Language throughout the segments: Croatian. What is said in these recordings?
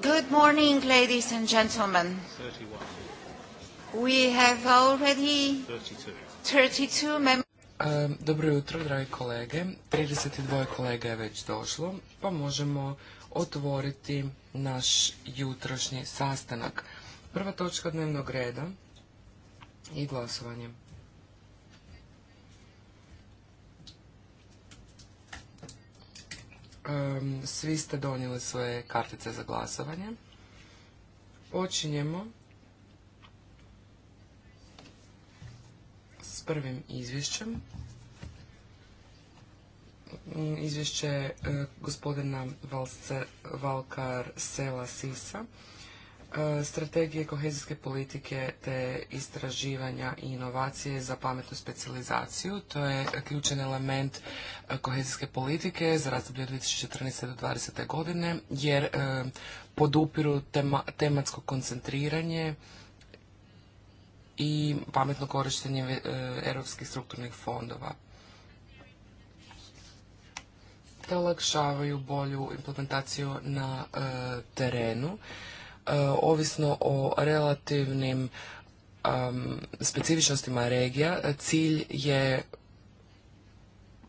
Good morning, ladies and gentlemen. 31. We have already 32, members. Dobro jutro, dragi kolege. 32 kolega je već došlo, pa možemo otvoriti naš jutrošnji sastanak. Prva točka dnevnog reda i glasovanje. Svi ste donijeli svoje kartice za glasovanje. Počinjemo s prvim izvješćem. Mm, izvješće e, gospodina Valkar Sela Sisa E, strategije kohezijske politike te istraživanja i inovacije za pametnu specijalizaciju. To je ključan element e, kohezijske politike za razdoblje 2014. do 2020. godine jer e, podupiru tematsko koncentriranje i pametno korištenje europskih strukturnih fondova te olakšavaju bolju implementaciju na terenu E, ovisno o relativnim specifičnostima regija, cilj je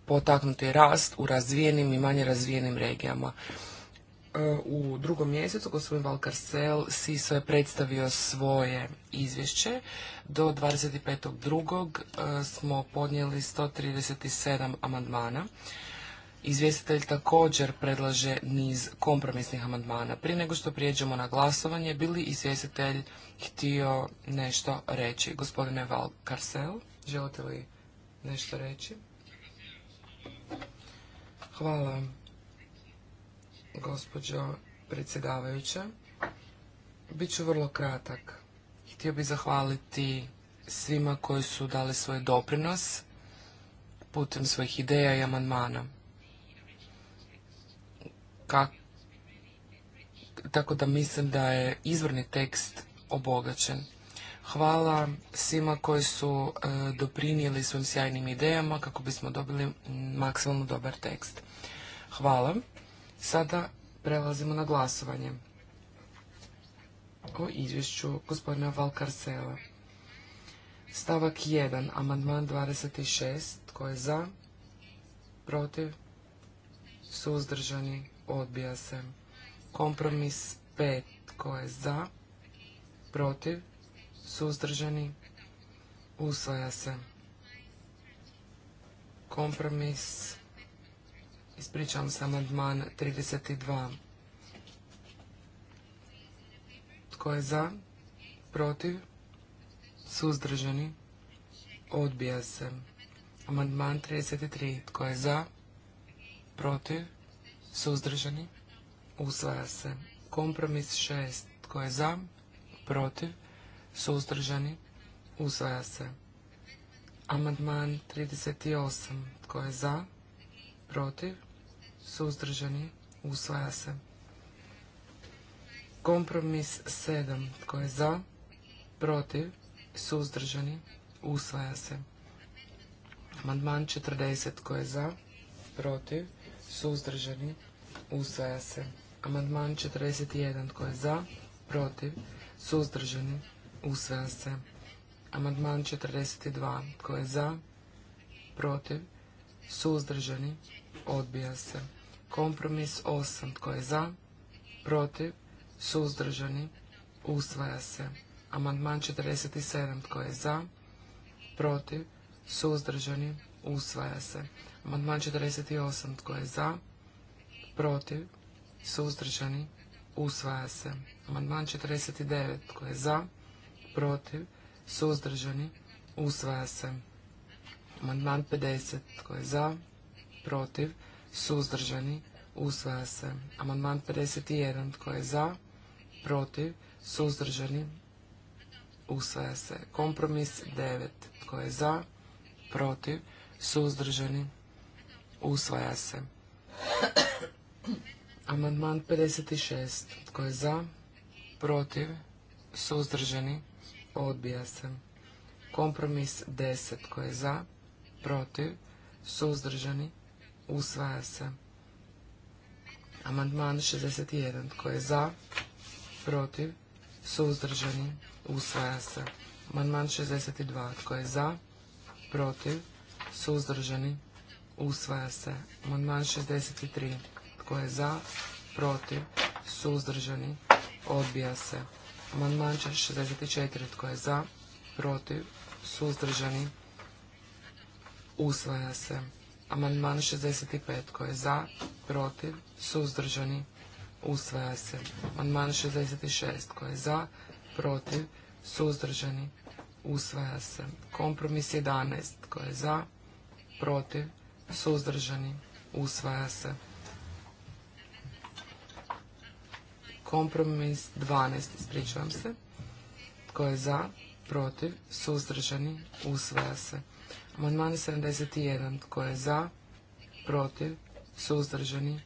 potaknuti rast u razvijenim i manje razvijenim regijama. E, u drugom mjesecu gospodin Valkarsel Siso je predstavio svoje izvješće. Do 25.2. E, smo podnijeli 137 amandmana. Izvjestitelj također predlaže niz kompromisnih amandmana. Prije nego što prijeđemo na glasovanje, bi li izvjestitelj htio nešto reći? Gospodine Val Karsel, želite li nešto reći? Hvala, gospođo predsjedavajuća. Biću vrlo kratak. Htio bih zahvaliti svima koji su dali svoj doprinos putem svojih ideja i amandmana tako da mislim da je izvorni tekst obogaćen. Hvala svima koji su e, doprinijeli svojim sjajnim idejama kako bismo dobili maksimalno dobar tekst. Hvala. Sada prelazimo na glasovanje o izvješću gospodina Valkarsela. Stavak 1, amandman 26, tko je za, protiv, suzdržani, odbija se. Kompromis 5 tko je za, protiv, suzdržani, usvaja se. Kompromis, ispričavam se, amandman 32. Tko je za, protiv, suzdržani, odbija se. Amandman 33. Tko je za, protiv, suzdržani, usvaja se. Kompromis šest, tko je za, protiv, suzdržani, usvaja se. Amandman 38 tko je za, protiv, suzdržani, usvaja se. Kompromis sedam, tko je za, protiv, suzdržani, usvaja se. Amandman 40 tko je za, protiv, suzdržani, usvaja se. Amandman 41 tko je za, protiv, suzdržani, usvaja se. Amandman 42 tko je za, protiv, suzdržani, odbija se. Kompromis 8 tko je za, protiv, suzdržani, usvaja se. Amandman 47 tko je za, protiv, suzdržani, usvaja se. Amandman 48. Tko je za? Protiv? Suzdržani? Usvaja se. Amandman 49. Tko je za? Protiv? Suzdržani? Usvaja se. Amandman 50. Tko je za? Protiv? Suzdržani? Usvaja se. Amandman 51. Tko je za? Protiv? Suzdržani? Usvaja se. Kompromis 9. Tko je za? Protiv? Suzdržani? Usvaja se. Amandman 56. Tko je za? Protiv? Suzdržani? Odbija se. Kompromis 10. Tko je za? Protiv? Suzdržani? Usvaja se. Amandman 61. Tko je za? Protiv? Suzdržani? Usvaja se. Amandman 62. Tko je za? Protiv? Suzdržani? Usvaja se. Amandman 63. Tko je za? Protiv? Suzdržani? Odbija se. Amandman 64. Tko je za? Protiv? Suzdržani? Usvaja se. Amandman 65. Tko je za? Protiv? Suzdržani? Usvaja se. Amandman 66. Tko je za? Protiv? Suzdržani? Usvaja se. Kompromis 11. Tko je za? Protiv? suzdržani, usvaja se. Kompromis 12, ispričavam se. Tko je za, protiv, suzdržani, usvaja se. Amandman 71, tko je za, protiv, suzdržani,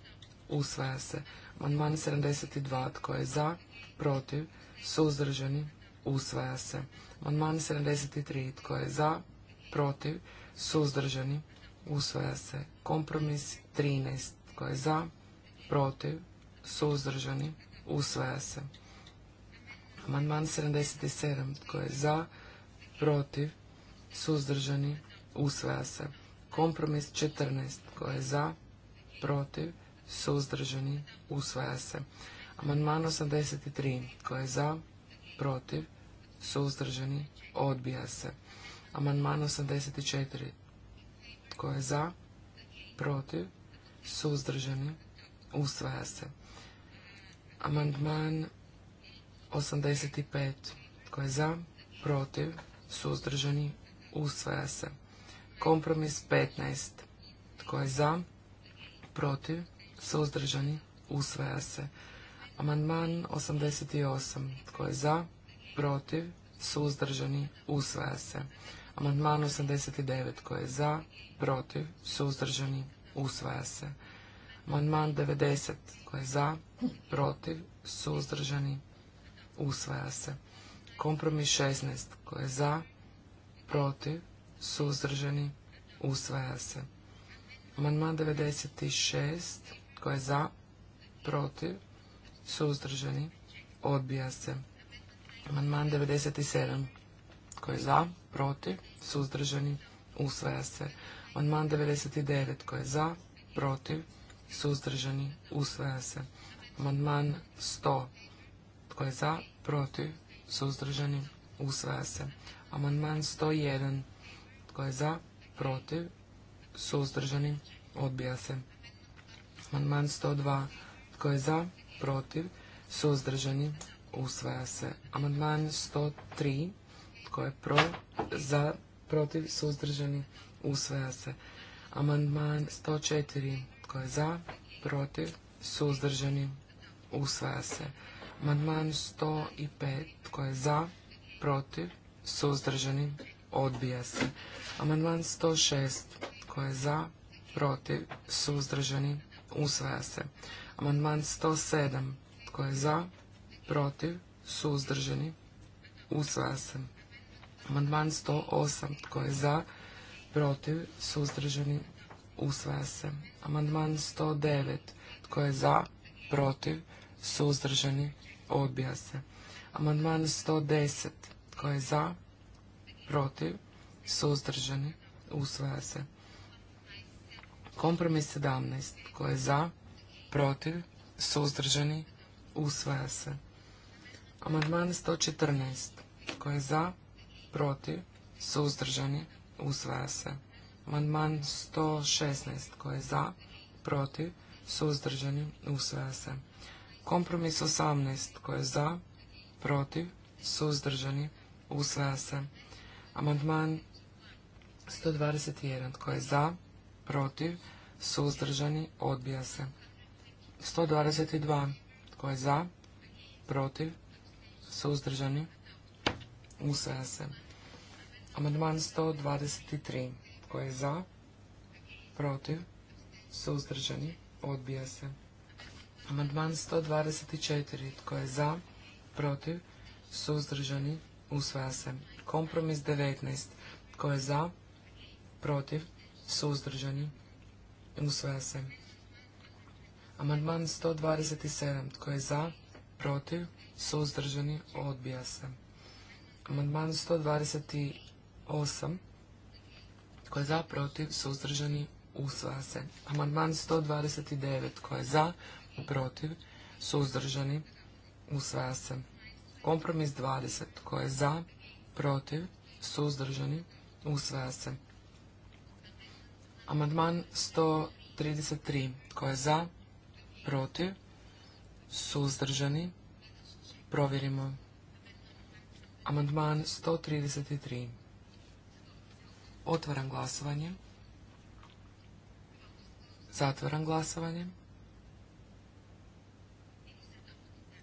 usvaja se. Amandman 72, tko je za, protiv, suzdržani, usvaja se. Amandman 73, tko je za, protiv, suzdržani, usvaja se. Kompromis 13 koji je za, protiv, suzdržani, usvaja se. Amandman 77 koji je za, protiv, suzdržani, usvaja se. Kompromis 14 koji je za, protiv, suzdržani, usvaja se. Amandman 83 koji je za, protiv, suzdržani, odbija se. Amandman 84 tko je za? Protiv? Suzdržani? Usvaja se. Amandman 85. Tko je za? Protiv? Suzdržani? Usvaja se. Kompromis 15. Tko je za? Protiv? Suzdržani? Usvaja se. Amandman 88. Tko je za? Protiv? Suzdržani? Usvaja se. Amandman 89 koji je za, protiv, suzdržani, usvaja se. Amandman 90 koji je za, protiv, suzdržani, usvaja se. Kompromis 16 koji je za, protiv, suzdržani, usvaja se. Amandman 96 koji je za, protiv, suzdržani, odbija se. Amandman 97 tko je za? Protiv? Suzdržani? Usvaja se. Amandman 99. Tko je za? Protiv? Suzdržani? Usvaja se. Amandman 100. Tko je za? Protiv? Suzdržani? Usvaja se. Amandman 101. Tko je za? Protiv? Suzdržani? Odbija se. Amandman 102. Tko je za? Protiv? Suzdržani? Usvaja se. Amandman 103 tko je za, protiv, suzdržani, usvaja se. Amandman 104, tko je za, protiv, suzdržani, usvaja se. Amandman 105, tko je za, protiv, suzdržani, odbija se. Amandman 106, tko je za, protiv, suzdržani, usvaja se. Amandman 107, tko je za, protiv, suzdržani, usvaja se. Amandman 108. Tko je za? Protiv? Suzdržani? Usvaja se. Amandman 109. Tko je za? Protiv? Suzdržani? Odbija se. Amandman 110. Tko je za? Protiv? Suzdržani? Usvaja se. Kompromis 17. Tko je za? Protiv? Suzdržani? Usvaja se. Amandman 114. Tko je za? protiv, suzdržani, usvaja se. Amandman 116 koji je za, protiv, suzdržani, usvaja se. Kompromis 18 koji je za, protiv, suzdržani, usvaja se. Amandman 121 koji je za, protiv, suzdržani, odbija se. 122 koji je za, protiv, suzdržani, usvaja se. Amandman 123. Tko je za? Protiv? Suzdržani? Odbija se. Amandman 124. Tko je za? Protiv? Suzdržani? Usvaja se. Kompromis 19. Tko je za? Protiv? Suzdržani? Usvaja se. Amandman 127. Tko je za? Protiv? Suzdržani? Odbija se. Amandman 128 128. Tko je za, protiv, suzdržani, usvaja se. Amandman 129. Tko je za, protiv, suzdržani, usvaja se. Kompromis 20. Tko je za, protiv, suzdržani, usvaja se. Amandman 133. Tko je za, protiv, suzdržani, provjerimo. Amandman 133. Otvaram glasovanje. Zatvaram glasovanje.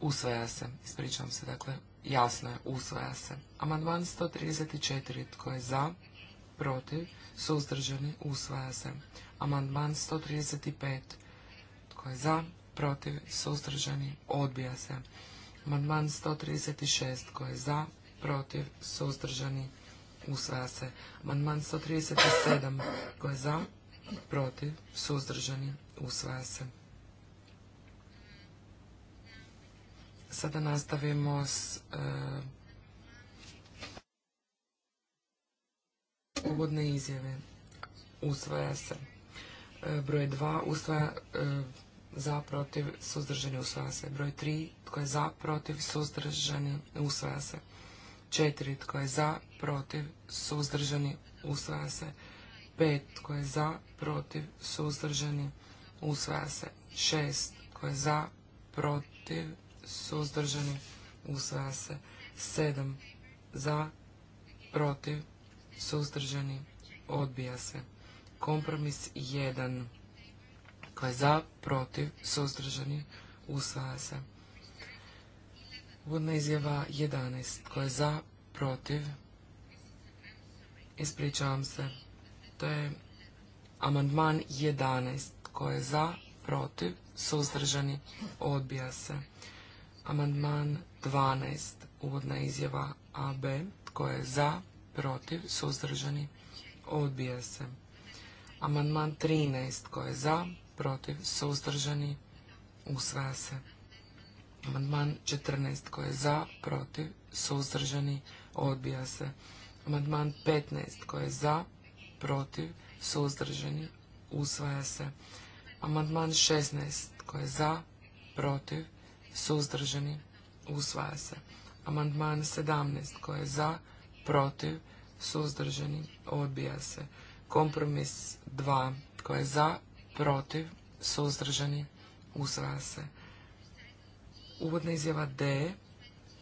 Usvaja se. Ispričavam se, dakle, jasno je, usvaja se. Amandman 134. Tko je za? Protiv? Suzdržani? Usvaja se. Amandman 135. Tko je za? Protiv? Suzdržani? Odbija se. Amandman 136. Tko je za? Protiv? Suzdržani? usvaja se. Amandman 137 tko je za, protiv, suzdržani, usvaja se. Sada nastavimo s e, uvodne izjave. Usvaja se. E, broj 2 usvaja e, za, protiv, suzdržani, usvaja se. Broj 3 tko je za, protiv, suzdržani, usvaja se. 4 tko je za, protiv, suzdržani, usvaja se. 5 tko je za, protiv, suzdržani, usvaja se. 6 tko je za, protiv, suzdržani, usvaja se. 7 za, protiv, suzdržani, odbija se. Kompromis 1 tko je za, protiv, suzdržani, usvaja se. Uvodna izjava 11. Tko je za, protiv? Ispričavam se. To je amandman 11. Tko je za, protiv? Suzdržani. Odbija se. Amandman 12. Uvodna izjava AB. Tko je za, protiv? Suzdržani. Odbija se. Amandman 13. Tko je za, protiv? Suzdržani. Usvaja se. Amandman 14 koji je za, protiv, suzdržani, odbija se. Amandman 15 koji je za, protiv, suzdržani, usvaja se. Amandman 16 koji je za, protiv, suzdržani, usvaja se. Amandman 17 koji je za, protiv, suzdržani, odbija se. Kompromis 2 koji je za, protiv, suzdržani, usvaja se. Uvodna izjava D,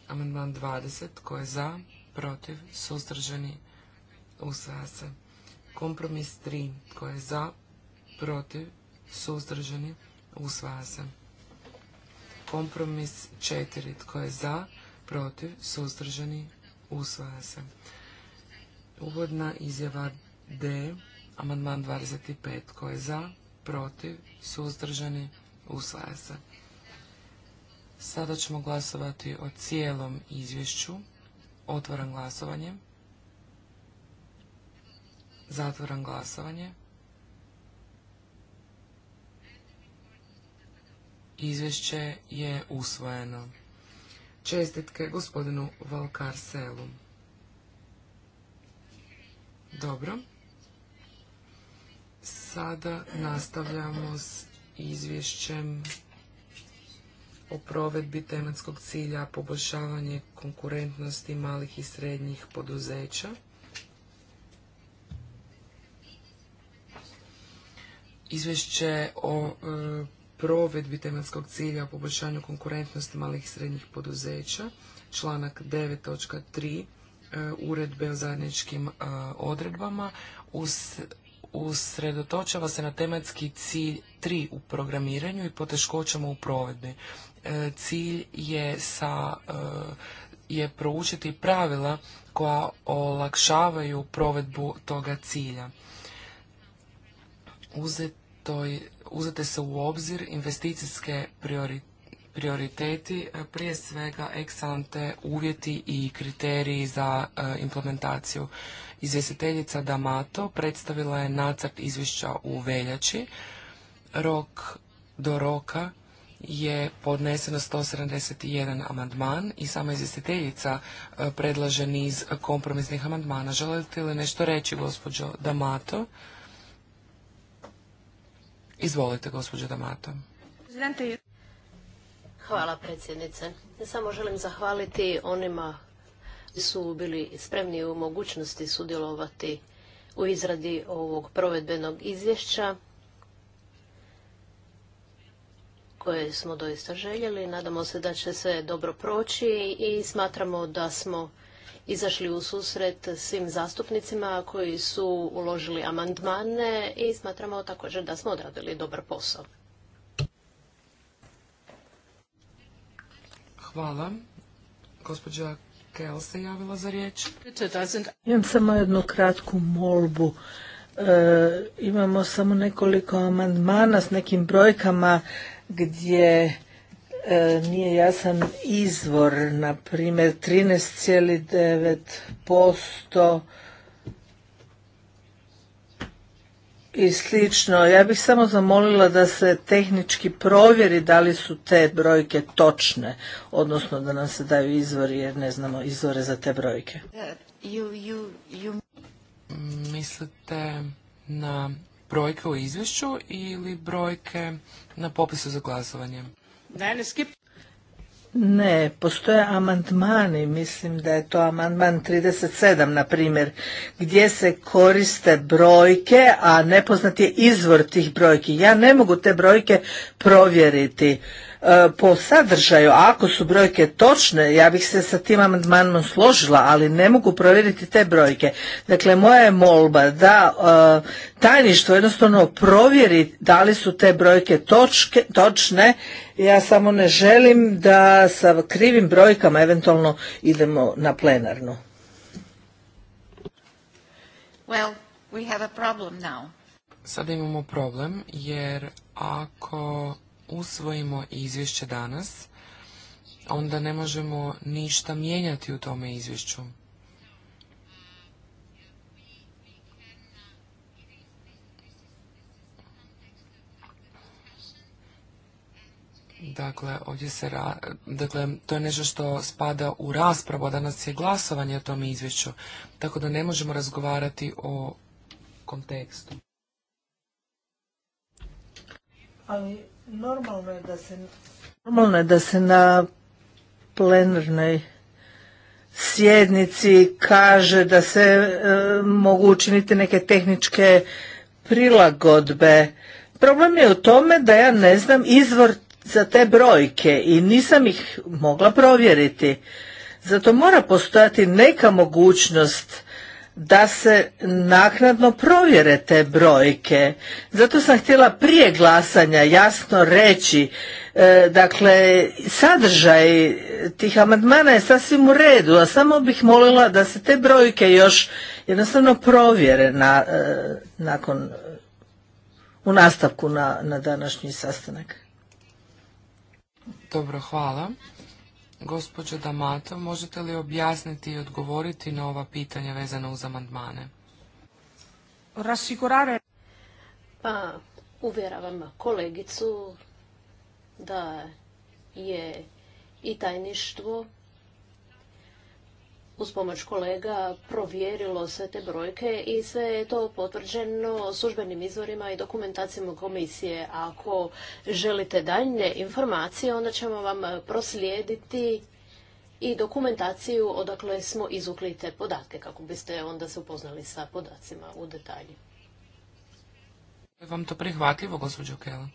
amandman 20, tko je za, protiv, suzdržani, usvaja se. Kompromis 3, tko je za, protiv, suzdržani, usvaja se. Kompromis 4, tko je za, protiv, suzdržani, usvaja se. Uvodna izjava D, amandman 25, tko je za, protiv, suzdržani, usvaja se. Sada ćemo glasovati o cijelom izvješću. Otvaram glasovanje. Zatvaram glasovanje. Izvješće je usvojeno. Čestitke gospodinu Valkarselu. Dobro. Sada nastavljamo s izvješćem o provedbi tematskog cilja poboljšavanje konkurentnosti malih i srednjih poduzeća. Izvješće o e, provedbi tematskog cilja o poboljšanju konkurentnosti malih i srednjih poduzeća, članak 9.3 e, uredbe o zajedničkim e, odredbama, usredotočava se na tematski cilj 3 u programiranju i poteškoćama u provedbi cilj je sa e, je proučiti pravila koja olakšavaju provedbu toga cilja. Uzetoj, uzete se u obzir investicijske prioriteti, e, prije svega eksante uvjeti i kriteriji za e, implementaciju. Izvjestiteljica Damato predstavila je nacrt izvješća u veljači. Rok do roka je podneseno 171 amandman i sama izvjestiteljica e, predlaže niz kompromisnih amandmana. Želite li nešto reći, gospođo Damato? Izvolite, gospođo Damato. Hvala, predsjednice. Samo želim zahvaliti onima koji su bili spremni u mogućnosti sudjelovati u izradi ovog provedbenog izvješća koje smo doista željeli. Nadamo se da će se dobro proći i smatramo da smo izašli u susret svim zastupnicima koji su uložili amandmane i smatramo također da smo odradili dobar posao. Hvala. Gospođa Kel se javila za riječ. Imam samo jednu kratku molbu. E, imamo samo nekoliko amandmana s nekim brojkama gdje e, nije jasan izvor, na primjer 13,9% i slično. Ja bih samo zamolila da se tehnički provjeri da li su te brojke točne, odnosno da nam se daju izvori jer ne znamo izvore za te brojke. Uh, Mislite na brojke u izvješću ili brojke na popisu za glasovanje? Ne, postoje amandmani, mislim da je to amandman 37, na primjer, gdje se koriste brojke, a nepoznat je izvor tih brojki. Ja ne mogu te brojke provjeriti. E, po sadržaju, ako su brojke točne, ja bih se sa tim amandmanom složila, ali ne mogu provjeriti te brojke. Dakle, moja je molba da e, tajništvo jednostavno provjeri da li su te brojke točne. Ja samo ne želim da sa krivim brojkama eventualno idemo na plenarnu. Well, problem Sada imamo problem jer ako usvojimo izvješće danas, onda ne možemo ništa mijenjati u tome izvješću. Dakle, ovdje se dakle, to je nešto što spada u raspravu, a danas je glasovanje o tom izvješću, tako da ne možemo razgovarati o kontekstu. Ali Normalno je da se, normalno je da se na plenarnoj sjednici kaže da se e, mogu učiniti neke tehničke prilagodbe. Problem je u tome da ja ne znam izvor za te brojke i nisam ih mogla provjeriti. Zato mora postojati neka mogućnost da se naknadno provjere te brojke. Zato sam htjela prije glasanja jasno reći, e, dakle, sadržaj tih amandmana je sasvim u redu, a samo bih molila da se te brojke još jednostavno provjere e, nakon, u nastavku na, na današnji sastanak. Dobro, hvala. Gospođo Damato, možete li objasniti i odgovoriti na ova pitanja vezana uz amandmane? Pa, uvjeravam kolegicu da je i tajništvo uz pomoć kolega provjerilo sve te brojke i sve je to potvrđeno službenim izvorima i dokumentacijama komisije. Ako želite daljne informacije, onda ćemo vam proslijediti i dokumentaciju odakle smo izukli te podatke, kako biste onda se upoznali sa podacima u detalji. Vam to prihvatljivo, gospođo Kela?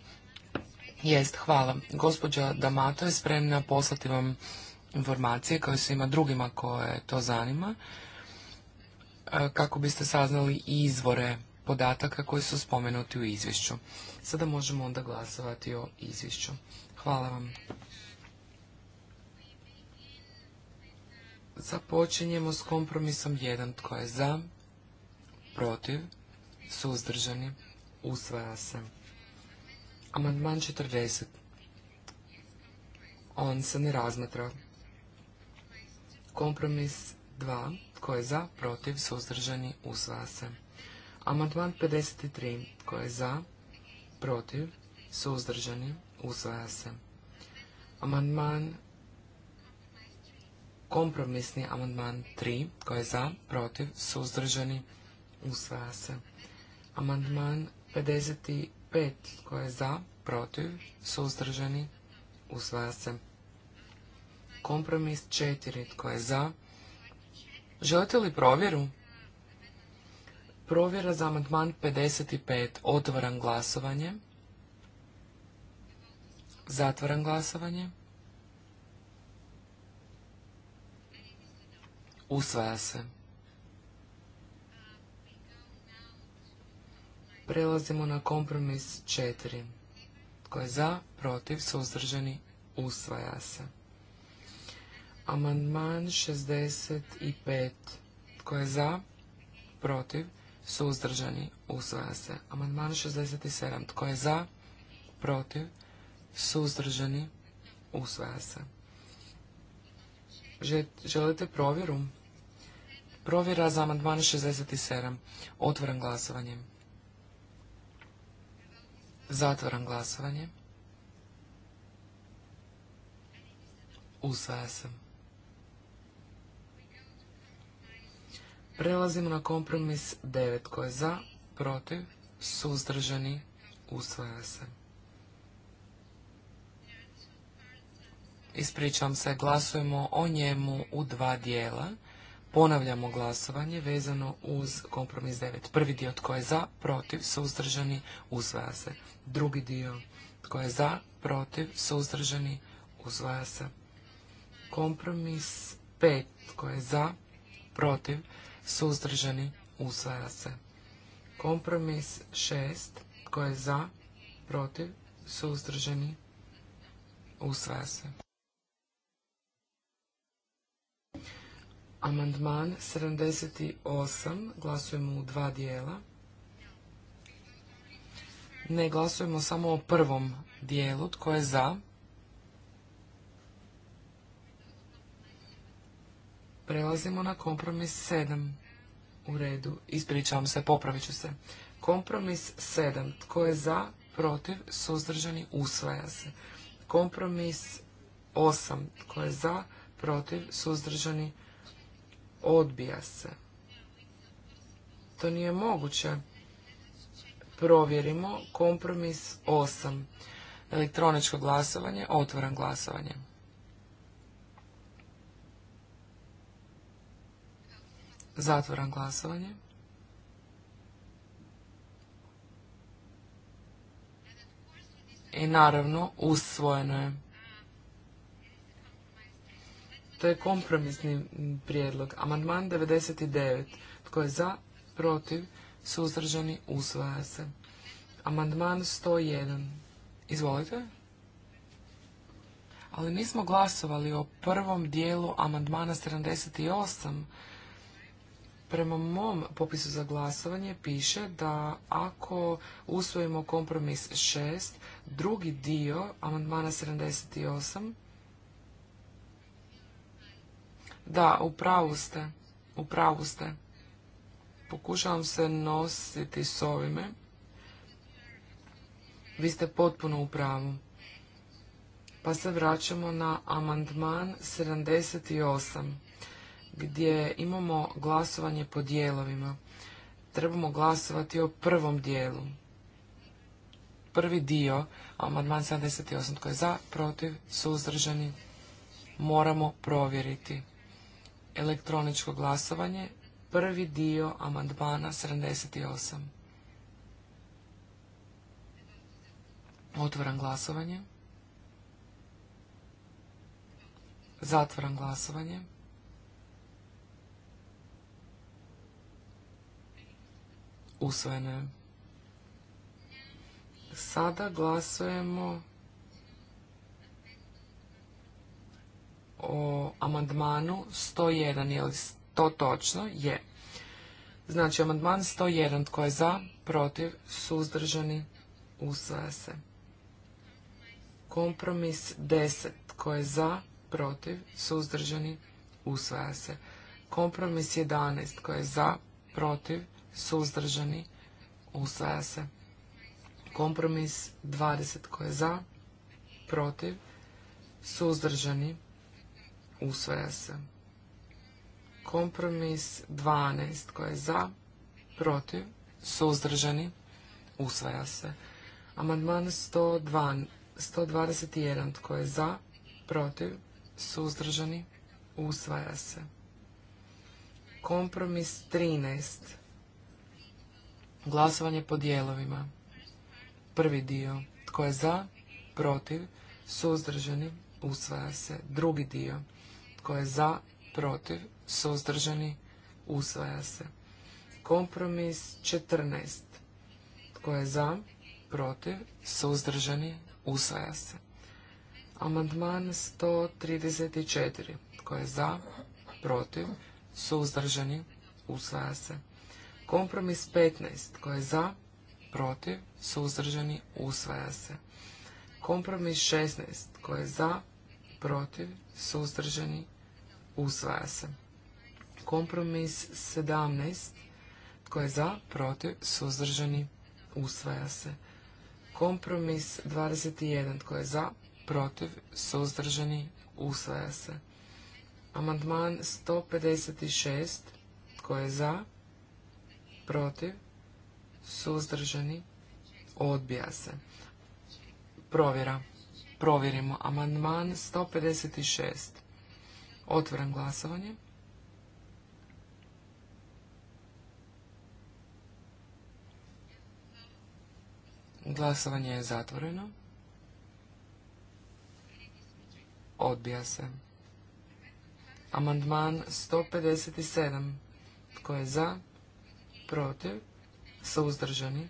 Jest, hvala. Gospođa Damato je spremna poslati vam informacije kao i svima drugima koje to zanima e, kako biste saznali izvore podataka koji su spomenuti u izvješću. Sada možemo onda glasovati o izvješću. Hvala vam. Započinjemo s kompromisom 1. Tko je za? Protiv? Suzdržani? Usvaja se. Amandman 40. On se ne razmatra Kompromis 2. Tko je za, protiv, suzdržani, usvaja se. Amandman 53. Tko je za, protiv, suzdržani, usvaja se. Amandman Kompromisni amandman 3. Tko je za, protiv, suzdržani, usvaja se. Amandman 55. Tko je za, protiv, suzdržani, usvaja se. Kompromis četiri, Tko je za? Želite li provjeru? Provjera za amandman 55. Otvaram glasovanje. Zatvaram glasovanje. Usvaja se. Prelazimo na kompromis 4. Tko je za, protiv, suzdržani, usvaja se. Amandman 65. Tko je za? Protiv? Suzdržani? Usvaja se. Amandman 67. Tko je za? Protiv? Suzdržani? Usvaja se. Želite provjeru? Provjera za amandman 67. otvaram glasovanje. Zatvaram glasovanje. Usvaja se. Prelazimo na kompromis 9 koji je za, protiv, suzdržani, usvaja se. Ispričavam se, glasujemo o njemu u dva dijela. Ponavljamo glasovanje vezano uz kompromis 9. Prvi dio tko je za, protiv, suzdržani, usvaja se. Drugi dio tko je za, protiv, suzdržani, usvaja se. Kompromis 5 tko je za, protiv, suzdržani, usvaja se. Kompromis šest, tko je za, protiv, suzdržani, usvaja se. Amandman 78, glasujemo u dva dijela. Ne glasujemo samo o prvom dijelu, tko je za, Prelazimo na kompromis 7. U redu. Ispričavam se, popravit ću se. Kompromis 7. Tko je za, protiv, suzdržani, usvaja se. Kompromis 8. Tko je za, protiv, suzdržani, odbija se. To nije moguće. Provjerimo kompromis 8. Elektroničko glasovanje, otvoran glasovanje. Zatvoram glasovanje. I naravno, usvojeno je. To je kompromisni prijedlog. Amandman 99. Tko je za, protiv, suzdržani, usvaja se. Amandman 101. Izvolite. Ali smo glasovali o prvom dijelu amandmana 78 Prema mom popisu za glasovanje piše da ako usvojimo kompromis 6, drugi dio amandmana 78, da, u pravu ste, u pravu ste. Pokušavam se nositi s ovime. Vi ste potpuno u pravu. Pa se vraćamo na amandman 78 gdje imamo glasovanje po dijelovima. Trebamo glasovati o prvom dijelu. Prvi dio, amandman 78 koji je za, protiv, suzdržani, moramo provjeriti. Elektroničko glasovanje, prvi dio amandmana 78. Otvoran glasovanje. Zatvoran glasovanje. usvojeno Sada glasujemo o amandmanu 101. Je li to točno? Je. Znači, amandman 101. Tko je za, protiv, suzdržani, usvaja se. Kompromis 10. Tko je za, protiv, suzdržani, usvaja se. Kompromis 11. Tko je za, protiv, suzdržani, usvaja se. Kompromis 20 koje je za, protiv, suzdržani, usvaja se. Kompromis 12 tko je za, protiv, suzdržani, usvaja se. Amandman 102, 121 tko je za, protiv, suzdržani, usvaja se. Kompromis 13 Glasovanje po dijelovima. Prvi dio. Tko je za? Protiv? Suzdržani? Usvaja se. Drugi dio. Tko je za? Protiv? Suzdržani? Usvaja se. Kompromis 14. Tko je za? Protiv? Suzdržani? Usvaja se. Amandman 134. Tko je za? Protiv? Suzdržani? Usvaja se. Kompromis 15. Tko je za? Protiv? Suzdržani? Usvaja se. Kompromis 16. Tko je za? Protiv? Suzdržani? Usvaja se. Kompromis 17. Tko je za? Protiv? Suzdržani? Usvaja se. Kompromis 21. Tko je za? Protiv? Suzdržani? Usvaja se. Amandman 156. Tko je za? protiv, suzdržani, odbija se. Provjera. Provjerimo amandman 156. Otvaram glasovanje. Glasovanje je zatvoreno. Odbija se. Amandman 157. Tko je za? protiv, suzdržani,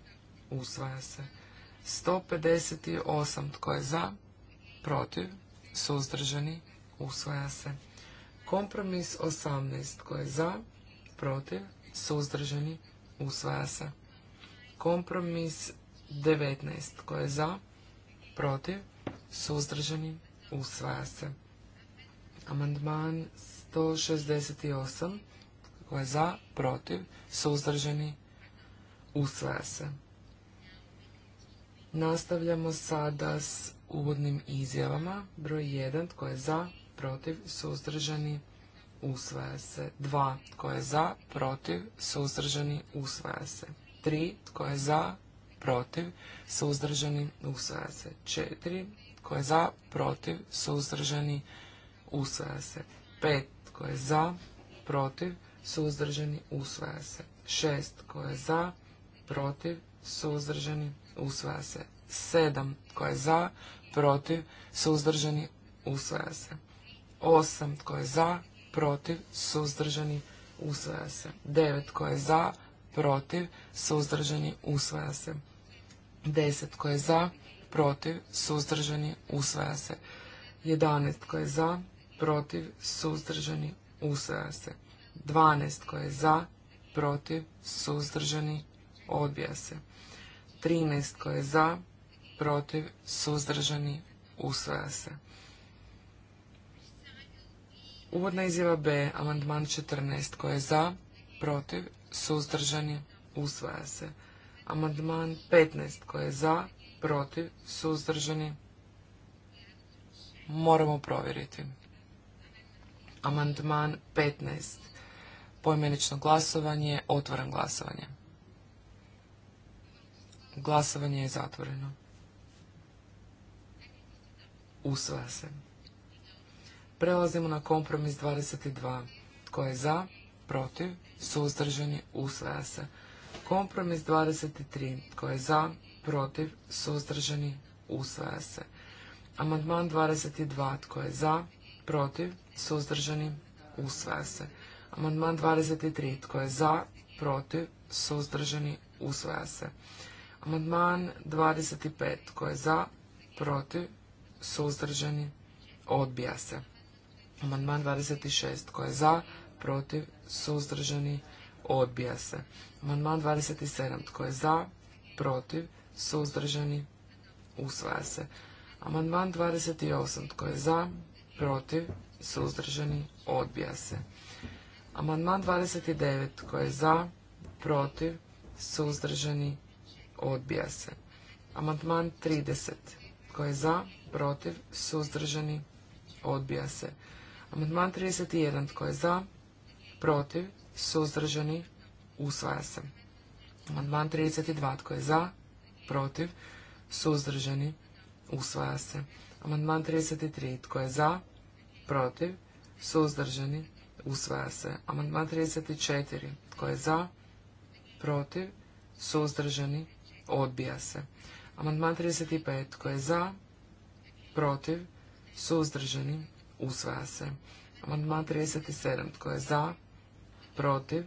usvaja se. 158 tko je za, protiv, suzdržani, usvaja se. Kompromis 18 tko je za, protiv, suzdržani, usvaja se. Kompromis 19 tko je za, protiv, suzdržani, usvaja se. Amandman 168 tko je za, protiv, suzdržani, usvaja se. Nastavljamo sada s uvodnim izjavama. Broj 1. Tko je za, protiv, suzdržani, usvaja se. 2. Tko je za, protiv, suzdržani, usvaja se. 3. Tko je za, protiv, suzdržani, usvaja se. 4. Tko je za, protiv, suzdržani, usvaja se. 5. Tko je za, protiv, suzdržani, usvaja se. 6 koje je za, protiv, suzdržani, usvaja se. Sedam koje je za, protiv, suzdržani, usvaja se. Osam koje je za, protiv, suzdržani, usvaja se. 9 koje je za, protiv, suzdržani, usvaja se. Deset koje je za, protiv, suzdržani, usvaja se. 11 koje je za, protiv, suzdržani, usvaja se. 12 koje je za, protiv, suzdržani, odbija se. 13 koje je za, protiv, suzdržani, usvaja se. Uvodna izjava B, amandman 14 koje je za, protiv, suzdržani, usvaja se. Amandman 15 koje je za, protiv, suzdržani, moramo provjeriti. Amandman 15 poimenično glasovanje, otvoren glasovanje. Glasovanje je zatvoreno. Usvaja se. Prelazimo na kompromis 22. Tko je za, protiv, suzdržani, usvaja se. Kompromis 23. Tko je za, protiv, suzdržani, usvaja se. Amandman 22. Tko je za, protiv, suzdržani, usvaja se. Amandman 23. Tko je za, protiv, suzdržani, usvaja se. Amandman 25. Tko je za, protiv, suzdržani, odbija se. Amandman 26. Tko je za, protiv, suzdržani, odbija se. Amandman 27. Tko je za, protiv, suzdržani, usvaja se. Amandman 28. Tko je za, protiv, suzdržani, odbija se. Amandman 29. Tko je za? Protiv? Suzdržani? Odbija se. Amandman 30. Tko je za? Protiv? Suzdržani? Odbija se. Amandman 31. Tko je za? Protiv? Suzdržani? Usvaja se. Amandman 32. Tko je za? Protiv? Suzdržani? Usvaja se. Amandman 33. Tko je za? Protiv? Suzdržani? Usvaja se. Amandman 34. Tko je za? Protiv? Suzdržani? Odbija se. Amandman 35. Tko je za? Protiv? Suzdržani? Usvaja se. Amandman 37. Tko je za? Protiv?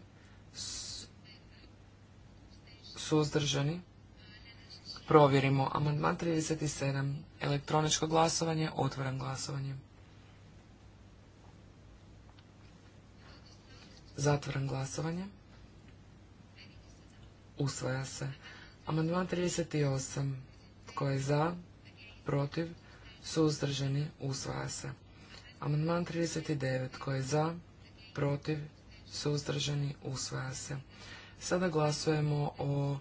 Suzdržani? Provjerimo. Amandman 37. Elektroničko glasovanje. Otvaram glasovanje. Zatvaram glasovanje. Usvaja se. Amandman 38. Tko je za? Protiv? Suzdržani? Usvaja se. Amandman 39. Tko je za? Protiv? Suzdržani? Usvaja se. Sada glasujemo o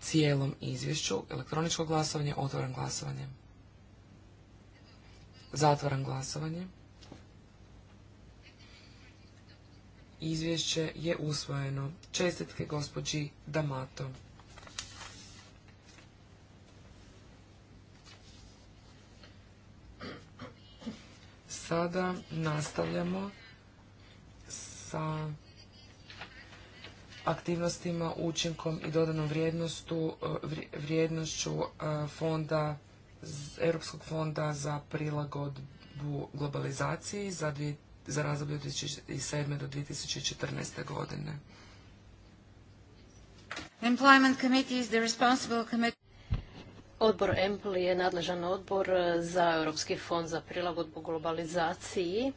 cijelom izvješću. Elektroničko glasovanje, otvoren glasovanje. Zatvaram glasovanje. Izvješće je usvojeno. Čestitke gospođi Damato. Sada nastavljamo sa aktivnostima, učinkom i dodanom eh, vrijednošću eh, fonda, Europskog fonda za prilagodbu globalizaciji za za razdoblje od 2007. do 2014. godine. committee Odbor EMPL je nadležan odbor za Europski fond za prilagodbu globalizaciji.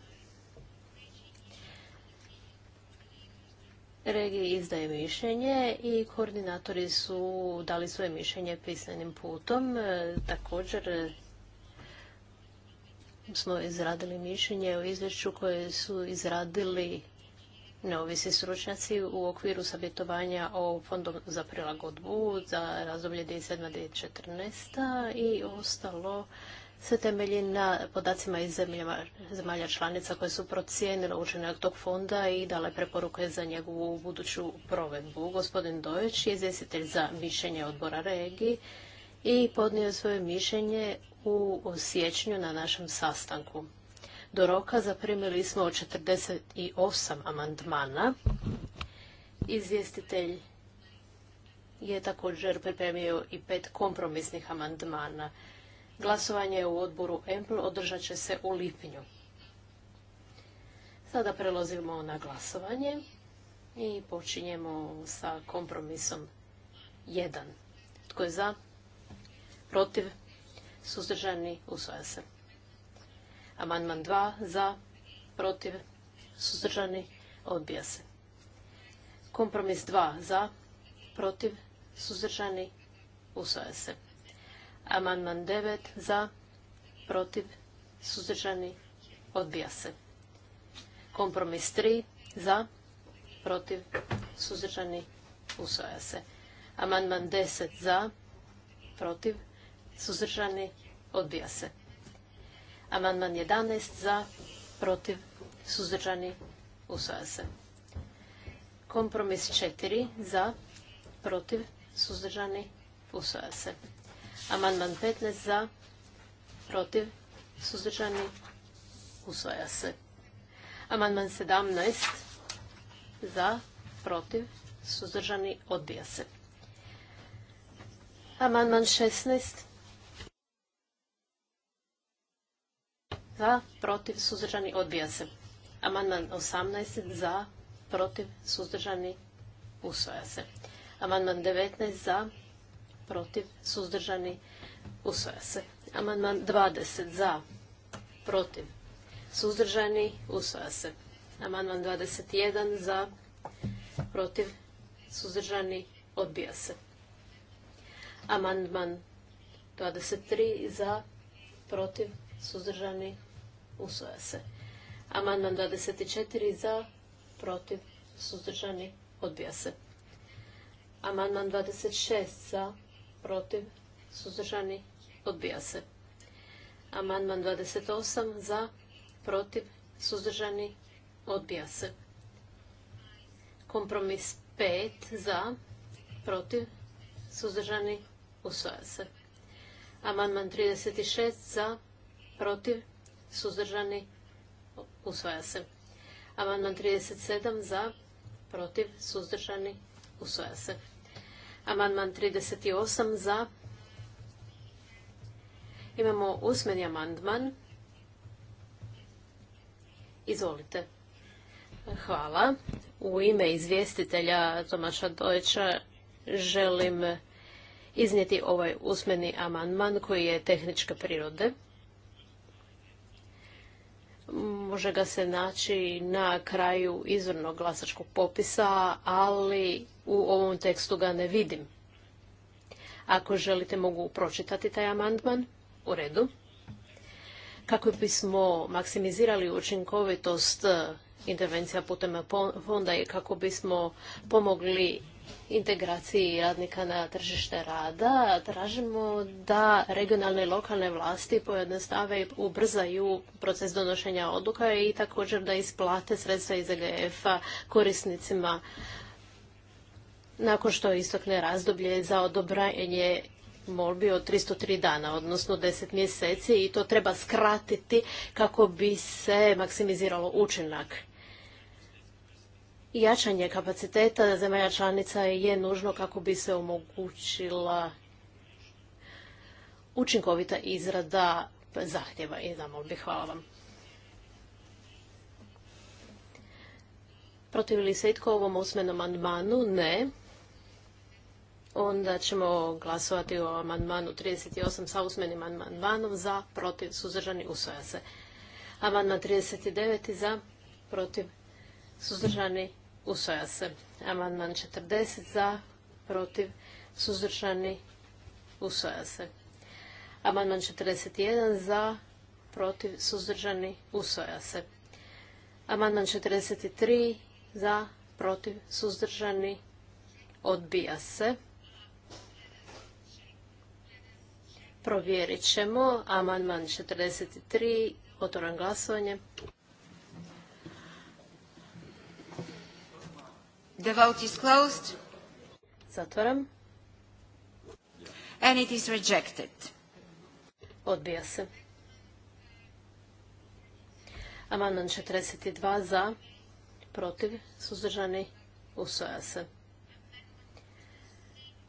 Regiji izdaje mišljenje i koordinatori su dali svoje mišljenje pisanim putom. Također smo izradili mišljenje o izvješću koje su izradili neovisni stručnjaci u okviru savjetovanja o Fondu za prilagodbu za razdoblje tisuće četrnaest i ostalo se temelji na podacima iz zemalja članica koje su procijenile učinak tog fonda i dale preporuke za njegovu buduću provedbu. Gospodin Dojeć je izvjestitelj za mišljenje odbora regiji i podnio svoje mišljenje u siječnju na našem sastanku. Do roka zaprimili smo 48 amandmana. Izvjestitelj je također pripremio i pet kompromisnih amandmana. Glasovanje u odboru EMPL održat će se u lipnju. Sada prelazimo na glasovanje i počinjemo sa kompromisom 1. Tko je za? protiv, suzdržani, usvaja se. Amandman 2 za, protiv, suzdržani, odbija se. Kompromis 2 za, protiv, suzdržani, usvaja se. Amandman 9 za, protiv, suzdržani, odbija se. Kompromis 3 za, protiv, suzdržani, usvaja se. Amandman 10 za, protiv, suzdržani, odbija se. Amandman 11 za, protiv, suzdržani, usvaja se. Kompromis 4 za, protiv, suzdržani, usvaja se. Amandman 15 za, protiv, suzdržani, usvaja se. Amandman 17 za, protiv, suzdržani, odbija se. Amandman 16 za, protiv, suzdržani, odbija se. Amandman 18 za, protiv, suzdržani, usvaja se. Amandman 19 za, protiv, suzdržani, usvaja se. Amandman 20 za, protiv, suzdržani, usvaja se. Amandman 21 za, protiv, suzdržani, odbija se. Amandman 23 za, protiv, suzdržani, usvoja se. Amandman 24 za, protiv, suzdržani, odbija se. Amandman 26 za, protiv, suzdržani, odbija se. Amandman 28 za, protiv, suzdržani, odbija se. Kompromis 5 za, protiv, suzdržani, usvaja se. Amandman 36 za, protiv, suzdržani, usvaja se. Amandman 37 za, protiv, suzdržani, usvaja se. Amandman 38 za. Imamo usmeni amandman. Izvolite. Hvala. U ime izvjestitelja Tomaša Dojča želim iznijeti ovaj usmeni amandman koji je tehničke prirode može ga se naći na kraju izvornog glasačkog popisa, ali u ovom tekstu ga ne vidim. Ako želite mogu pročitati taj amandman. U redu. Kako bismo maksimizirali učinkovitost eh, intervencija putem fonda i kako bismo pomogli integraciji radnika na tržište rada tražimo da regionalne i lokalne vlasti pojednostave i ubrzaju proces donošenja odluka i također da isplate sredstva iz EGF-a korisnicima nakon što istokne razdoblje za odobranje molbi od 303 dana, odnosno 10 mjeseci i to treba skratiti kako bi se maksimiziralo učinak. Jačanje kapaciteta zemalja članica je nužno kako bi se omogućila učinkovita izrada zahtjeva i zamolbi. Hvala vam. Protiv li se itko ovom usmenom amandmanu? Ne. Onda ćemo glasovati o amandmanu 38 sa usmenim amandmanom za, protiv, suzdržani, usvaja se. Amandman 39 za, protiv, suzdržani, usvaja se. Amandman 40 za, protiv, suzdržani, usvaja se. Amandman 41 za, protiv, suzdržani, usvaja se. Amandman 43 za, protiv, suzdržani, odbija se. Provjerit ćemo. Amandman 43. Otvoram glasovanje. The vote is closed. Zatvaram. And it is rejected. Odbija se. Amandman 42 za, protiv, suzdržani, usvoja se.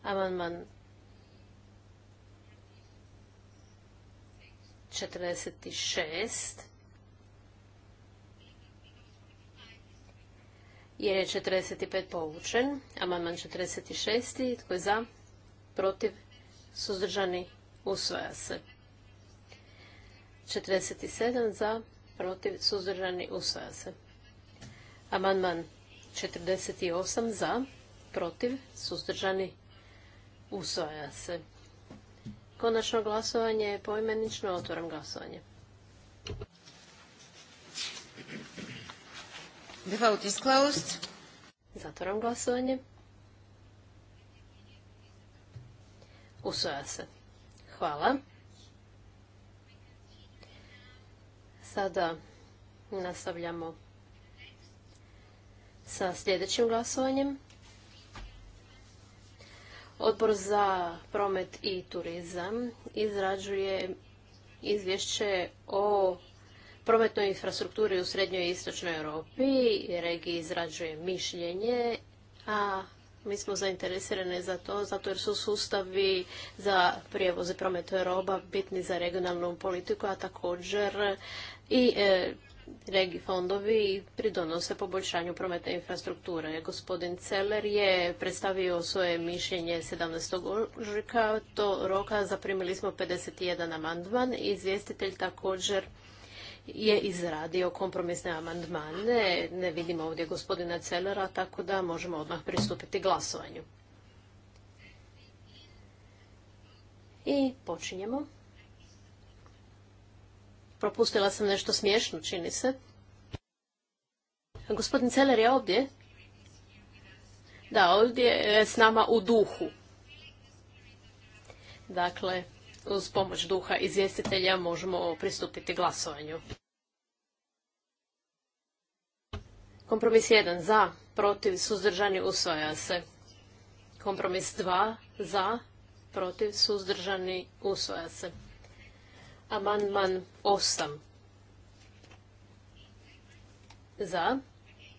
Amandman 46 jer je 45 povučen. Amandman 46. Tko je za? Protiv? Suzdržani? Usvaja se. 47 za, protiv, suzdržani, usvaja se. Amandman 48 za, protiv, suzdržani, usvaja se. Konačno glasovanje je poimenično, otvoram glasovanje. The vote is closed. Zatvoram glasovanje. Usvaja se. Hvala. Sada nastavljamo sa sljedećim glasovanjem. Odbor za promet i turizam izrađuje izvješće o prometnoj infrastrukturi u srednjoj i istočnoj Europi. Regiji izrađuje mišljenje, a mi smo zainteresirani za to, zato jer su sustavi za prijevoz i promet roba bitni za regionalnu politiku, a također i e, regi fondovi pridonose poboljšanju prometne infrastrukture. Gospodin Celer je predstavio svoje mišljenje 17. ožujka. To roka zaprimili smo 51 amandman. Izvjestitelj također je izradio kompromisne amandmane. Ne vidimo ovdje gospodina Celera, tako da možemo odmah pristupiti glasovanju. I počinjemo. Propustila sam nešto smiješno, čini se. Gospodin Celer je ovdje. Da, ovdje je s nama u duhu. Dakle, uz pomoć duha izvjestitelja možemo pristupiti glasovanju. Kompromis 1 za, protiv, suzdržani, usvaja se. Kompromis 2 za, protiv, suzdržani, usvaja se. Amandman 8 za,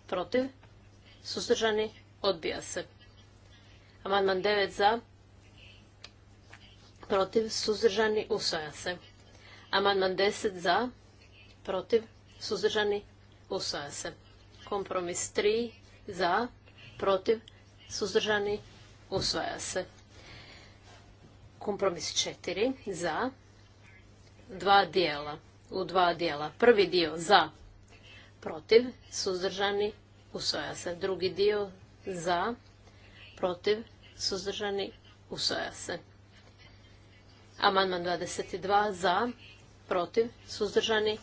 protiv, suzdržani, odbija se. Amandman 9 za, protiv, suzdržani, usvaja se. Amandman 10 za, protiv, suzdržani, usvaja se. Kompromis 3 za, protiv, suzdržani, usvaja se. Kompromis 4 za, dva dijela, u dva dijela. Prvi dio za, protiv, suzdržani, usvaja se. Drugi dio za, protiv, suzdržani, usvaja se. Amandman 22 za, protiv, suzdržani,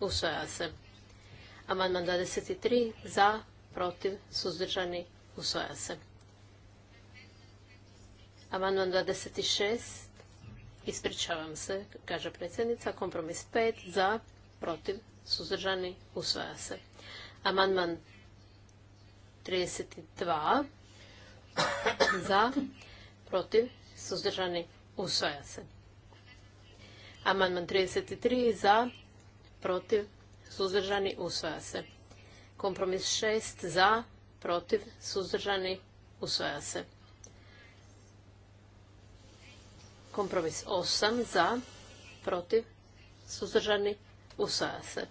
usvaja se. Amandman 23 za, protiv, suzdržani, usvoja se. Amandman 26, ispričavam se, kaže predsjednica, kompromis 5 za, protiv, suzdržani, usvoja se. Amandman 32 za, protiv, suzdržani, usvoja se. Amandman 33 za, protiv, suzdržani, usvaja se. Kompromis 6 za, protiv, suzdržani, usvaja se. Kompromis 8 za, protiv, suzdržani, usvaja se.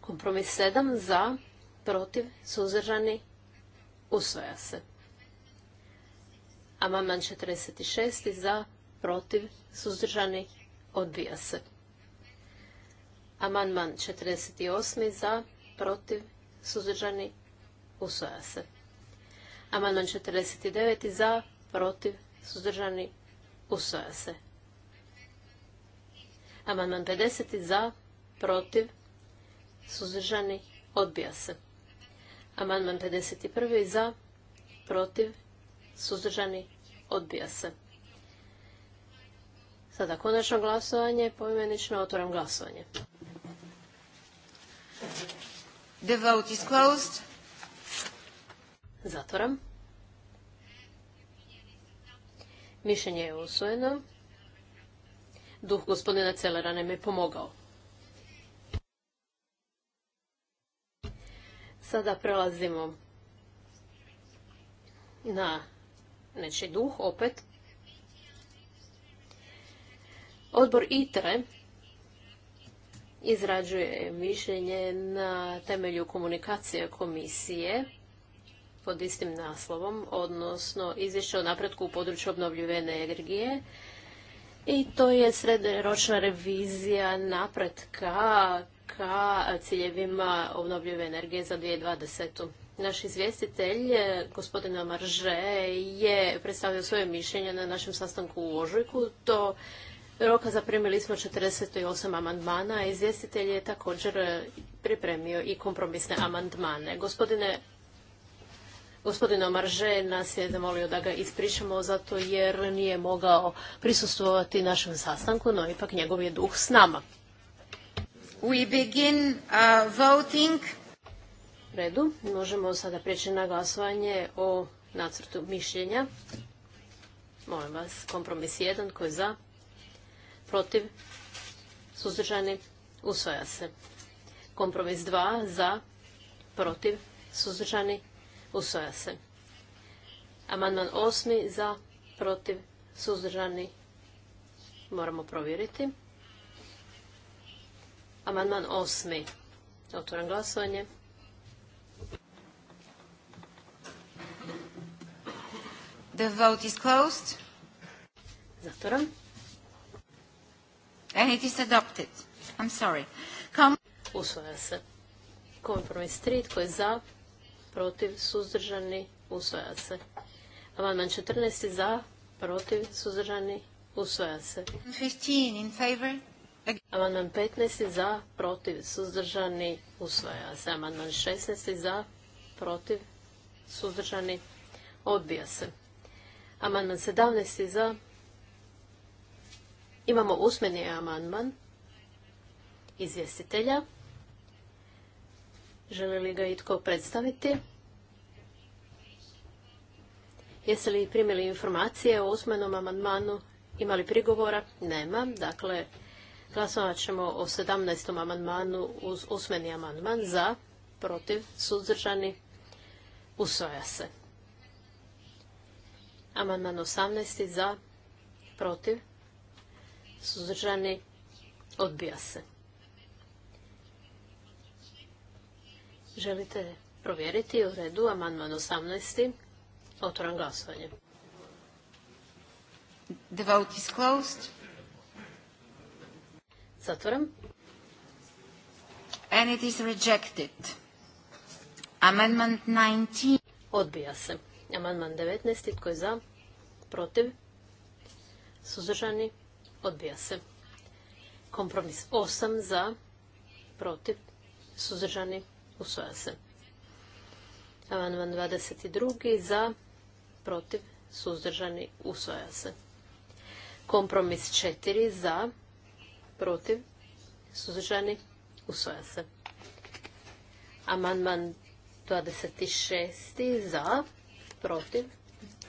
Kompromis 7 za, protiv, suzdržani, usvaja se. Amandman 46 za, protiv, suzdržani, odbija se. Amandman 48. za, protiv, suzdržani, usvaja se. Amandman 49. za, protiv, suzdržani, usvaja se. Amandman 50. za, protiv, suzdržani, odbija se. Amandman 51. za, protiv, suzdržani, odbija se. Sada konačno glasovanje, poimenično otvaram glasovanje. The vote is closed. Zatvoram. Mišljenje je usvojeno. Duh gospodina Celera nam je pomogao. Sada prelazimo na nečiji duh opet. Odbor ITRE izrađuje mišljenje na temelju komunikacije komisije pod istim naslovom, odnosno izvješće o napretku u području obnovljive energije. I to je srednjoročna revizija napretka ka ciljevima obnovljive energije za 2020. Naš izvjestitelj, gospodin Marže, je predstavio svoje mišljenje na našem sastanku u Ožujku. To roka zaprimili smo 48 amandmana, a izvjestitelj je također e, pripremio i kompromisne amandmane. Gospodine Gospodin marže nas je zamolio da ga ispričamo zato jer nije mogao prisustvovati našem sastanku, no ipak njegov je duh s nama. We begin uh, voting. Redu, možemo sada prijeći na glasovanje o nacrtu mišljenja. Molim vas, kompromis jedan koji je za? protiv, suzdržani, usvaja se. Kompromis 2 za, protiv, suzdržani, usvaja se. Amandman 8 za, protiv, suzdržani, moramo provjeriti. Amandman 8. Otvoram glasovanje. The vote is closed. Zatoram. And is adopted. I'm sorry. Usvaja se. Kompromis 3. Tko je za? Protiv? Suzdržani? Usvaja se. Amandman 14. Za? Protiv? Suzdržani? Usvaja se. 15. In favor? Amandman 15. Za? Protiv? Suzdržani? Usvaja se. Amandman 16. Za? Protiv? Suzdržani? Odbija se. Amandman 17. Za? Imamo usmeni amandman izvjestitelja. Želi li ga itko predstaviti? Jeste li primili informacije o usmenom amandmanu? Imali prigovora? Nema. Dakle, glasovat ćemo o 17. amandmanu uz usmeni amandman za, protiv, suzdržani, usvaja se. Amandman 18. za, protiv, suzdržani, odbija se. Želite provjeriti u redu amandman 18. Otvoram glasovanje. The vote is closed. Zatvoram. And it is rejected. Amendment 19. Odbija se. Amendment 19. Tko je za? Protiv? Suzdržani? Odbija se. Kompromis 8 za, protiv, suzdržani, usvoja se. Amandman 22 za, protiv, suzdržani, usvoja se. Kompromis 4 za, protiv, suzdržani, usvoja se. Amandman 26 za, protiv,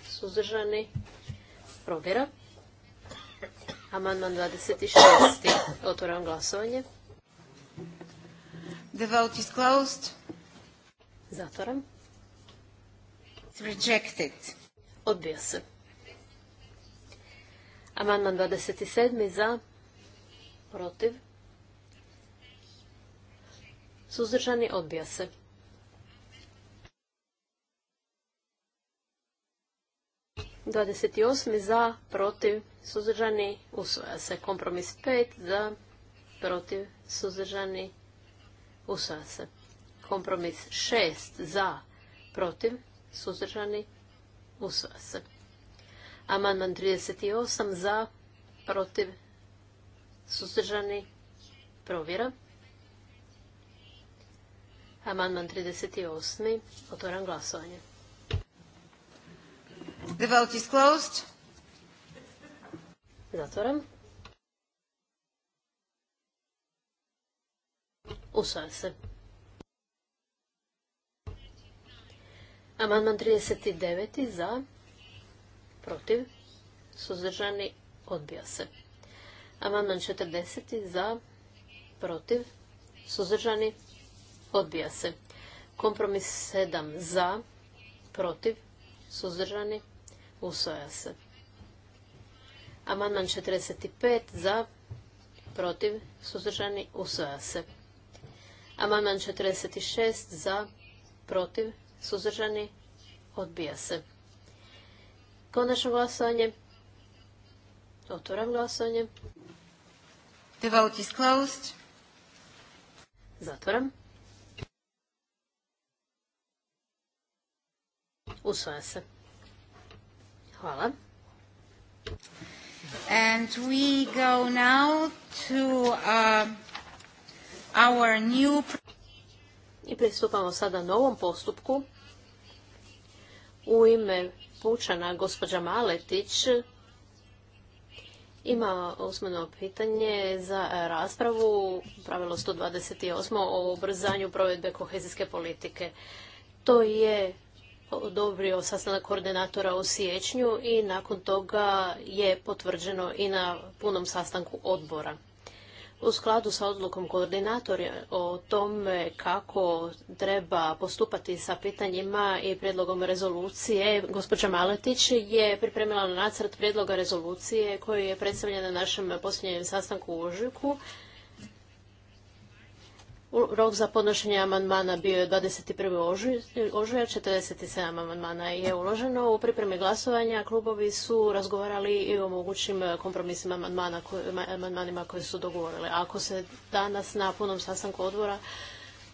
suzdržani, provjera. Amandman 26. Otvoram glasovanje. The vote is closed. Zatvoram. It's rejected. Odbija se. Amandman 27. Za. Protiv. Suzdržani odbija se. 28 za, protiv, suzdržani, usvoja se. Kompromis 5 za, protiv, suzdržani, usvoja se. Kompromis 6 za, protiv, suzdržani, usvoja se. Amandman 38 za, protiv, suzdržani, provjera. Amandman 38. Otvoram glasovanje. The vote is closed. Zatvoram. Usvaja se. Amandman 39. za, protiv, suzdržani, odbija se. Amandman 40. za, protiv, suzdržani, odbija se. Kompromis 7 za, protiv, suzdržani, Usvaja se. Amandman 45 za, protiv, suzdržani, usvaja se. Amandman 46 za, protiv, suzdržani, odbija se. Konačno glasovanje. Otvoram glasovanje. The vote is closed. Zatvoram. Usvaja se. Hvala. And we go now to uh, our new... I pristupamo sada novom postupku. U ime Pučana, gospođa Maletić, ima osmeno pitanje za raspravu, pravilo 128 o ubrzanju provedbe kohezijske politike. To je odobrio sastanak koordinatora u siječnju i nakon toga je potvrđeno i na punom sastanku odbora. U skladu sa odlukom koordinatora o tome kako treba postupati sa pitanjima i prijedlogom rezolucije, gospođa Maletić je pripremila nacrt prijedloga rezolucije koji je predstavljen na našem posljednjem sastanku u Ožujku Rok za podnošenje amandmana bio je 21. ožujak, 47 amandmana je uloženo. U pripremi glasovanja klubovi su razgovarali i o mogućim kompromisima amandmanima koje su dogovorili. Ako se danas na punom sastanku odbora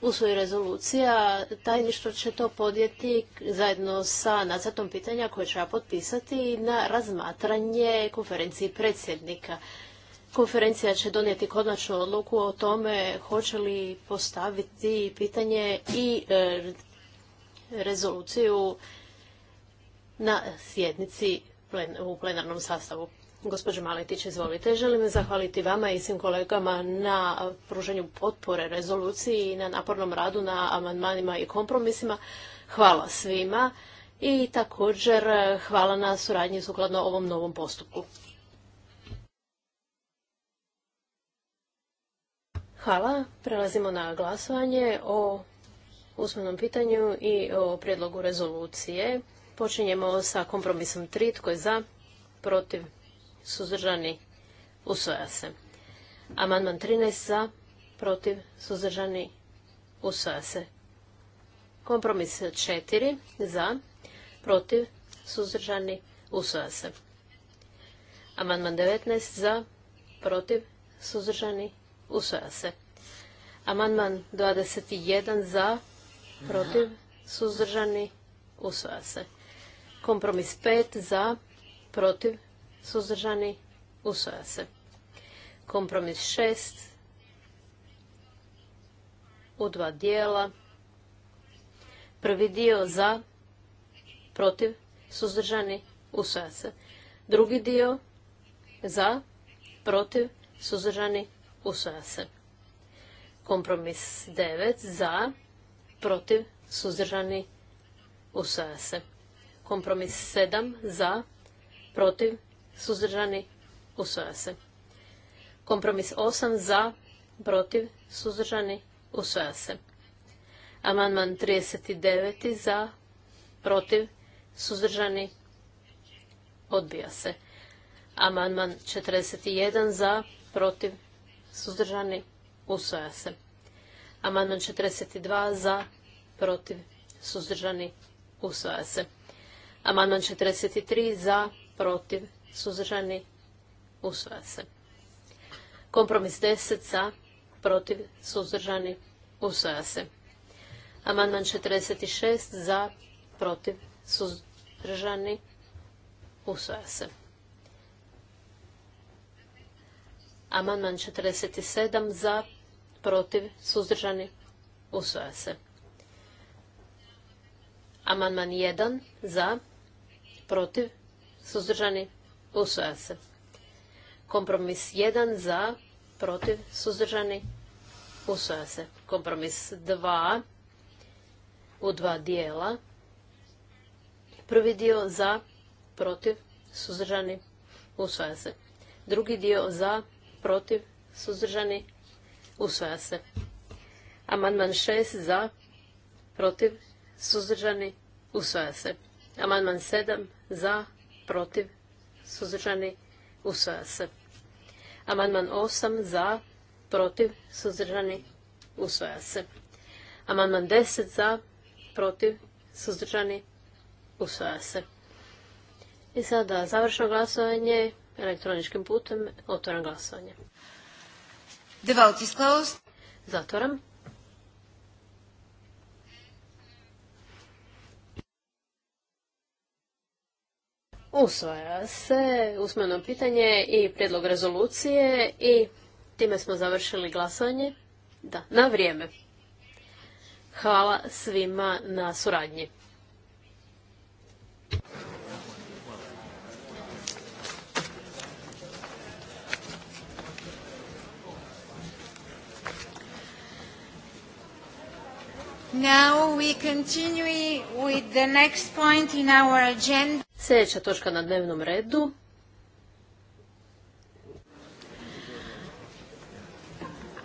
usvoji rezolucija, tajništvo će to podjeti zajedno sa nacrtom pitanja koje ja potpisati na razmatranje konferenciji predsjednika. Konferencija će donijeti konačnu odluku o tome hoće li postaviti pitanje i e, rezoluciju na sjednici u plenarnom sastavu. Gospođo Maletić, izvolite. Želim zahvaliti vama i svim kolegama na pruženju potpore rezoluciji i na napornom radu na amandmanima i kompromisima. Hvala svima i također hvala na suradnji sukladno ovom novom postupku. Hvala. Prelazimo na glasovanje o usmenom pitanju i o prijedlogu rezolucije. Počinjemo sa kompromisom 3. Tko je za? Protiv? Suzdržani? Usvoja se. Amandman 13. Za? Protiv? Suzdržani? Usvoja se. Kompromis 4. Za? Protiv? Suzdržani? Usvoja se. Amandman 19. Za? Protiv? Suzdržani? Usvaja se. Amandman 21 za, protiv, suzdržani, usvaja se. Kompromis 5 za, protiv, suzdržani, usvaja se. Kompromis 6 u dva dijela. Prvi dio za, protiv, suzdržani, usvaja se. Drugi dio za, protiv, suzdržani, Usvaja se. Kompromis 9 za, protiv, suzdržani, usvaja se. Kompromis 7 za, protiv, suzdržani, usvaja se. Kompromis 8 za, protiv, suzdržani, usvaja se. Amandman 39 za, protiv, suzdržani, odbija se. Amandman 41 za, protiv, suzdržani, usvaja se. Amandman 42 za, protiv, suzdržani, usvaja se. Amandman 43 za, protiv, suzdržani, usvaja se. Kompromis 10 za, protiv, suzdržani, usvaja se. Amandman 46 za, protiv, suzdržani, usvaja se. Amandman 47 za, protiv, suzdržani, usvaja se. Amandman 1 za, protiv, suzdržani, usvaja se. Kompromis 1 za, protiv, suzdržani, usvaja se. Kompromis 2 u dva dijela. Prvi dio za, protiv, suzdržani, usvaja se. Drugi dio za, protiv, suzdržani, usvaja se. Amandman 6 za, protiv, suzdržani, usvaja se. Amandman 7 za, protiv, suzdržani, usvaja se. Amandman 8 za, protiv, suzdržani, usvaja se. Amandman 10 za, protiv, suzdržani, usvaja se. I sada završno glasovanje elektroničkim putem. Otvoram glasovanje. The vote is closed. Zatvoram. Usvaja se usmeno pitanje i prijedlog rezolucije i time smo završili glasovanje. Da, na vrijeme. Hvala svima na suradnji. Now we continue with the next point in our agenda. Sljedeća točka na dnevnom redu.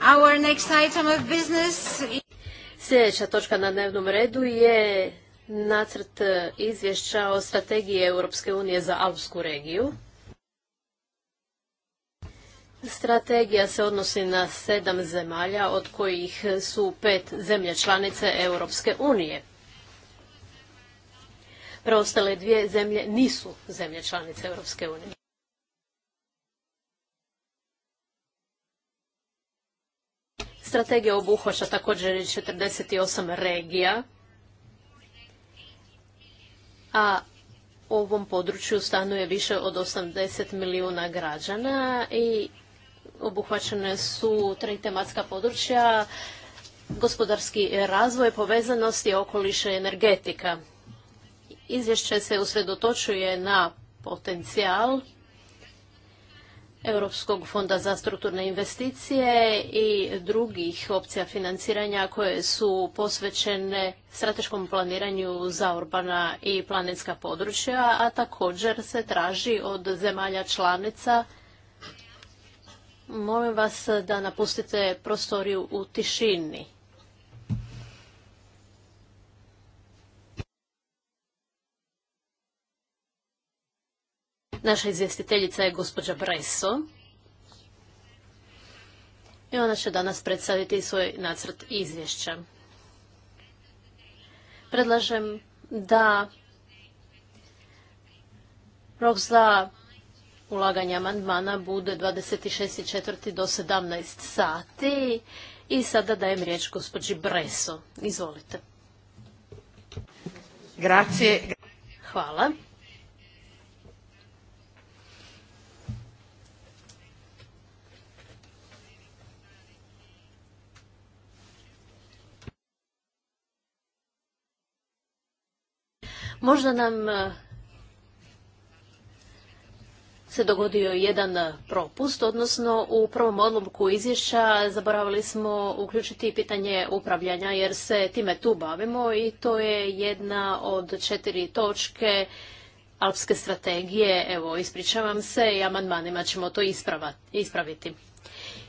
Our next item of business. Sljedeća točka na dnevnom redu je nacrt izvješća o strategiji Europske unije za Alpsku regiju. Strategija se odnosi na sedam zemalja, od kojih su pet zemlje članice Europske unije. Preostale dvije zemlje nisu zemlje članice Europske unije. Strategija obuhvaća također 48 regija, a u ovom području stanuje više od 80 milijuna građana i obuhvaćene su tri tematska područja, gospodarski razvoj, povezanosti, okoliša i energetika. Izvješće se usredotočuje na potencijal Europskog fonda za strukturne investicije i drugih opcija financiranja koje su posvećene strateškom planiranju za urbana i planinska područja, a također se traži od zemalja članica Molim vas da napustite prostoriju u tišini. Naša izvjestiteljica je gospođa Brajso. I ona će danas predstaviti svoj nacrt izvješća. Predlažem da rok za ulaganja amandmana bude 26.4. do 17 sati. I sada dajem riječ gospođi Breso. Izvolite. Grazie. Hvala. Možda nam se dogodio jedan propust, odnosno u prvom odlomku izvješća zaboravili smo uključiti pitanje upravljanja jer se time tu bavimo i to je jedna od četiri točke alpske strategije. Evo, ispričavam se i amandmanima ćemo to ispraviti.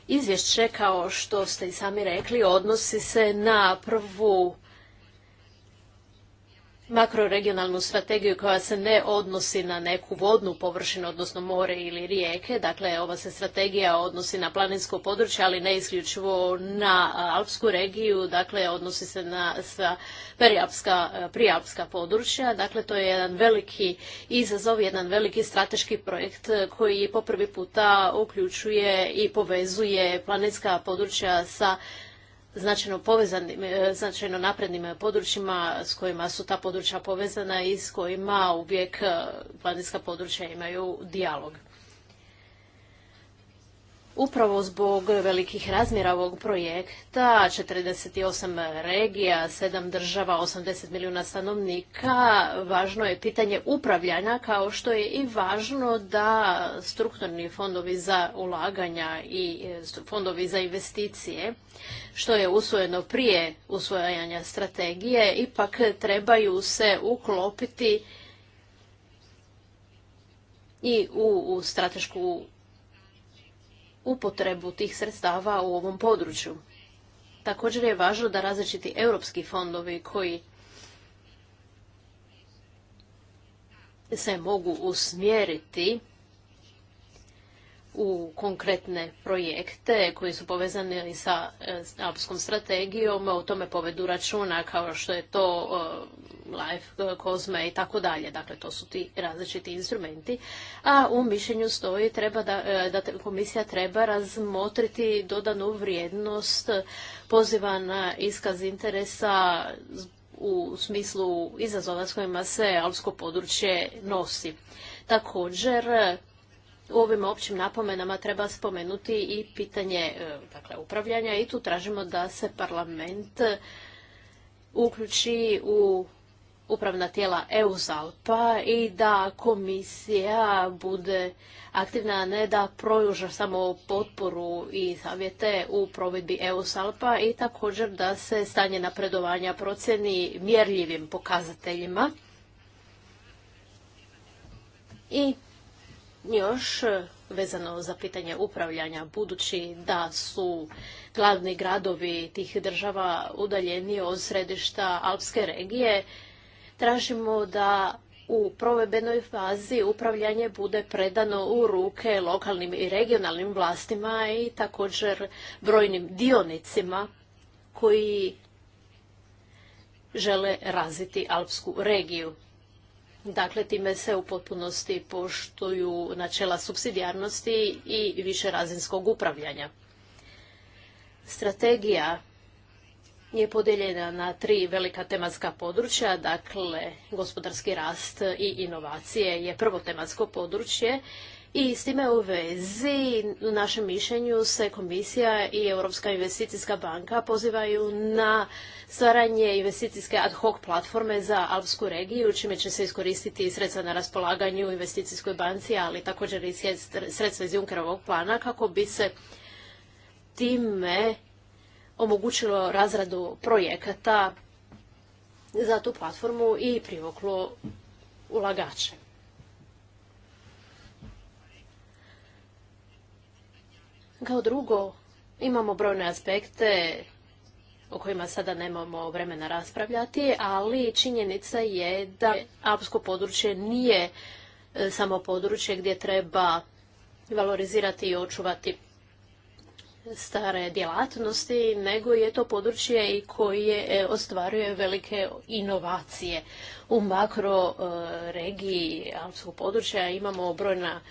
Izvješće, kao što ste i sami rekli, odnosi se na prvu makroregionalnu strategiju koja se ne odnosi na neku vodnu površinu, odnosno more ili rijeke. Dakle, ova se strategija odnosi na planinsko područje, ali ne isključivo na alpsku regiju, dakle, odnosi se na sva perijapska, prijalpska područja. Dakle, to je jedan veliki izazov, jedan veliki strateški projekt koji po prvi puta uključuje i povezuje planinska područja sa značajno povezanim, e, značajno naprednim e, područjima s kojima su ta područja povezana i s kojima uvijek e, planinska područja imaju dijalog. Upravo zbog velikih razmjera ovog projekta, 48 regija, 7 država, 80 milijuna stanovnika, važno je pitanje upravljanja kao što je i važno da strukturni fondovi za ulaganja i e, fondovi za investicije, što je usvojeno prije usvojanja strategije, ipak trebaju se uklopiti i u, u stratešku upotrebu tih sredstava u ovom području. Također je važno da različiti europski fondovi koji se mogu usmjeriti u konkretne projekte koji su povezani sa e, alpskom strategijom, o tome povedu računa kao što je to e, Life, Kozme e, i tako dalje. Dakle, to su ti različiti instrumenti. A u mišljenju stoji treba da, da komisija treba razmotriti dodanu vrijednost poziva na iskaz interesa u smislu izazova s kojima se alpsko područje nosi. Također, u ovim općim napomenama treba spomenuti i pitanje e, dakle, upravljanja i tu tražimo da se parlament e, uključi u upravna tijela EU-ZALPA i da komisija bude aktivna, ne da projuža samo potporu i savjete u provedbi EUSALPA i također da se stanje napredovanja procjeni mjerljivim pokazateljima. I još e, vezano za pitanje upravljanja, budući da su glavni gradovi tih država udaljeni od središta Alpske regije, tražimo da u provedbenoj fazi upravljanje bude predano u ruke lokalnim i regionalnim vlastima i također brojnim dionicima koji žele razviti alpsku regiju. Dakle, time se u potpunosti poštuju načela subsidijarnosti i višerazinskog upravljanja. Strategija je podijeljena na tri velika tematska područja, dakle gospodarski rast i inovacije je prvo tematsko područje, i s time u vezi, u našem mišljenju, se Komisija i Europska investicijska banka pozivaju na stvaranje investicijske ad hoc platforme za Alpsku regiju, čime će se iskoristiti sredstva na raspolaganju investicijskoj banci, ali također i sredstva iz Junckerovog plana, kako bi se time omogućilo razradu projekata za tu platformu i privuklo ulagače. Kao drugo, imamo brojne aspekte o kojima sada nemamo vremena raspravljati, ali činjenica je da apsko područje nije e, samo područje gdje treba valorizirati i očuvati stare djelatnosti, nego je to područje i koje e, ostvaruje velike inovacije. U makro e, regiji Alpskog područja imamo brojna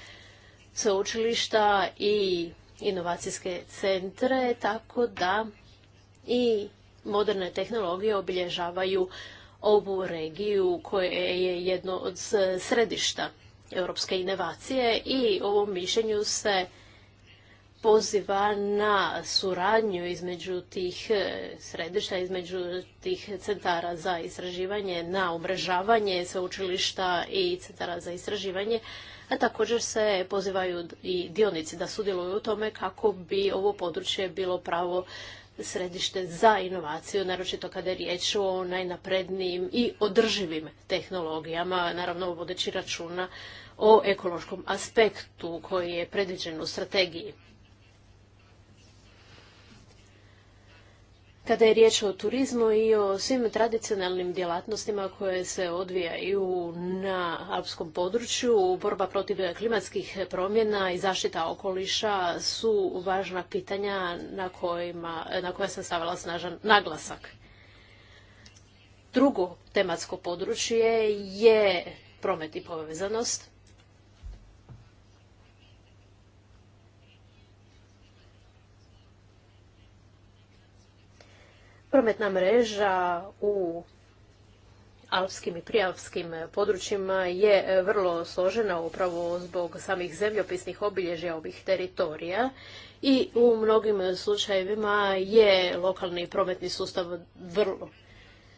sveučilišta i inovacijske centre, tako da i moderne tehnologije obilježavaju ovu regiju koja je jedno od središta europske inovacije i ovom mišljenju se poziva na suradnju između tih e, središta, između tih centara za istraživanje, na umrežavanje sveučilišta i centara za istraživanje, a također se pozivaju i dionici da sudjeluju u tome kako bi ovo područje bilo pravo središte za inovaciju, naročito kada je riječ o najnaprednijim i održivim tehnologijama, naravno vodeći računa o ekološkom aspektu koji je predviđen u strategiji. kada je riječ o turizmu i o svim tradicionalnim djelatnostima koje se odvijaju na alpskom području, borba protiv klimatskih promjena i zaštita okoliša su važna pitanja na, kojima, na koja sam stavila snažan naglasak. Drugo tematsko područje je promet i povezanost. prometna mreža u alpskim i prijalpskim područjima je e, vrlo složena upravo zbog samih zemljopisnih obilježja ovih teritorija i u mnogim slučajevima je lokalni prometni sustav vrlo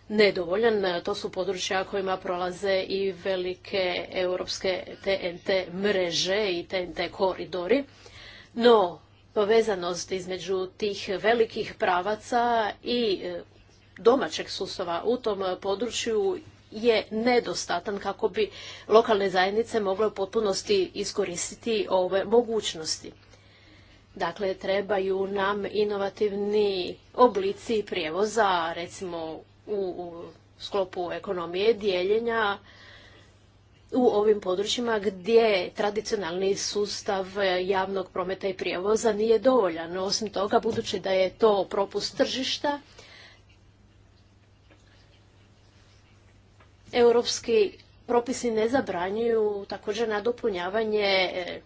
nedovoljan. To su područja kojima prolaze i velike europske TNT mreže i TNT koridori. No, povezanost između tih velikih pravaca i e, domaćeg sustava u tom području je nedostatan kako bi lokalne zajednice mogle u potpunosti iskoristiti ove mogućnosti. Dakle, trebaju nam inovativni oblici prijevoza, recimo u sklopu ekonomije dijeljenja, u ovim područjima gdje tradicionalni sustav e, javnog prometa i prijevoza nije dovoljan. Osim toga, budući da je to propust tržišta, europski propisi ne zabranjuju također nadopunjavanje e,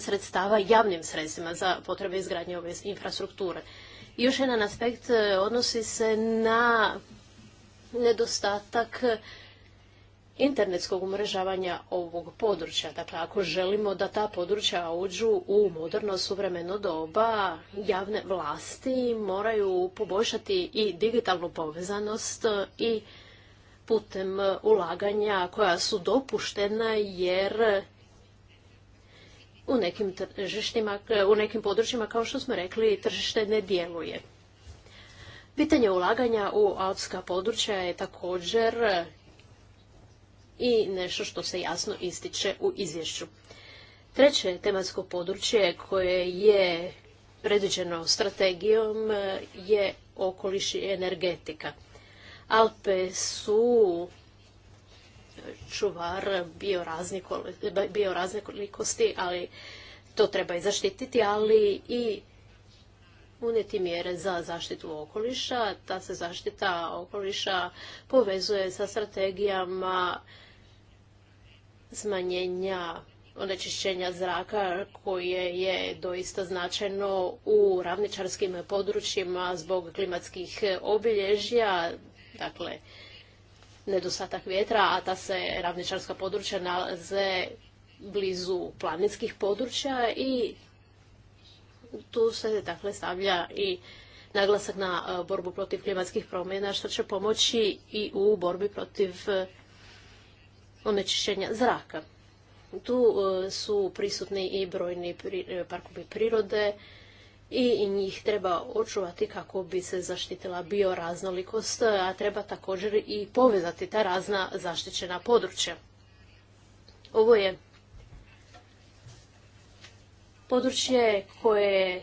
sredstava javnim sredstvima za potrebe izgradnje ove infrastrukture. još jedan aspekt e, odnosi se na nedostatak internetskog umrežavanja ovog područja. Dakle, ako želimo da ta područja uđu u moderno suvremeno doba, javne vlasti moraju poboljšati i digitalnu povezanost i putem ulaganja koja su dopuštena jer u nekim tržištima, u nekim područjima, kao što smo rekli, tržište ne djeluje. Pitanje ulaganja u autska područja je također i nešto što se jasno ističe u izvješću. Treće tematsko područje koje je predviđeno strategijom je okoliš i energetika. Alpe su čuvar bioraznolikosti, ali to treba i zaštititi, ali i uneti mjere za zaštitu okoliša. Ta se zaštita okoliša povezuje sa strategijama smanjenja onečišćenja zraka koje je doista značajno u ravničarskim područjima zbog klimatskih obilježja, dakle nedostatak vjetra, a ta se ravničarska područja nalaze blizu planinskih područja i tu se dakle stavlja i naglasak na e, borbu protiv klimatskih promjena što će pomoći i u borbi protiv onečišćenja zraka. Tu e, su prisutni i brojni e, parkovi prirode i njih treba očuvati kako bi se zaštitila bioraznolikost, a treba također i povezati ta razna zaštićena područja. Ovo je područje koje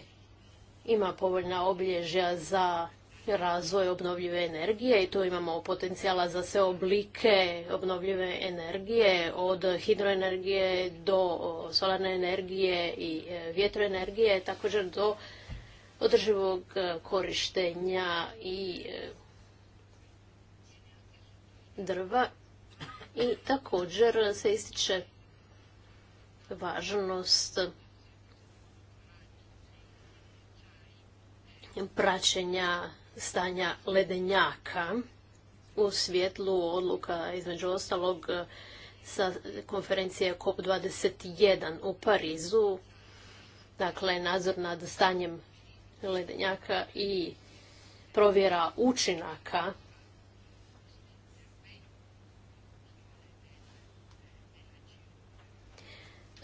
ima povoljna obilježja za razvoj obnovljive energije i tu imamo potencijala za sve oblike obnovljive energije od hidroenergije do solarne energije i e, vjetroenergije, također do održivog e, korištenja i e, drva i također se ističe važnost praćenja stanja ledenjaka u svjetlu odluka između ostalog sa konferencije COP21 u Parizu, dakle nadzor nad stanjem ledenjaka i provjera učinaka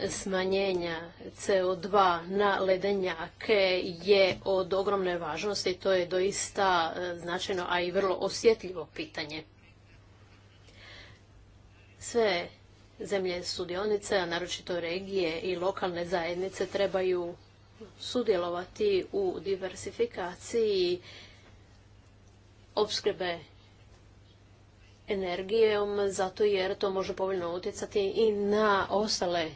smanjenja CO2 na ledenjake je od ogromne važnosti. To je doista e, značajno, a i vrlo osjetljivo pitanje. Sve zemlje sudionice, a naročito regije i lokalne zajednice trebaju sudjelovati u diversifikaciji opskrbe energijom, zato jer to može povoljno utjecati i na ostale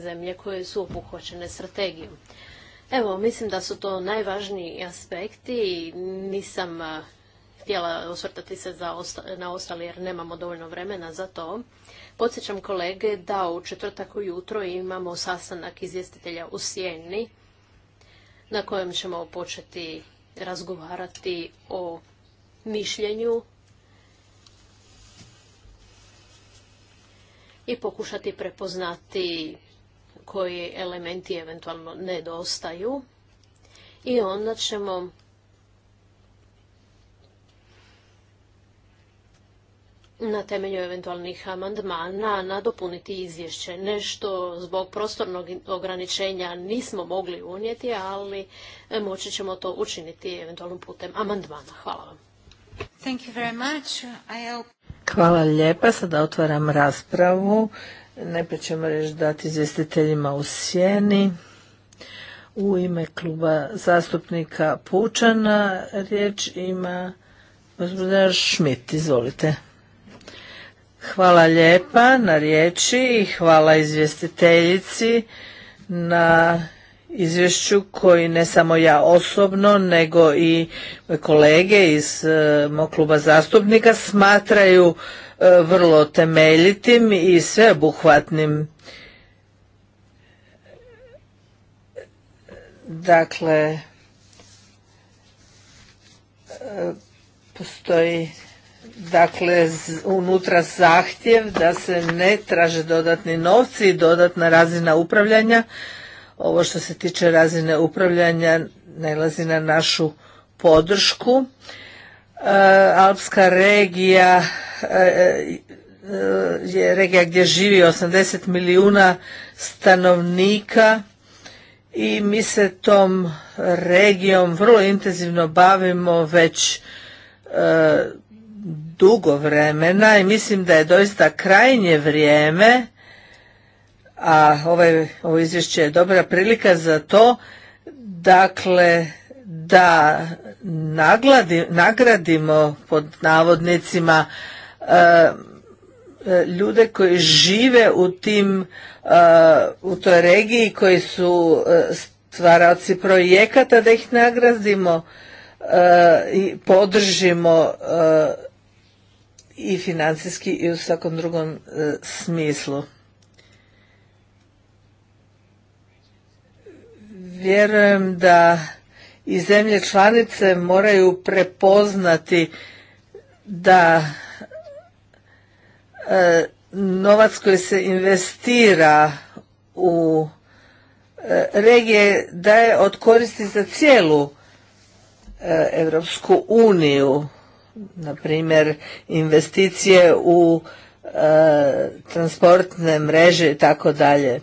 zemlje koje su obuhvaćene strategijom. Evo, mislim da su to najvažniji aspekti i nisam htjela osvrtati se za osta na ostali jer nemamo dovoljno vremena za to. Podsjećam kolege da u četvrtak ujutro imamo sastanak izvjestitelja u Sjeni na kojem ćemo početi razgovarati o mišljenju i pokušati prepoznati koji elementi eventualno nedostaju i onda ćemo na temelju eventualnih amandmana nadopuniti izvješće. Nešto zbog prostornog ograničenja nismo mogli unijeti, ali e, moći ćemo to učiniti eventualno putem amandmana. Hvala vam. Hvala lijepa. Sada otvaram raspravu. Najprije ćemo reći dati izvjestiteljima u sjeni. U ime kluba zastupnika Pučana riječ ima gospodin Šmit, izvolite. Hvala lijepa na riječi i hvala izvjestiteljici na izvješću koji ne samo ja osobno nego i kolege iz eh, mog kluba zastupnika smatraju E, vrlo temeljitim i sveobuhvatnim. Dakle, e, postoji dakle unutra zahtjev da se ne traže dodatni novci i dodatna razina upravljanja. Ovo što se tiče razine upravljanja nalazi na našu podršku. Eh, Alpska regija eh, eh, je regija gdje živi 80 milijuna stanovnika i mi se tom regijom vrlo intenzivno bavimo već dugo vremena i mislim da je doista krajnje vrijeme, a ovaj, ovo izvješće je dobra prilika za to, dakle da nagradimo pod navodnicima e, e, ljude koji žive u tim e, u toj regiji koji su stvaraoci projekata da ih nagradimo i podržimo i financijski i u svakom drugom smislu. Vjerujem da i zemlje članice moraju prepoznati da e, novac koji se investira u e, regije da je od koristi za cijelu e, Evropsku uniju. Na primjer, investicije u transportne mreže i tako dalje.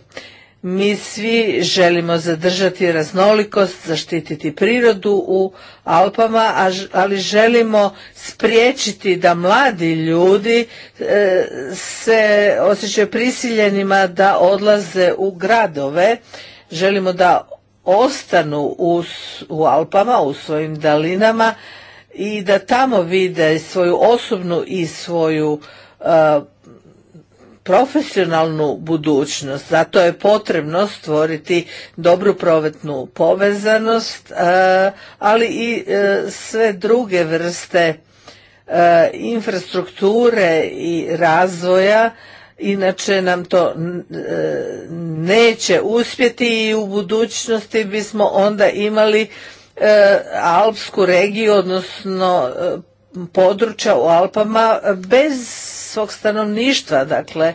Mi svi želimo zadržati raznolikost, zaštititi prirodu u Alpama, ali želimo spriječiti da mladi ljudi e, se osjećaju prisiljenima da odlaze u gradove. Želimo da ostanu u Alpama, u svojim dalinama i da tamo vide svoju osobnu i svoju e, profesionalnu budućnost. Zato je potrebno stvoriti dobru prometnu povezanost, e, ali i e, sve druge vrste e, infrastrukture i razvoja inače nam to neće uspjeti i u budućnosti bismo onda imali alpsku regiju odnosno područja u Alpama bez svog stanovništva, dakle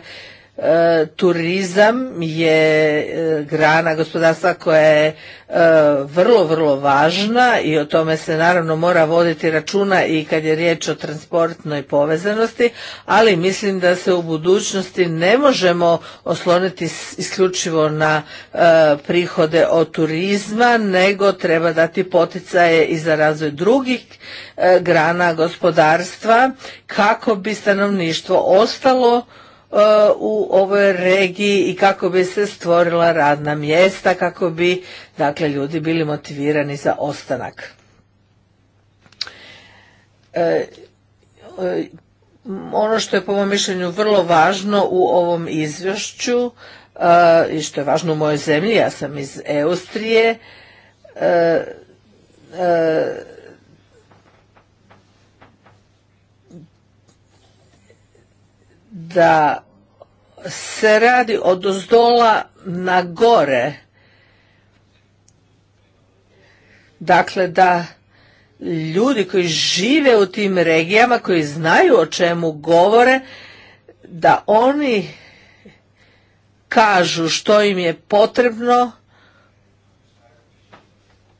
E, turizam je e, grana gospodarstva koja je e, vrlo, vrlo važna i o tome se naravno mora voditi računa i kad je riječ o transportnoj povezanosti, ali mislim da se u budućnosti ne možemo osloniti isključivo na prihode od turizma, nego treba dati poticaje i za razvoj drugih grana gospodarstva kako bi stanovništvo ostalo Uh, u ovoj regiji i kako bi se stvorila radna mjesta, kako bi dakle, ljudi bili motivirani za ostanak. E, uh, ono što je po mom mišljenju vrlo važno u ovom izvješću uh, i što je važno u mojoj zemlji, ja sam iz Eustrije, da se radi od ozdola na gore. Dakle, da ljudi koji žive u tim regijama, koji znaju o čemu govore, da oni kažu što im je potrebno,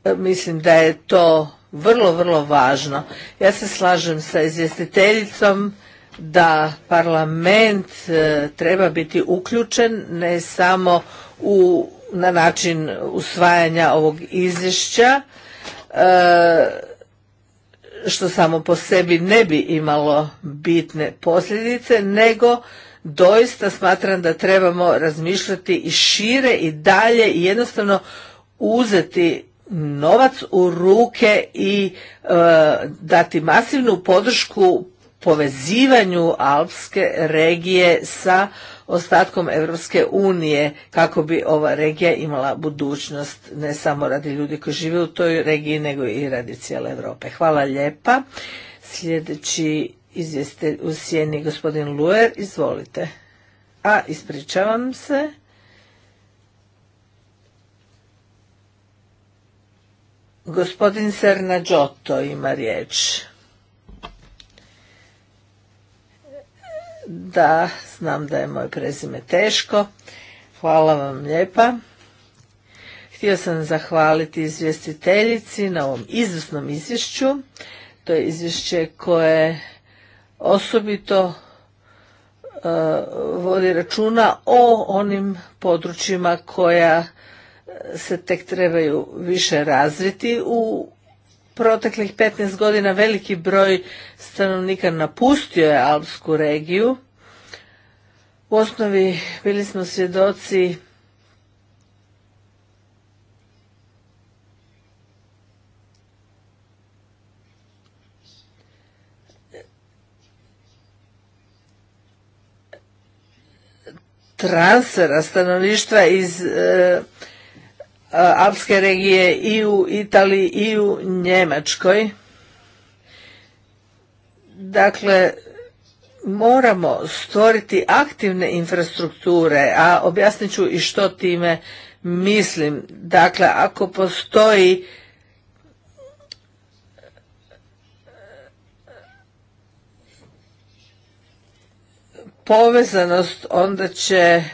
e, mislim da je to vrlo, vrlo važno. Ja se slažem sa izvjestiteljicom da parlament e, treba biti uključen ne samo u, na način usvajanja ovog izvješća, e, što samo po sebi ne bi imalo bitne posljedice, nego doista smatram da trebamo razmišljati i šire i dalje i jednostavno uzeti novac u ruke i e, dati masivnu podršku povezivanju alpske regije sa ostatkom Europske unije kako bi ova regija imala budućnost ne samo radi ljudi koji žive u toj regiji nego i radi cijele Europe. Hvala lijepa. Sljedeći izvjestitelj u sjeni gospodin Luer, izvolite. A ispričavam se. Gospodin Serna Giotto ima riječ. Da, znam da je moje prezime teško. Hvala vam lijepa. Htio sam zahvaliti izvjestiteljici na ovom izvrsnom izvješću. To je izvješće koje osobito e, vodi računa o onim područjima koja se tek trebaju više razviti u proteklih 15 godina veliki broj stanovnika napustio je Alpsku regiju. U osnovi bili smo svjedoci transfera stanovništva iz e, alpske regije i u Italiji i u Njemačkoj. Dakle, moramo stvoriti aktivne infrastrukture, a objasnit ću i što time mislim. Dakle, ako postoji povezanost, onda će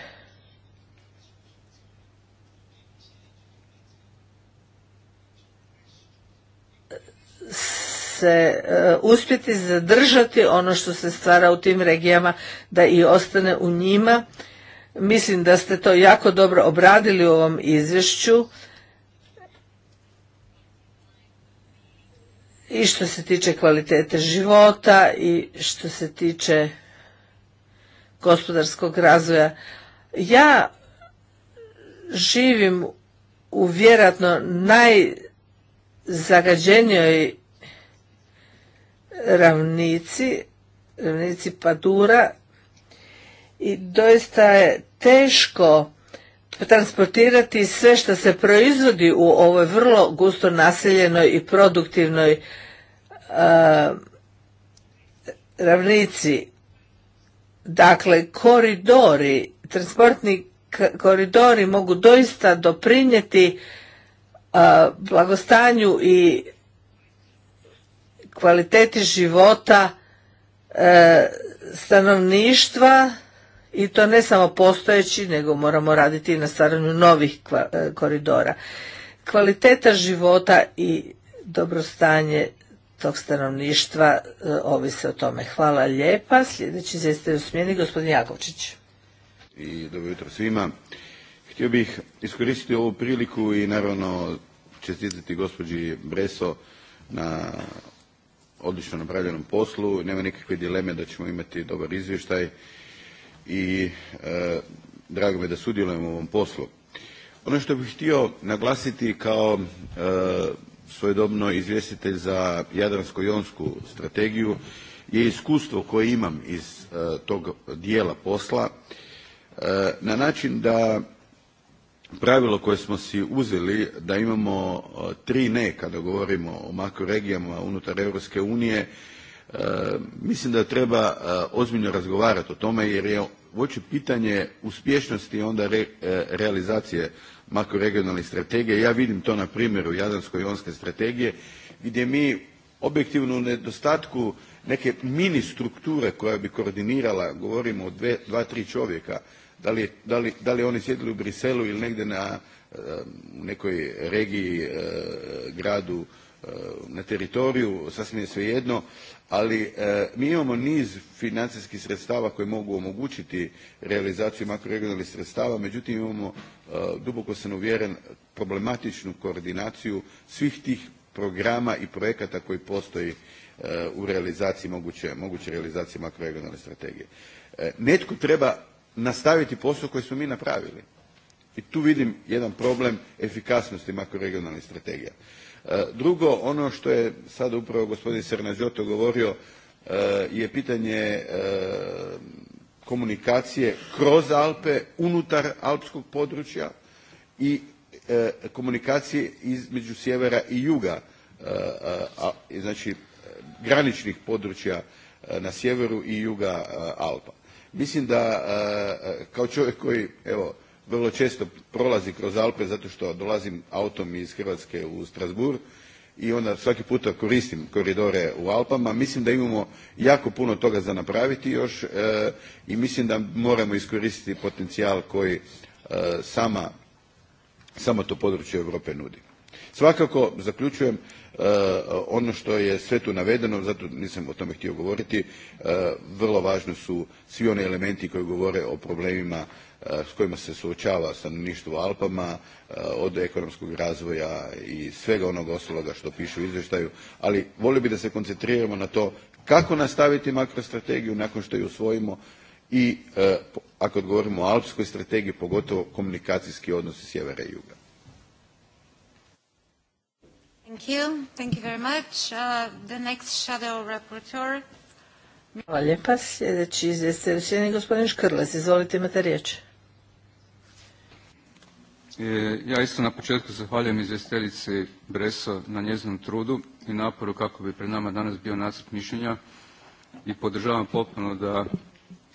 se e, uspjeti zadržati ono što se stvara u tim regijama da i ostane u njima. Mislim da ste to jako dobro obradili u ovom izvješću. I što se tiče kvalitete života i što se tiče gospodarskog razvoja. Ja živim u vjerojatno najzagađenijoj ravnici, ravnici Padura i doista je teško transportirati sve što se proizvodi u ovoj vrlo gusto naseljenoj i produktivnoj ravnici. Dakle, koridori, transportni koridori mogu doista doprinijeti blagostanju i kvaliteti života e, stanovništva i to ne samo postojeći, nego moramo raditi i na stvaranju novih e, koridora. Kvaliteta života i dobrostanje tog stanovništva e, ovise o tome. Hvala lijepa. Sljedeći zaista u smjeni gospodin Jakovčić. I dobro jutro svima. Htio bih iskoristiti ovu priliku i naravno čestitati gospođi Breso na odlično napravljenom poslu, nema nikakve dileme da ćemo imati dobar izvještaj i e, drago mi da sudjelujemo u ovom poslu. Ono što bih htio naglasiti kao e, svojedobno izvjestitelj za Jadransko-jonsku strategiju je iskustvo koje imam iz e, tog dijela posla e, na način da pravilo koje smo si uzeli da imamo e, tri ne kada govorimo o makroregijama unutar europske unije e, mislim da treba e, ozbiljno razgovarati o tome jer je uopće pitanje uspješnosti onda realizacije makroregionalne strategije. Ja vidim to na primjeru Jadransko-jonske strategije gdje mi objektivno u nedostatku neke mini strukture koja bi koordinirala, govorimo o dva, tri čovjeka da li, oni sjedili u Briselu ili negdje na e, nekoj regiji, e, gradu, e, na teritoriju, sasvim je svejedno, ali mi imamo niz financijskih sredstava koje mogu omogućiti realizaciju makroregionalnih sredstava, međutim imamo, duboko sam uvjeren, problematičnu koordinaciju svih tih programa i projekata koji postoji u realizaciji moguće, moguće realizacije makroregionalne strategije. Netko treba nastaviti posao koji smo mi napravili. I tu vidim jedan problem efikasnosti makroregionalnih strategija. E, drugo, ono što je sada upravo gospodin Sernažoto govorio e, je pitanje e, komunikacije kroz Alpe, unutar alpskog područja i komunikacije između sjevera i juga, znači graničnih područja na sjeveru i juga Alpa. Mislim da e, e, kao čovjek koji evo vrlo često prolazi kroz Alpe zato što dolazim autom iz Hrvatske u Strasbourg i onda svaki puta koristim koridore u Alpama, mislim da imamo jako puno toga za napraviti još e, i mislim da moramo iskoristiti potencijal koji sama, samo to područje Europe nudi. Svakako zaključujem Eh, ono što je sve tu navedeno zato nisam o tome htio govoriti eh, vrlo važni su svi oni elementi koji govore o problemima eh, s kojima se suočava stanovništvo u alpama od ekonomskog razvoja i svega onog ostaloga što piše u izvještaju ali volio bih da se koncentriramo na to kako nastaviti makrostrategiju nakon što je usvojimo i ako govorimo o alpskoj strategiji pogotovo komunikacijski odnosi sjevera i juga. Thank you. Thank you very much. Uh, the next shadow rapporteur. Hvala lijepa. Sljedeći izvjestitelj je gospodin Škrles. Izvolite, imate riječ. E, ja isto na početku zahvaljujem izvjestiteljici Breso na njezinom trudu i naporu kako bi pred nama danas bio nacrt mišljenja i podržavam potpuno da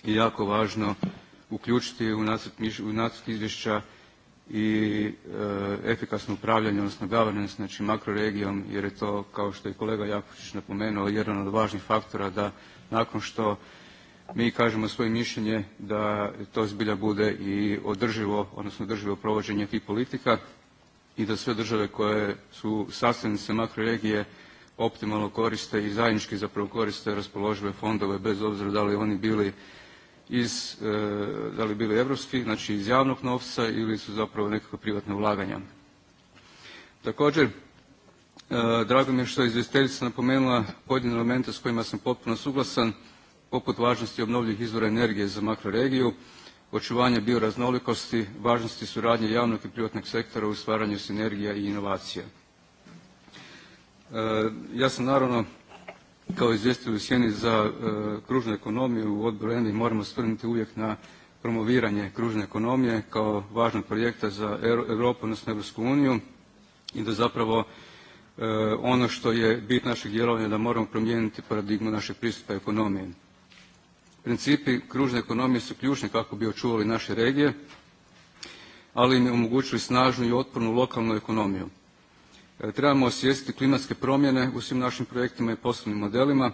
je jako važno uključiti u nacrt, u nacrt izvješća i e, efikasno upravljanje, odnosno governance, znači makroregijom, jer je to, kao što je kolega Jakučić napomenuo, jedan od važnih faktora da nakon što mi kažemo svoje mišljenje da to zbilja bude i održivo, odnosno održivo provođenje tih politika i da sve države koje su sastavnice makroregije optimalno koriste i zajednički zapravo koriste raspoložive fondove bez obzira da li oni bili iz, e, da li bili evropski, znači iz javnog novca ili su zapravo nekakva privatna ulaganja. Također, e, drago mi je što je izvjestiteljica napomenula pojedine elemente s kojima sam potpuno suglasan, poput važnosti obnovljivih izvora energije za makroregiju, očuvanje bioraznolikosti, važnosti suradnje javnog i privatnog sektora u stvaranju sinergija i inovacija. E, ja sam naravno kao izvjestitelj u sjeni za e, kružnu ekonomiju u odboru ENI moramo stvrniti uvijek na promoviranje kružne ekonomije kao važnog projekta za Europu, odnosno Europsku uniju i da zapravo e, ono što je bit našeg djelovanja da moramo promijeniti paradigmu našeg pristupa ekonomiji. Principi kružne ekonomije su ključni kako bi očuvali naše regije, ali im omogućili snažnu i otpornu lokalnu ekonomiju. E, trebamo osvijestiti klimatske promjene u svim našim projektima i poslovnim modelima,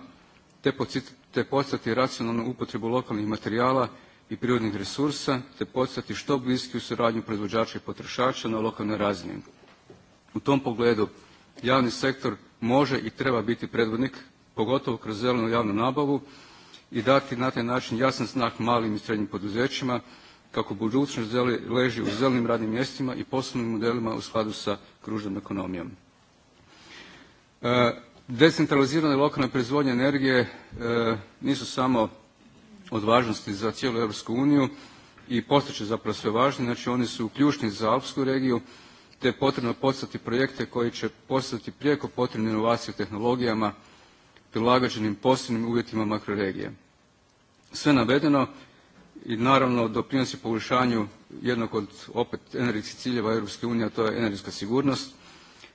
te postati racionalnu upotrebu lokalnih materijala i prirodnih resursa, te postati što bliski u suradnju proizvođača i potrošača na lokalnoj razini. U tom pogledu javni sektor može i treba biti predvodnik, pogotovo kroz zelenu javnu nabavu i dati na taj način jasan znak malim i srednjim poduzećima kako budućnost leži u zelenim radnim mjestima i poslovnim modelima u skladu sa kružnom ekonomijom. E, Decentralizirana lokalne proizvodnja energije e, nisu samo od važnosti za cijelu Europsku uniju i postaće zapravo sve važni, znači oni su ključni za Alpsku regiju, te je potrebno postati projekte koji će postati prijeko potrebne inovacije u tehnologijama prilagođenim posebnim uvjetima makroregije. Sve navedeno i naravno doprinosi poboljšanju jednog od opet energetskih ciljeva Europske unije, a to je energetska sigurnost,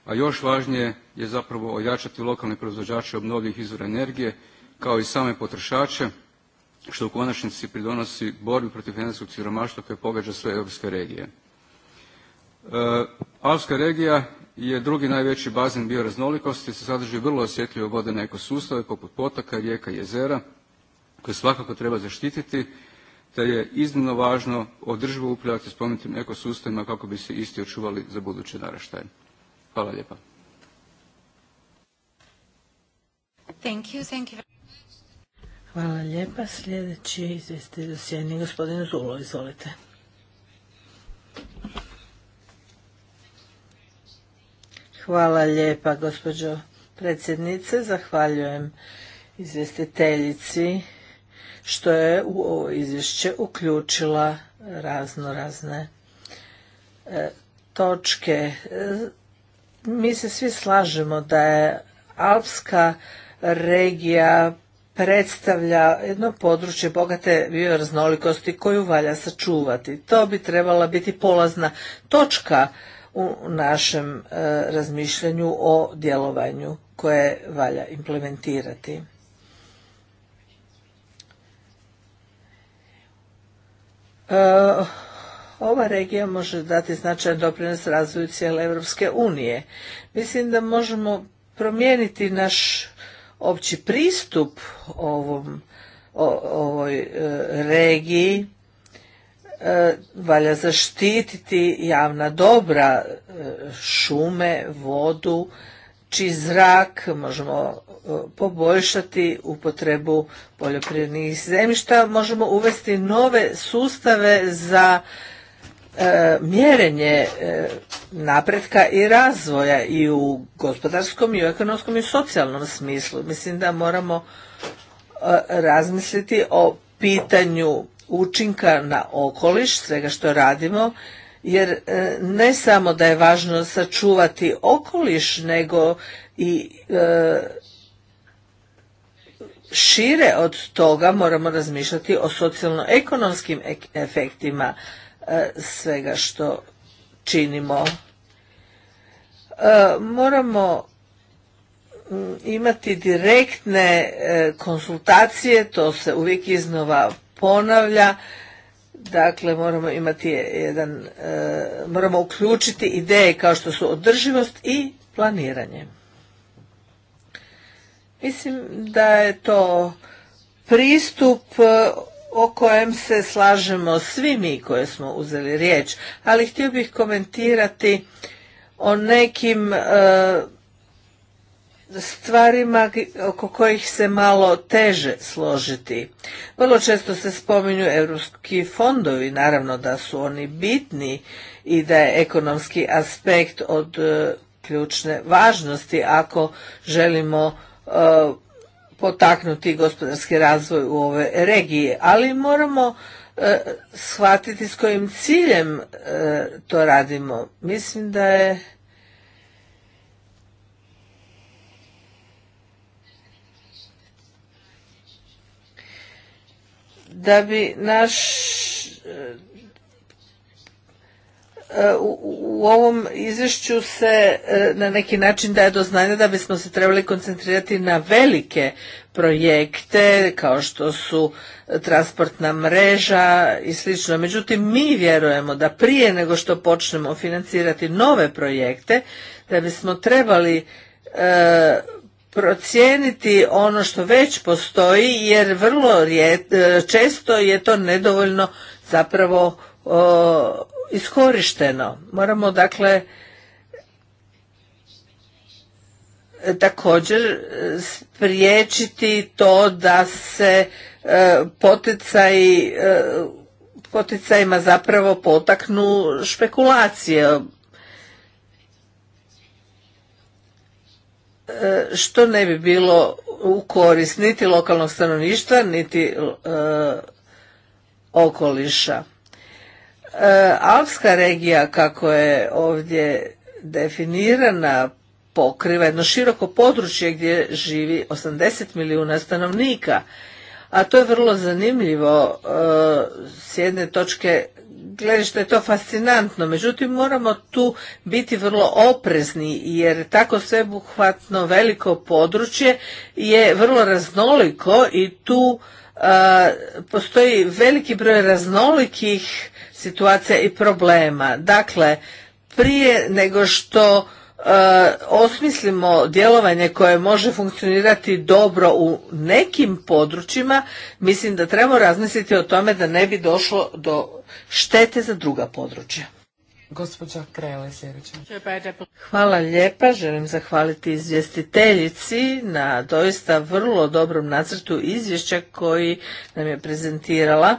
a još važnije je zapravo ojačati lokalne proizvođače obnovljivih izvora energije kao i same potrošače, što u konačnici pridonosi borbi protiv energetskog siromaštva koje pogađa sve europske regije. E, Alpska regija je drugi najveći bazen bioraznolikosti, se sadrži vrlo osjetljive vodene ekosustave poput potoka, rijeka i jezera, koje svakako treba zaštititi, te je iznimno važno održivo upravljati spomenutim ekosustavima kako bi se isti očuvali za buduće naraštaje. Hvala lijepa. Thank you, thank you. Hvala lijepa. Sljedeći izvjestitelj sjeni gospodin Zulo, izvolite. Hvala lijepa gospođo predsjednice. Zahvaljujem izvjestiteljici što je u ovo izvješće uključila razno razne e, točke. E, mi se svi slažemo da je Alpska regija predstavlja jedno područje bogate bioraznolikosti koju valja sačuvati. To bi trebala biti polazna točka u našem e, razmišljanju o djelovanju koje valja implementirati. E, ova regija može dati značajan doprinos razvoju cijele Europske unije. Mislim da možemo promijeniti naš opći pristup ovom, ovoj e, regiji. E, valja zaštititi javna dobra, šume, vodu, čiji znači, zrak možemo e, poboljšati upotrebu poljoprivrednih zemljišta, možemo uvesti nove sustave za e, mjerenje e, napretka i razvoja i u gospodarskom i u ekonomskom i u socijalnom smislu. Mislim da moramo razmisliti o pitanju učinka na okoliš, svega što radimo jer e, ne samo da je važno sačuvati okoliš nego i e, šire od toga moramo razmišljati o socijalno ekonomskim efektima e, svega što činimo moramo imati direktne konsultacije to se uvijek iznova ponavlja Dakle, moramo imati jedan, e, moramo uključiti ideje kao što su održivost i planiranje. Mislim da je to pristup e, o kojem se slažemo svi mi koje smo uzeli riječ, ali htio bih komentirati o nekim e, stvarima oko kojih se malo teže složiti. Vrlo često se spominju europski fondovi, naravno da su oni bitni i da je ekonomski aspekt od e, ključne važnosti ako želimo e, potaknuti gospodarski razvoj u ove regije, ali moramo e, shvatiti s kojim ciljem to radimo. Mislim da je da bi naš e, u ovom izvješću se e, na neki način daje do znanja da bismo se trebali koncentrirati na velike projekte kao što su transportna mreža i slično. Međutim, mi vjerujemo da prije nego što počnemo financirati nove projekte, da bismo trebali e, procijeniti ono što već postoji jer vrlo e, često je to nedovoljno zapravo o, iskorišteno. Moramo dakle također spriječiti to da se e, poticaj e, poticajima zapravo potaknu špekulacije E, što ne bi bilo u korist niti lokalnog stanovništva, niti e, okoliša. E, alpska regija, kako je ovdje definirana, pokriva jedno široko područje gdje živi 80 milijuna stanovnika. A to je vrlo zanimljivo s jedne točke gledišta je to fascinantno, međutim moramo tu biti vrlo oprezni jer tako sveobuhvatno veliko područje je vrlo raznoliko i tu postoji veliki broj raznolikih situacija i problema. Dakle, prije nego što osmislimo djelovanje koje može funkcionirati dobro u nekim područjima, mislim da trebamo razmisliti o tome da ne bi došlo do štete za druga područja. Gospođa Hvala lijepa, želim zahvaliti izvjestiteljici na doista vrlo dobrom nacrtu izvješća koji nam je prezentirala.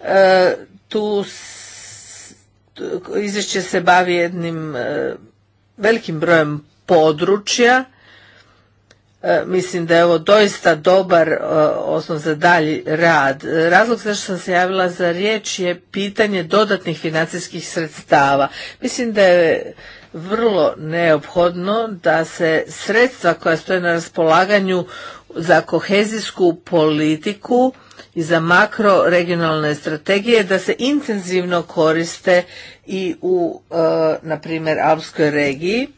E, tu izvješće se bavi jednim e, velikim brojem područja E, mislim da je ovo doista dobar e, osnov za dalji rad. E, razlog zašto sam se javila za riječ je pitanje dodatnih financijskih sredstava. Mislim da je vrlo neophodno da se sredstva koja stoje na raspolaganju za kohezijsku politiku i za makroregionalne strategije da se intenzivno koriste i u, na primjer, Alpskoj regiji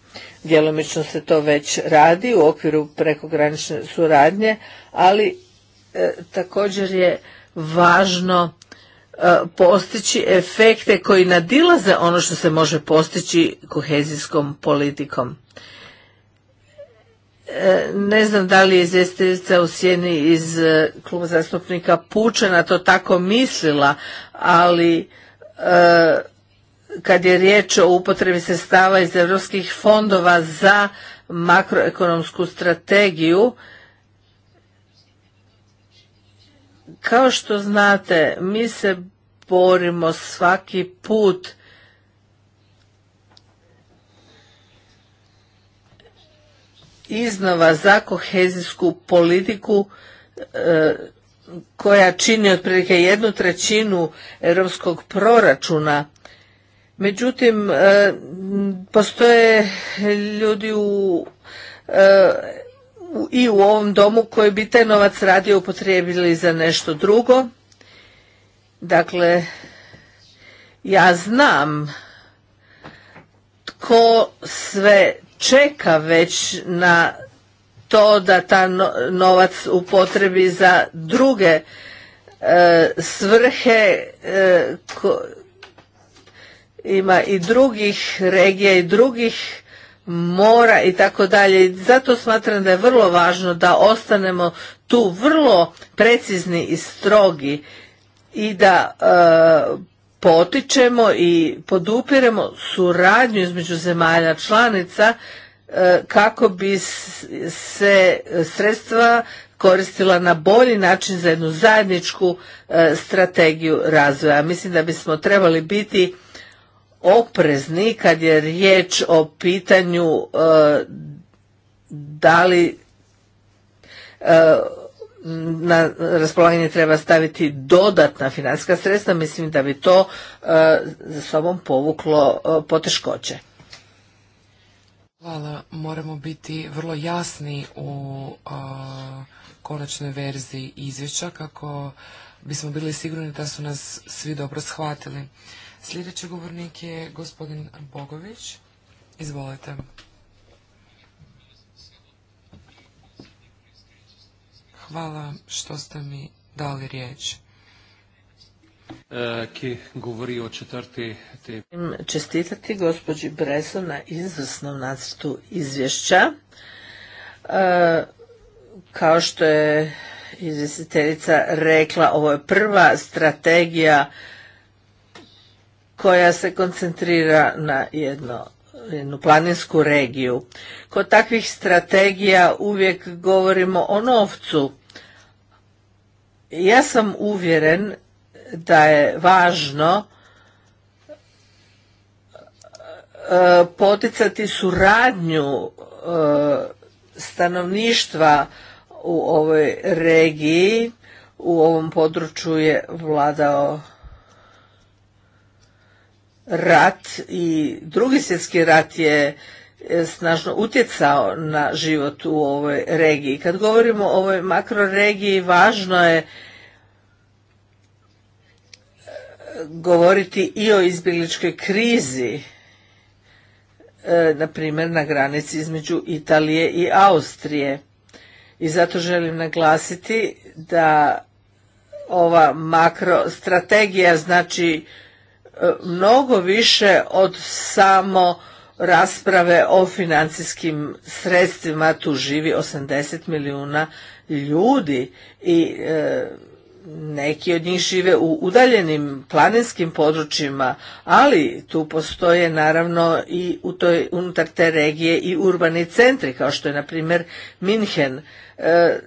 djelomično se to već radi u okviru prekogranične suradnje, ali e, također je važno e, postići efekte koji nadilaze ono što se može postići kohezijskom politikom. E, ne znam da li je izvjestiteljica u sjeni iz kluba zastupnika Pučena to tako mislila, ali kad je riječ o upotrebi sredstava iz europskih fondova za makroekonomsku strategiju kao što znate mi se borimo svaki put iznova za kohezijsku politiku e, koja čini otprilike jednu trećinu europskog proračuna Međutim, e, postoje ljudi e, u i u ovom domu koji bi taj novac radio upotrijebili za nešto drugo. Dakle, ja znam tko sve čeka već na to da ta novac upotrebi za druge e, svrhe ima i drugih regija i drugih mora i tako dalje. Zato smatram da je vrlo važno da ostanemo tu vrlo precizni i strogi i da e, potičemo i podupiremo suradnju između zemalja članica e, kako bi se sredstva koristila na bolji način za jednu zajedničku e, strategiju razvoja. Mislim da bismo trebali biti oprezni kad je riječ o pitanju e, da li e, na raspolaganje treba staviti dodatna financijska sredstva, mislim da bi to e, za sobom povuklo poteškoće. Hvala. Moramo biti vrlo jasni u konačnoj verziji izvješća kako bismo bili sigurni da su nas svi dobro shvatili. Sljedeći govornik je gospodin Bogović. Izvolite. Hvala što ste mi dali riječ. Eh, ki govori o četvrti te... Čestitati gospođi Breso na izvrsnom nacrtu izvješća. Eh, kao što je izvjestiteljica rekla, ovo je prva strategija koja se koncentrira na jedno jednu planinsku regiju. Kod takvih strategija uvijek govorimo o novcu. Ja sam uvjeren da je važno e, poticati suradnju e, stanovništva u ovoj regiji. U ovom području je vladao rat i drugi svjetski rat je e, snažno utjecao na život u ovoj regiji. Kad govorimo o ovoj makroregiji, važno je e, govoriti i o izbjegličkoj krizi, e, na primjer na granici između Italije i Austrije. I zato želim naglasiti da ova makrostrategija znači mnogo više od samo rasprave o financijskim sredstvima tu živi 80 milijuna ljudi i e, neki od njih žive u udaljenim planinskim područjima, ali tu postoje naravno i u toj, unutar te regije i urbani centri, kao što je na primjer Minhen. E,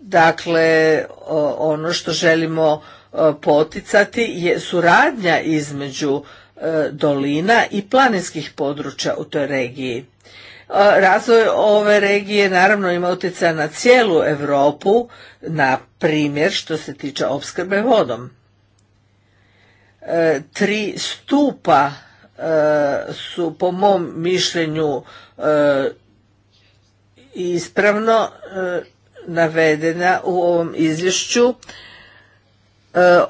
dakle, ono što želimo E, poticati je suradnja između e, dolina i planinskih područja u toj regiji. E, razvoj ove regije naravno ima utjecaja na cijelu Europu, na primjer što se tiče opskrbe vodom. Tri stupa su po mom mišljenju ispravno navedena u ovom izvješću E,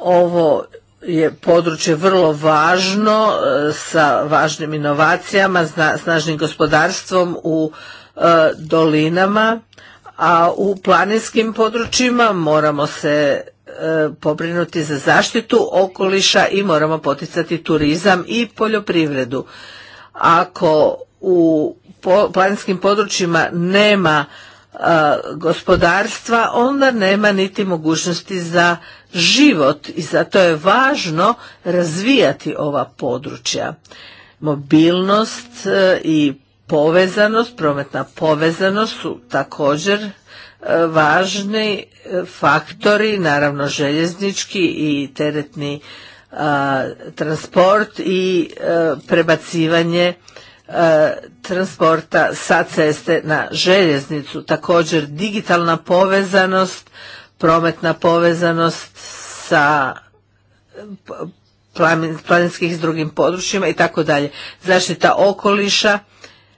ovo je područje vrlo važno e, sa važnim inovacijama, snažnim gospodarstvom u e, dolinama, a u planinskim područjima moramo se pobrinuti za zaštitu okoliša i moramo poticati turizam i poljoprivredu. Ako u planinskim područjima nema gospodarstva onda nema niti mogućnosti za život i zato je važno razvijati ova područja mobilnost e, i povezanost prometna povezanost su također e, važni e, faktori naravno željeznički i teretni transport i prebacivanje E, transporta sa ceste na željeznicu. Također digitalna povezanost, prometna povezanost sa planinskih s drugim područjima i tako dalje. Zaštita okoliša,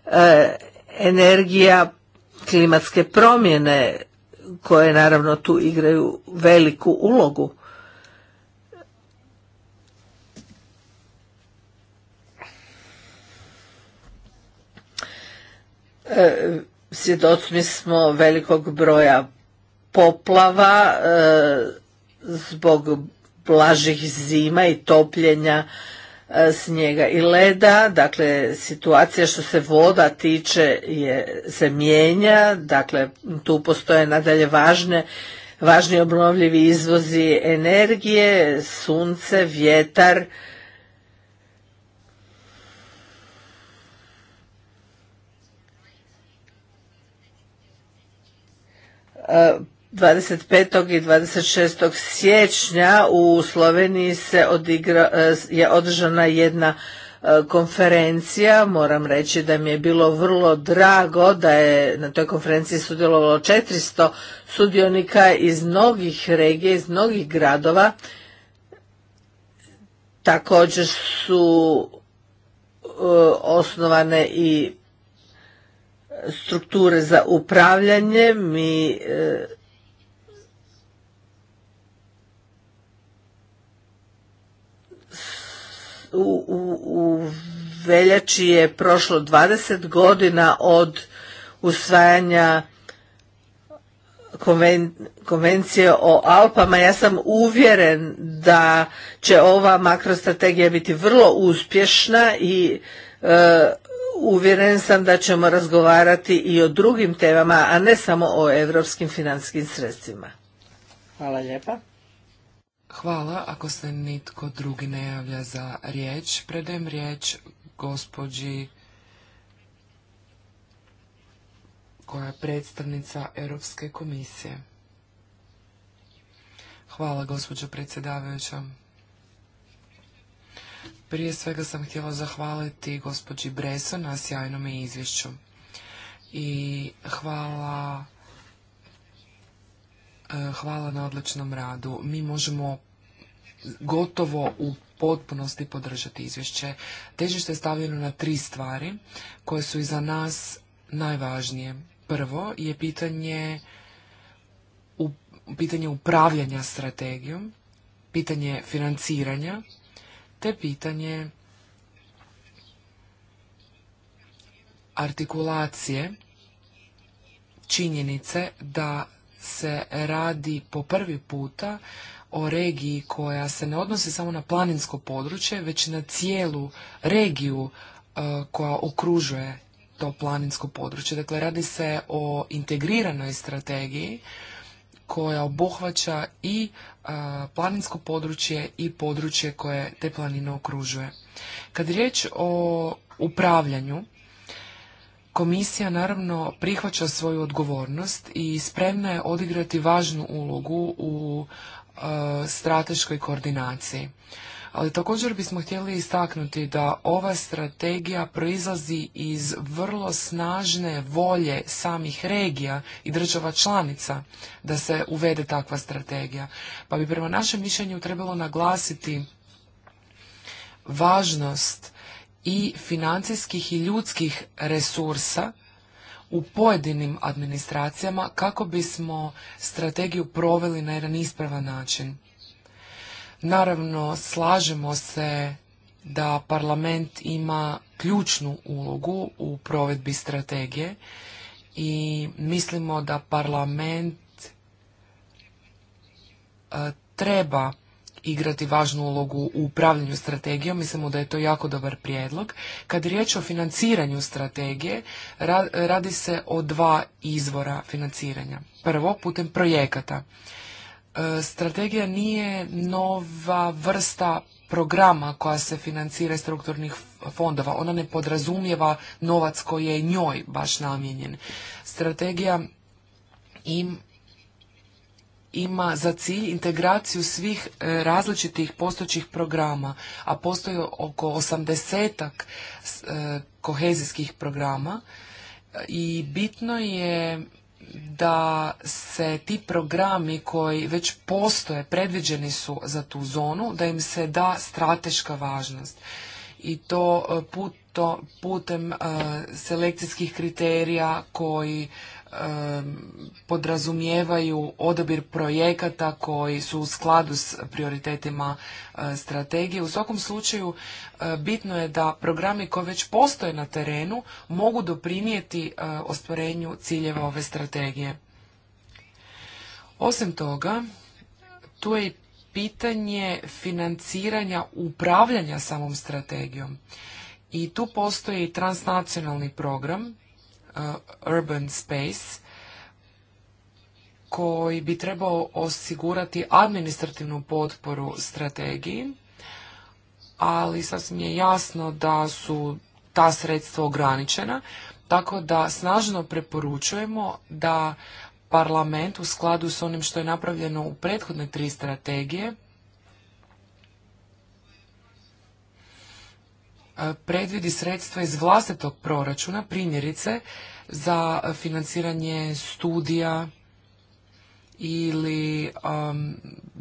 e, energija, klimatske promjene koje naravno tu igraju veliku ulogu. E, svjedočni smo velikog broja poplava e, zbog blažih zima i topljenja e, snijega i leda, dakle situacija što se voda tiče je, se mijenja, dakle tu postoje nadalje važne, važni obnovljivi izvozi energije, sunce, vjetar, 25. i 26. siječnja u Sloveniji se odigra, e, je održana jedna e, konferencija. Moram reći da mi je bilo vrlo drago da je na toj konferenciji sudjelovalo 400 sudionika iz mnogih regija, iz mnogih gradova. Također su e, osnovane i strukture za upravljanje. Mi e, u, veljači je prošlo 20 godina od usvajanja konvencije o Alpama. Ja sam uvjeren da će ova makrostrategija biti vrlo uspješna i e, uvjeren sam da ćemo razgovarati i o drugim temama, a ne samo o europskim financijskim sredstvima. Hvala lijepa. Hvala. Ako se nitko drugi ne javlja za riječ, predajem riječ gospođi koja je predstavnica Europske komisije. Hvala gospođo predsjedavajuća. Prije svega sam htjela zahvaliti gospođi Breso na sjajnom izvješću. I hvala e, hvala na odličnom radu. Mi možemo gotovo u potpunosti podržati izvješće. Težište je stavljeno na tri stvari koje su i za nas najvažnije. Prvo je pitanje pitanje upravljanja strategijom, pitanje financiranja te pitanje artikulacije činjenice da se radi po prvi puta o regiji koja se ne odnosi samo na planinsko područje, već na cijelu regiju e, koja okružuje to planinsko područje. Dakle, radi se o integriranoj strategiji koja obuhvaća i planinsko područje i područje koje te planine okružuje. Kad je riječ o upravljanju, komisija naravno prihvaća svoju odgovornost i spremna je odigrati važnu ulogu u strateškoj koordinaciji. Ali također bismo htjeli istaknuti da ova strategija proizlazi iz vrlo snažne volje samih regija i država članica da se uvede takva strategija. Pa bi prema našem mišljenju trebalo naglasiti važnost i financijskih i ljudskih resursa u pojedinim administracijama kako bismo strategiju proveli na jedan ispravan način. Naravno, slažemo se da parlament ima ključnu ulogu u provedbi strategije i mislimo da parlament e, treba igrati važnu ulogu u upravljanju strategijom. Mislimo da je to jako dobar prijedlog. Kad je riječ o financiranju strategije, radi se o dva izvora financiranja. Prvo, putem projekata. E, strategija nije nova vrsta programa koja se financira iz strukturnih fondova. Ona ne podrazumijeva novac koji je njoj baš namijenjen. Strategija ima za cilj integraciju svih e, različitih postojećih programa, a postoji oko osamdesetak e, kohezijskih programa i bitno je da se ti programi koji već postoje, predviđeni su za tu zonu, da im se da strateška važnost. I to e, putem e, selekcijskih kriterija koji podrazumijevaju odabir projekata koji su u skladu s prioritetima e, strategije. U svakom slučaju e, bitno je da programi koji već postoje na terenu mogu doprinijeti e, ostvarenju ciljeva ove strategije. Osim toga, tu je i pitanje financiranja upravljanja samom strategijom. I tu postoji transnacionalni program Uh, urban space koji bi trebao osigurati administrativnu potporu strategiji, ali sasvim je jasno da su ta sredstva ograničena, tako da snažno preporučujemo da parlament u skladu s onim što je napravljeno u prethodne tri strategije E, predvidi sredstva iz vlastitog proračuna, primjerice za financiranje studija ili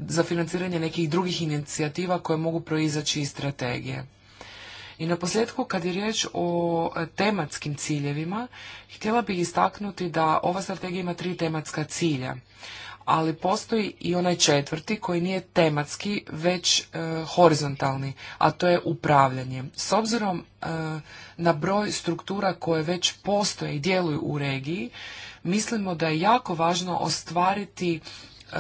za financiranje nekih drugih inicijativa koje mogu proizaći iz strategije. I na posljedku, kad je riječ o tematskim ciljevima, htjela bih istaknuti da ova strategija ima tri tematska cilja ali postoji i onaj četvrti koji nije tematski već e, horizontalni, a to je upravljanje. S obzirom e, na broj struktura koje već postoje i djeluju u regiji, mislimo da je jako važno ostvariti e,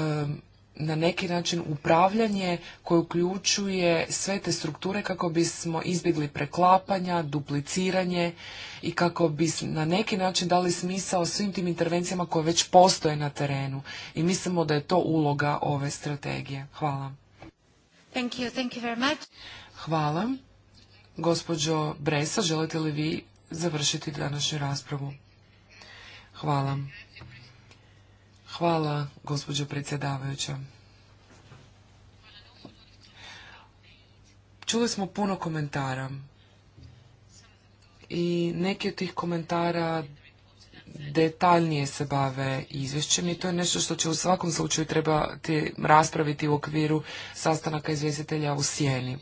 na neki način upravljanje koje uključuje sve te strukture kako bismo izbjegli preklapanja, dupliciranje i kako bi na neki način dali smisao svim tim intervencijama koje već postoje na terenu. I mislimo da je to uloga ove strategije. Hvala. Thank you, thank you very much. Hvala. Gospođo Bresa, želite li vi završiti današnju raspravu? Hvala. Hvala, gospođo predsjedavajuća. Čuli smo puno komentara i neki od tih komentara detaljnije se bave izvješćem i to je nešto što će u svakom slučaju trebati raspraviti u okviru sastanaka izvjestitelja u sjeni.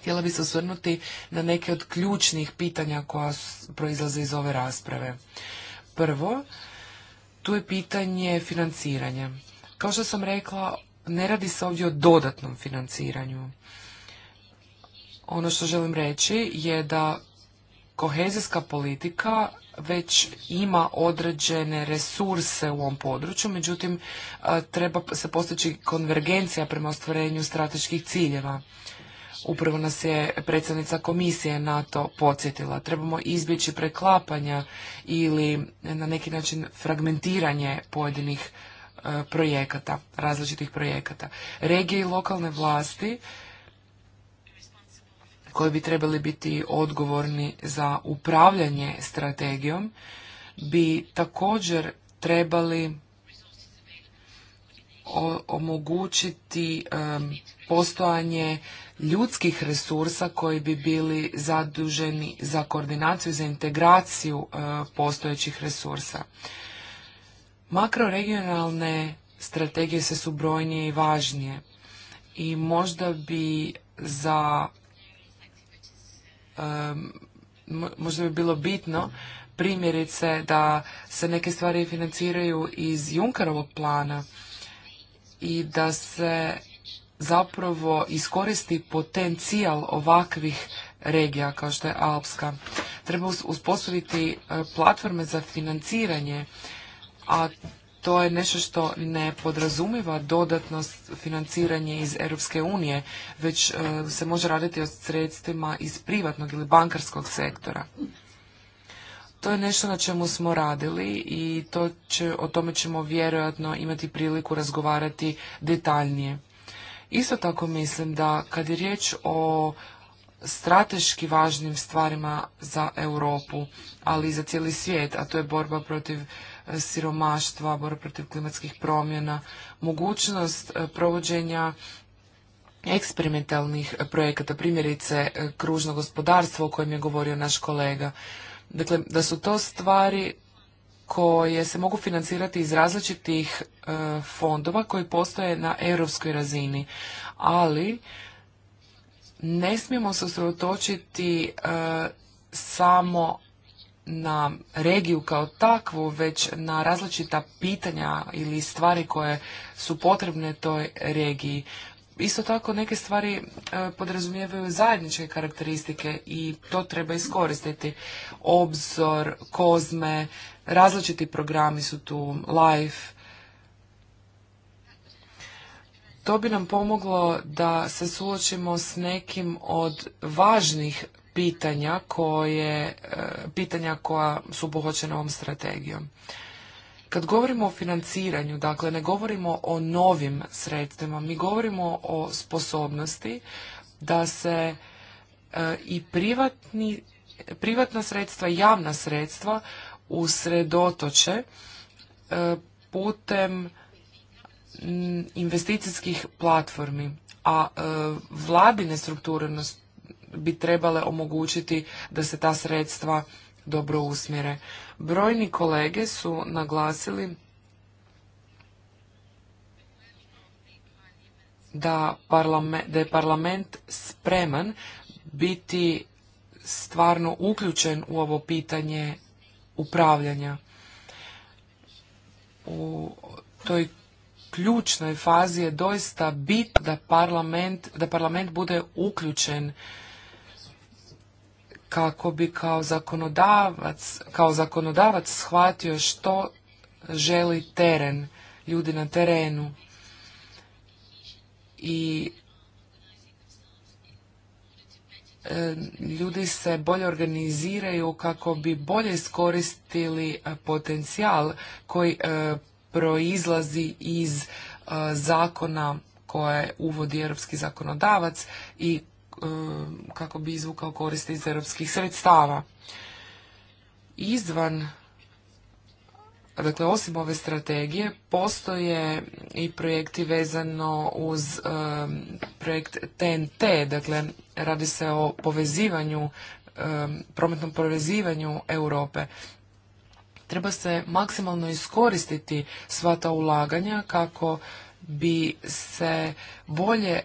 Htjela bi se osvrnuti na neke od ključnih pitanja koja proizlaze iz ove rasprave. Prvo, tu je pitanje financiranja. Kao što sam rekla, ne radi se ovdje o dodatnom financiranju. Ono što želim reći je da kohezijska politika već ima određene resurse u ovom području, međutim treba se postići konvergencija prema ostvarenju strateških ciljeva. Upravo nas je predsjednica komisije NATO podsjetila. Trebamo izbjeći preklapanja ili na neki način fragmentiranje pojedinih e, projekata, različitih projekata. Regije i lokalne vlasti koji bi trebali biti odgovorni za upravljanje strategijom bi također trebali omogućiti postojanje ljudskih resursa koji bi bili zaduženi za koordinaciju, za integraciju e, postojećih resursa. Makroregionalne strategije se su brojnije i važnije i možda bi za e, možda bi bilo bitno primjerice da se neke stvari financiraju iz Junkarovog plana i da se zapravo iskoristi potencijal ovakvih regija kao što je Alpska. Treba uspostaviti e, platforme za financiranje, a to je nešto što ne podrazumiva dodatnost financiranje iz Europske unije, već e, se može raditi o sredstvima iz privatnog ili bankarskog sektora. To je nešto na čemu smo radili i to će, o tome ćemo vjerojatno imati priliku razgovarati detaljnije. Isto tako mislim da kad je riječ o strateški važnim stvarima za Europu, ali i za cijeli svijet, a to je borba protiv e, siromaštva, borba protiv klimatskih promjena, mogućnost e, provođenja eksperimentalnih projekata, primjerice e, kružno gospodarstvo o kojem je govorio naš kolega. Dakle, da su to stvari koje se mogu financirati iz različitih e, fondova koji postoje na europskoj razini, ali ne smijemo se usredotočiti e, samo na regiju kao takvu, već na različita pitanja ili stvari koje su potrebne toj regiji isto tako neke stvari e, podrazumijevaju zajedničke karakteristike i to treba iskoristiti. Obzor, kozme, različiti programi su tu, live. To bi nam pomoglo da se suočimo s nekim od važnih pitanja koje, e, pitanja koja su obuhvaćena ovom strategijom. Kad govorimo o financiranju, dakle ne govorimo o novim sredstvima, mi govorimo o sposobnosti da se e, i privatni, privatna sredstva, javna sredstva usredotoče e, putem investicijskih platformi, a e, vladine strukture bi trebale omogućiti da se ta sredstva dobro usmjere. Brojni kolege su naglasili da, da je parlament spreman biti stvarno uključen u ovo pitanje upravljanja. U toj ključnoj fazi je doista bit da parlament, da parlament bude uključen kako bi kao zakonodavac, kao zakonodavac shvatio što želi teren, ljudi na terenu. I e, ljudi se bolje organiziraju kako bi bolje iskoristili e, potencijal koji e, proizlazi iz zakona koje uvodi europski zakonodavac i E, kako bi izvukao koristi iz europskih sredstava. Izvan, dakle osim ove strategije, postoje i projekti vezano uz e, projekt TNT, dakle radi se o povezivanju, e, prometnom povezivanju Europe. Treba se maksimalno iskoristiti sva ta ulaganja kako bi se bolje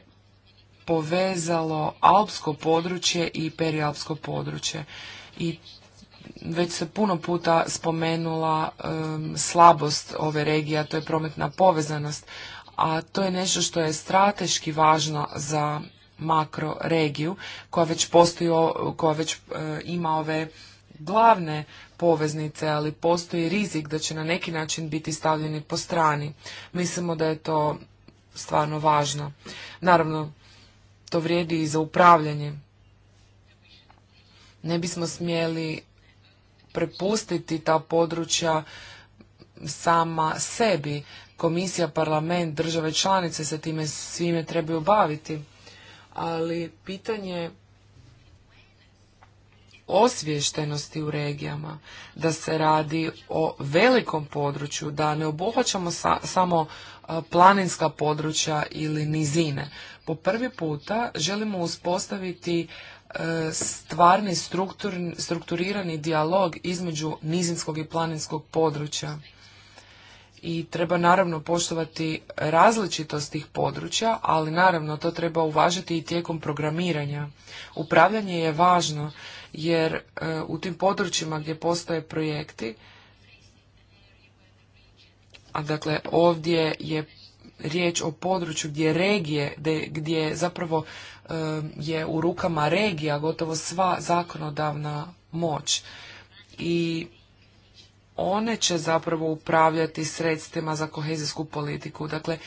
povezalo alpsko područje i perialpsko područje. I već se puno puta spomenula slabost ove regije, a to je prometna povezanost, a to je nešto što je strateški važno za makro regiju koja već postoji, koja već e, ima ove glavne poveznice, ali postoji rizik da će na neki način biti stavljeni po strani. Mislimo da je to stvarno važno. Naravno, to vrijedi i za upravljanje. Ne bismo smjeli prepustiti ta područja sama sebi. Komisija, parlament, države članice se time svime trebaju baviti. Ali pitanje osviještenosti u regijama, da se radi o velikom području, da ne obuhvaćamo samo planinska područja ili nizine. Po prvi puta želimo uspostaviti e, stvarni strukturirani dijalog između nizinskog i planinskog područja. I treba naravno poštovati različitost tih područja, ali naravno to treba uvažiti i tijekom programiranja. Upravljanje je važno jer e, u tim područjima gdje postoje projekti, a dakle ovdje je riječ o području gdje regije, gdje zapravo je u rukama regija gotovo sva zakonodavna moć i one će zapravo upravljati sredstvima za kohezijsku politiku. Dakle,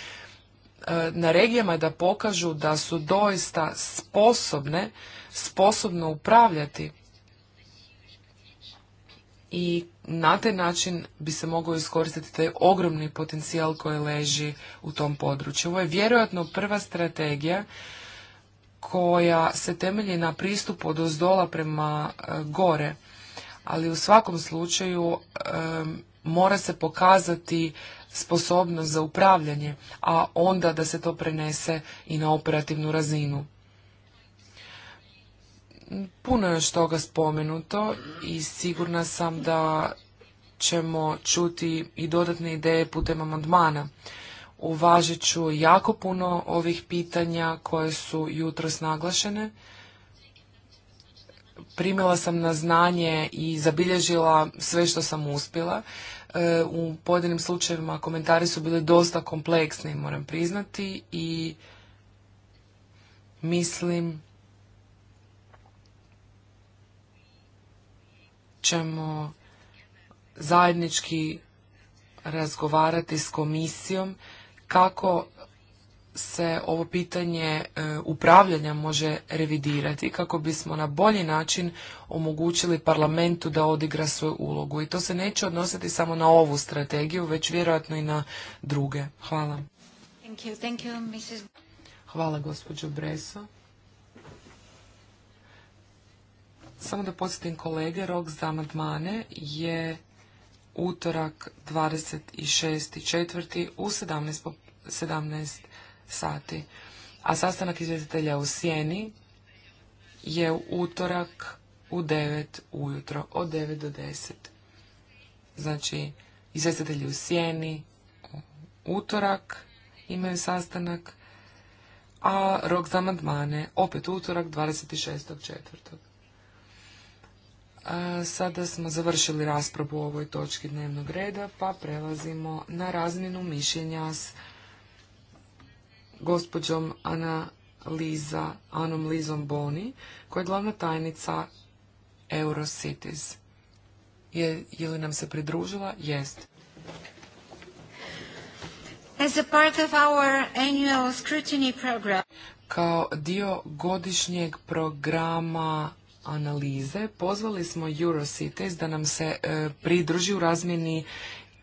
na regijama je da pokažu da su doista sposobne, sposobno upravljati i na taj način bi se mogao iskoristiti taj ogromni potencijal koji leži u tom području. Ovo je vjerojatno prva strategija koja se temelji na pristupu od ozdola prema e, gore, ali u svakom slučaju e, mora se pokazati sposobnost za upravljanje, a onda da se to prenese i na operativnu razinu. Puno je još toga spomenuto i sigurna sam da ćemo čuti i dodatne ideje putem amandmana. Uvažit ću jako puno ovih pitanja koje su jutros naglašene. Primila sam na znanje i zabilježila sve što sam uspjela. E, u pojedinim slučajevima komentari su bili dosta kompleksni, moram priznati, i mislim ćemo zajednički razgovarati s komisijom kako se ovo pitanje e, upravljanja može revidirati kako bismo na bolji način omogućili parlamentu da odigra svoju ulogu. I to se neće odnositi samo na ovu strategiju, već vjerojatno i na druge. Hvala. Hvala gospođo Breso. Samo da podsjetim kolege, rok za amandmane je utorak 26.4. u 17, sati. A sastanak izvjetitelja u Sjeni je u utorak u 9 ujutro, od 9 do 10. Znači, izvjestitelji u Sjeni utorak imaju sastanak, a rok za amandmane opet utorak 26.4. Sada smo završili raspravu o ovoj točki dnevnog reda, pa prelazimo na razmjenu mišljenja s gospođom Ana Liza, Anom Lizom Boni, koja je glavna tajnica Eurocities. Je, je li nam se pridružila? Jest. Kao dio godišnjeg programa analize pozvali smo Eurocities da nam se e, pridruži u razmjeni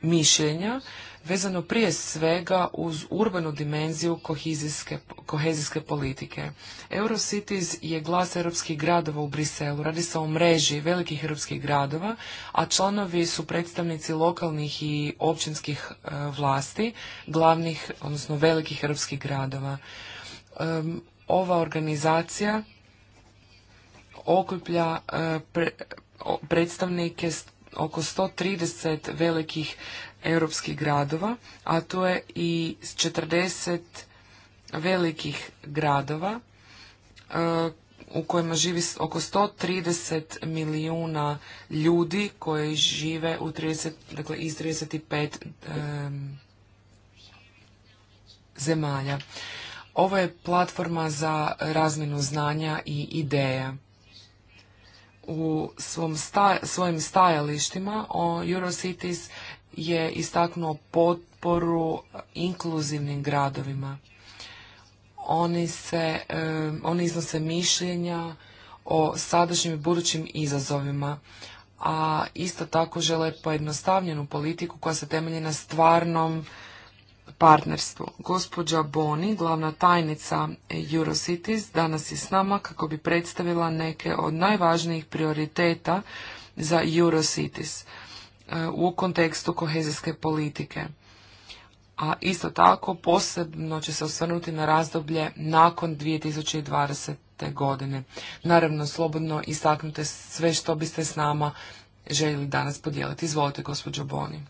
mišljenja vezano prije svega uz urbanu dimenziju kohezijske, kohezijske politike. Eurocities je glas europskih gradova u Briselu. Radi se o mreži velikih europskih gradova, a članovi su predstavnici lokalnih i općinskih e, vlasti, glavnih, odnosno velikih europskih gradova. ova organizacija okuplja e, predstavnike oko 130 velikih europskih gradova, a to je i 40 velikih gradova e, u kojima živi oko 130 milijuna ljudi koji žive u 30, dakle iz 35 e, zemalja. Ovo je platforma za razmjenu znanja i ideja u svom svojim stajalištima o Eurocities je istaknuo potporu inkluzivnim gradovima. Oni, se, oni iznose mišljenja o sadašnjim i budućim izazovima, a isto tako žele pojednostavljenu politiku koja se temelji na stvarnom partnerstvu. Gospođa Boni, glavna tajnica Eurocities, danas je s nama kako bi predstavila neke od najvažnijih prioriteta za Eurocities e, u kontekstu kohezijske politike. A isto tako posebno će se osvrnuti na razdoblje nakon 2020. godine. Naravno, slobodno istaknute sve što biste s nama željeli danas podijeliti. Izvolite, gospođo Boni.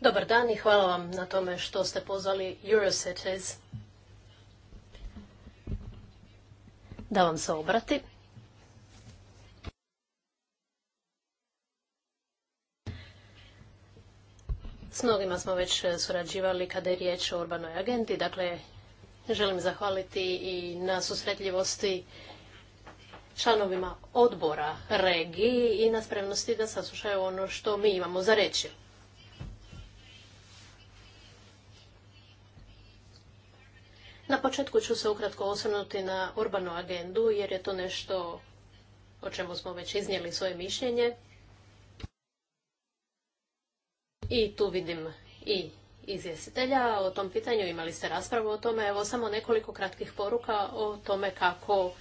Dobar dan i hvala vam na tome što ste pozvali Eurocities da vam se obrati. S mnogima smo već surađivali kada je riječ o urbanoj agenti, dakle želim zahvaliti i na susretljivosti članovima odbora regiji i na spremnosti da saslušaju ono što mi imamo za reći. Na početku ću se ukratko osvrnuti na urbanu agendu jer je to nešto o čemu smo već iznijeli svoje mišljenje. I tu vidim i izvjestitelja o tom pitanju, imali ste raspravu o tome, evo samo nekoliko kratkih poruka o tome kako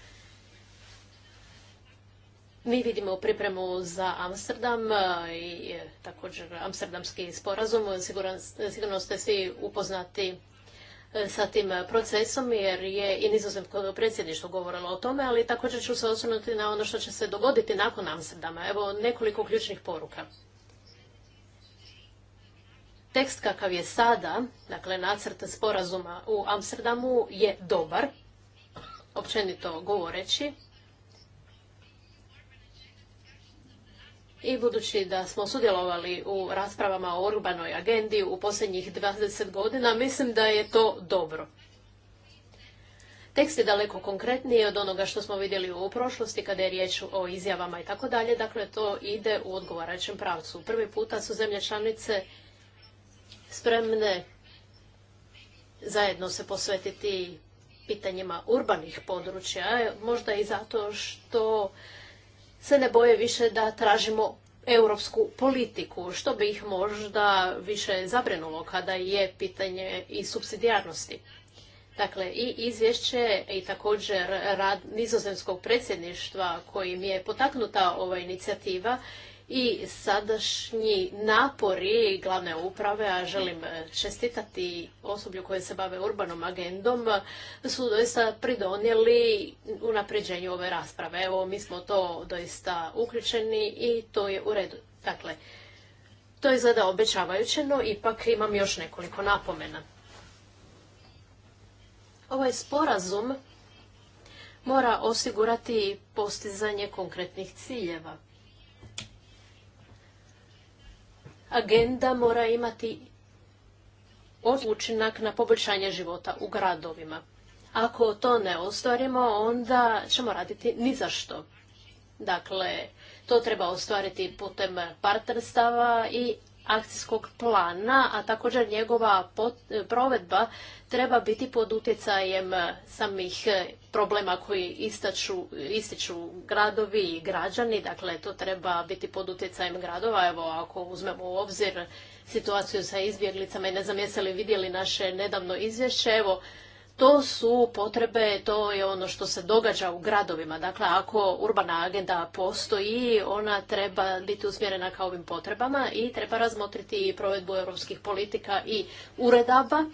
mi vidimo pripremu za Amsterdam i e, također Amsterdamski sporazum. Sigurno, sigurno ste svi upoznati E, sa tim procesom jer je i nizozemsko predsjedništvo govorilo o tome, ali također ću se osvrnuti na ono što će se dogoditi nakon Amsterdama. Evo nekoliko ključnih poruka. Tekst kakav je sada, dakle nacrt sporazuma u Amsterdamu je dobar, općenito govoreći, I budući da smo sudjelovali u raspravama o urbanoj agendi u posljednjih 20 godina, mislim da je to dobro. Tekst je daleko konkretniji od onoga što smo vidjeli u prošlosti kada je riječ o izjavama i tako dalje. Dakle, to ide u odgovarajućem pravcu. Prvi puta su zemlje članice spremne zajedno se posvetiti pitanjima urbanih područja, možda i zato što se ne boje više da tražimo europsku politiku, što bi ih možda više zabrinulo kada je pitanje i subsidijarnosti. Dakle, i izvješće i također rad nizozemskog predsjedništva kojim je potaknuta ova inicijativa i sadašnji napori glavne uprave, a želim e, čestitati osoblju koje se bave urbanom agendom, su doista pridonijeli unapređenju ove rasprave. Evo, mi smo to doista uključeni i to je u redu. Dakle, to izgleda obećavajuće, no ipak imam još nekoliko napomena. Ovaj sporazum mora osigurati postizanje konkretnih ciljeva. agenda mora imati učinak na poboljšanje života u gradovima. Ako to ne ostvarimo, onda ćemo raditi ni za što. Dakle, to treba ostvariti putem partnerstava i akcijskog plana, a također njegova provedba treba biti pod utjecajem samih eh, problema koji istaču, ističu gradovi i građani. Dakle, to treba biti pod utjecajem gradova. Evo, ako uzmemo u obzir situaciju sa izbjeglicama i ne znam jeste li vidjeli naše nedavno izvješće, evo, to su potrebe, to je ono što se događa u gradovima. Dakle, ako urbana agenda postoji, ona treba biti usmjerena kao ovim potrebama i treba razmotriti i provedbu europskih politika i uredaba,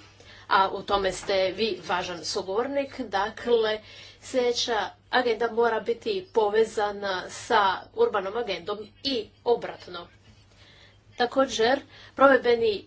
a u tome ste vi važan sugovornik. Dakle, sljedeća agenda mora biti povezana sa urbanom agendom i obratno. Također, provedbeni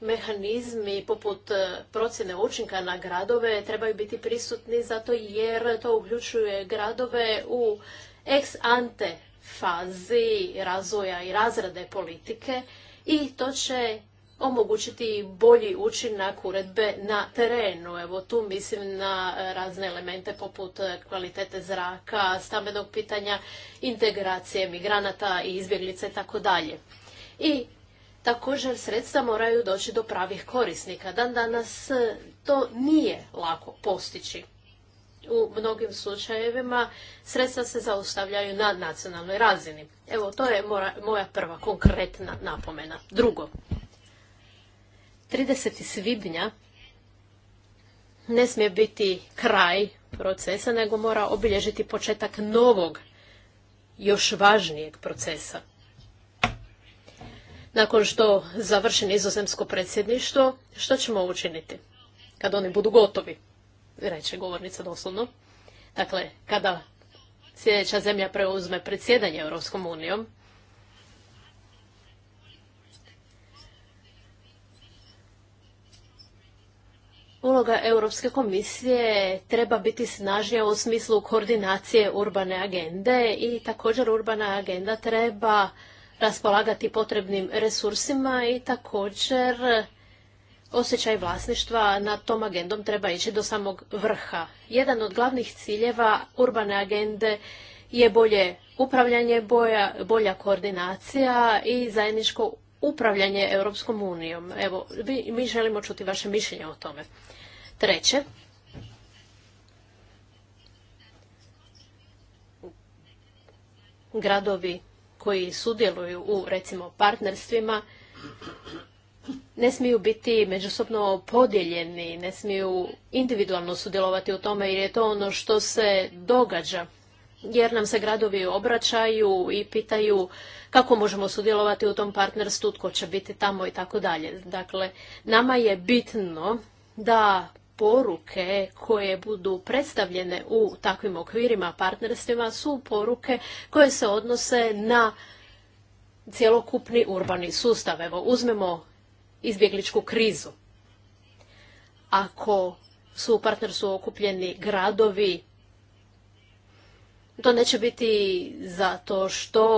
mehanizmi poput e, procjene učinka na gradove trebaju biti prisutni zato jer to uključuje gradove u ex ante fazi razvoja i razrade politike i to će omogućiti bolji učinak uredbe na terenu. Evo tu mislim na e, razne elemente poput e, kvalitete zraka, stambenog pitanja, integracije migranata i izbjeglice i tako dalje. I Također sredstva moraju doći do pravih korisnika. Dan danas e, to nije lako postići. U mnogim slučajevima sredstva se zaustavljaju na nacionalnoj razini. Evo, to je moja prva konkretna napomena. Drugo, 30. svibnja ne smije biti kraj procesa, nego mora obilježiti početak novog, još važnijeg procesa nakon što završi nizozemsko predsjedništvo, što ćemo učiniti kad oni budu gotovi, reče govornica doslovno. Dakle, kada sljedeća zemlja preuzme predsjedanje Europskom unijom, Uloga Europske komisije treba biti snažnija u smislu koordinacije urbane agende i također urbana agenda treba raspolagati potrebnim resursima i također osjećaj vlasništva nad tom agendom treba ići do samog vrha. Jedan od glavnih ciljeva urbane agende je bolje upravljanje, boja, bolja koordinacija i zajedničko upravljanje Europskom unijom. Evo, mi želimo čuti vaše mišljenje o tome. Treće, gradovi koji sudjeluju u recimo partnerstvima ne smiju biti međusobno podijeljeni, ne smiju individualno sudjelovati u tome jer je to ono što se događa. Jer nam se gradovi obraćaju i pitaju kako možemo sudjelovati u tom partnerstvu, tko će biti tamo i tako dalje. Dakle, nama je bitno da poruke koje budu predstavljene u takvim okvirima, partnerstvima su poruke koje se odnose na cjelokupni urbani sustav. Evo, uzmemo izbjegličku krizu. Ako su u partnerstvu okupljeni gradovi, to neće biti zato što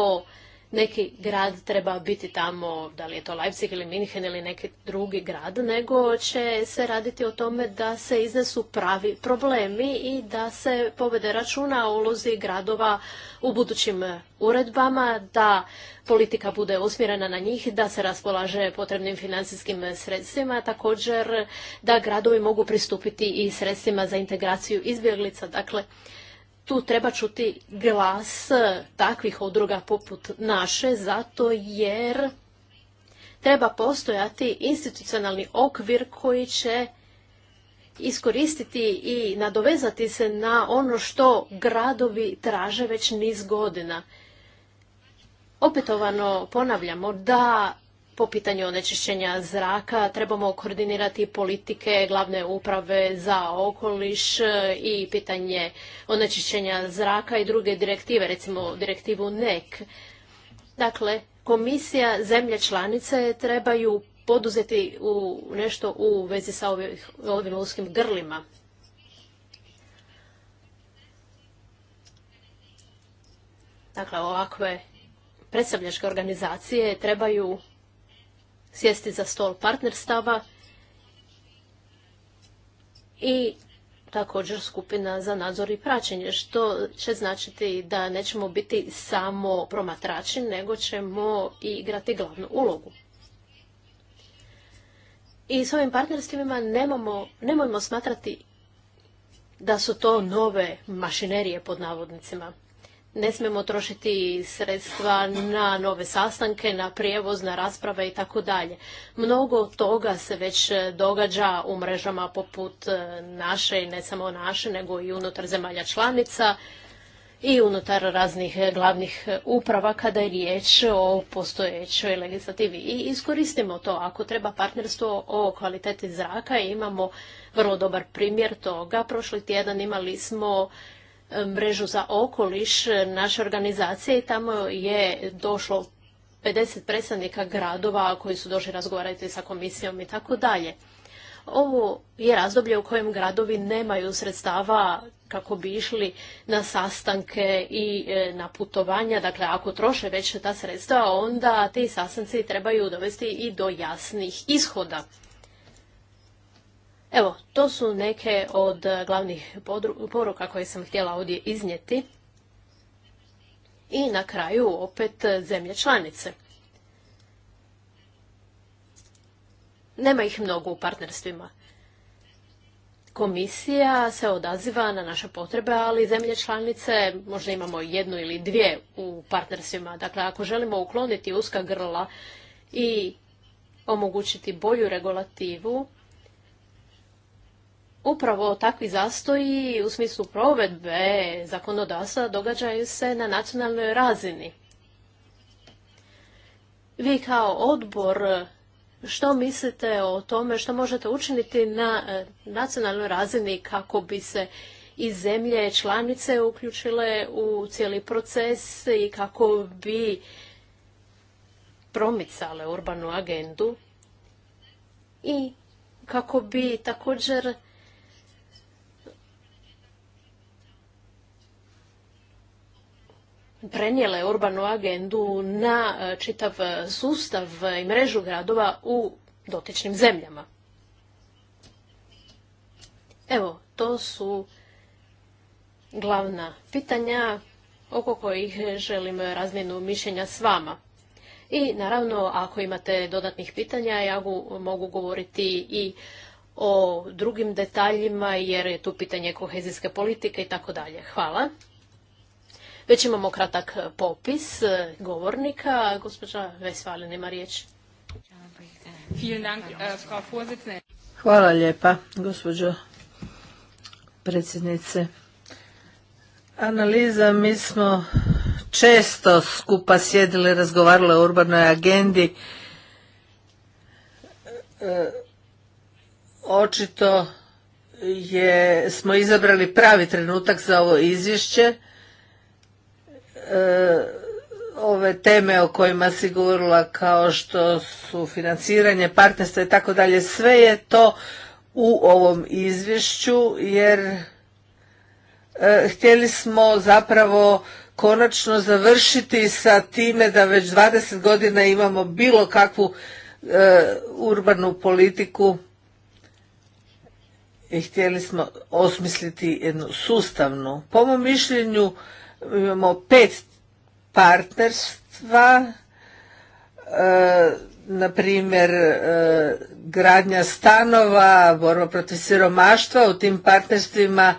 neki grad treba biti tamo, da li je to Leipzig ili Minhen ili neki drugi grad, nego će se raditi o tome da se iznesu pravi problemi i da se povede računa o ulozi gradova u budućim uredbama, da politika bude usmjerena na njih, da se raspolaže potrebnim financijskim sredstvima, također da gradovi mogu pristupiti i sredstvima za integraciju izbjeglica. Dakle, tu treba čuti glas takvih udruga poput naše, zato jer treba postojati institucionalni okvir koji će iskoristiti i nadovezati se na ono što gradovi traže već niz godina. Opetovano ponavljamo da po pitanju onečišćenja zraka trebamo koordinirati politike glavne uprave za okoliš i pitanje onečišćenja zraka i druge direktive, recimo direktivu NEC. Dakle, komisija zemlje članice trebaju poduzeti u nešto u vezi sa ovim uskim grlima. Dakle, ovakve predstavljačke organizacije trebaju sjesti za stol partnerstava i također skupina za nadzor i praćenje, što će značiti da nećemo biti samo promatrači, nego ćemo i igrati glavnu ulogu. I s ovim partnerstvima nemamo, nemojmo smatrati da su to nove mašinerije pod navodnicima ne smemo trošiti sredstva na nove sastanke, na prijevoz, na rasprave i tako dalje. Mnogo toga se već događa u mrežama poput e, naše i ne samo naše, nego i unutar zemalja članica i unutar raznih glavnih uprava kada je riječ o postojećoj legislativi. I iskoristimo to. Ako treba partnerstvo o kvaliteti zraka, imamo vrlo dobar primjer toga. Prošli tjedan imali smo mrežu za okoliš naše organizacije i tamo je došlo 50 predstavnika gradova koji su došli razgovarati sa komisijom i tako dalje. Ovo je razdoblje u kojem gradovi nemaju sredstava kako bi išli na sastanke i e, na putovanja. Dakle, ako troše već ta sredstva, onda ti sastanci trebaju dovesti i do jasnih ishoda. Evo, to su neke od eh, glavnih poruka koje sam htjela ovdje iznijeti. I na kraju opet eh, zemlje članice. Nema ih mnogo u partnerstvima. Komisija se odaziva na naše potrebe, ali zemlje članice možda imamo jednu ili dvije u partnerstvima. Dakle, ako želimo ukloniti uska grla i omogućiti bolju regulativu, Upravo takvi zastoji u smislu provedbe zakonodavstva događaju se na nacionalnoj razini. Vi kao odbor što mislite o tome što možete učiniti na e, nacionalnoj razini kako bi se i zemlje članice uključile u cijeli proces i kako bi promicale urbanu agendu i kako bi također prenijele urbanu agendu na e, čitav e, sustav i mrežu gradova u dotičnim zemljama. Evo, to su glavna pitanja oko kojih želim razmjenu mišljenja s vama. I naravno, ako imate dodatnih pitanja, ja mogu govoriti i o drugim detaljima, jer je tu pitanje kohezijske politike i tako dalje. Hvala. Već imamo kratak e, popis e, govornika. Gospođa Vesvalin nema riječ. E, Hvala lijepa, gospođo predsjednice. Analiza, mi smo često skupa sjedili, razgovarali o urbanoj agendi. očito je, smo izabrali pravi trenutak za ovo izvješće E, ove teme o kojima si govorila kao što su financiranje, partnerstva i tako dalje, sve je to u ovom izvješću jer e, htjeli smo zapravo konačno završiti sa time da već 20 godina imamo bilo kakvu e, urbanu politiku i htjeli smo osmisliti jednu sustavnu. Po mom mišljenju Imamo pet partnerstva, e, na primjer e, gradnja stanova, borba protiv siromaštva, u tim partnerstvima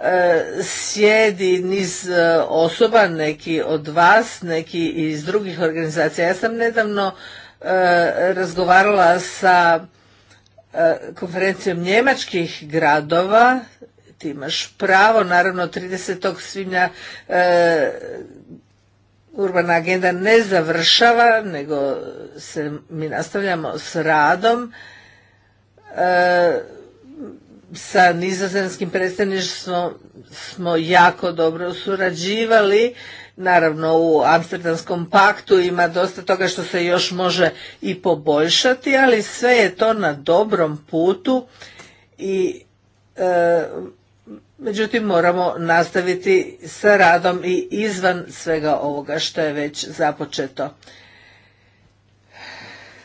e, sjedi niz osoba, neki od vas, neki iz drugih organizacija. Ja sam nedavno razgovarala sa konferencijom njemačkih gradova ti imaš pravo, naravno 30. svibnja e, urbana agenda ne završava, nego se mi nastavljamo s radom e, sa nizozemskim predstavništvom smo jako dobro surađivali. Naravno u Amsterdamskom paktu ima dosta toga što se još može i poboljšati, ali sve je to na dobrom putu i e, Međutim, moramo nastaviti sa radom i izvan svega ovoga što je već započeto.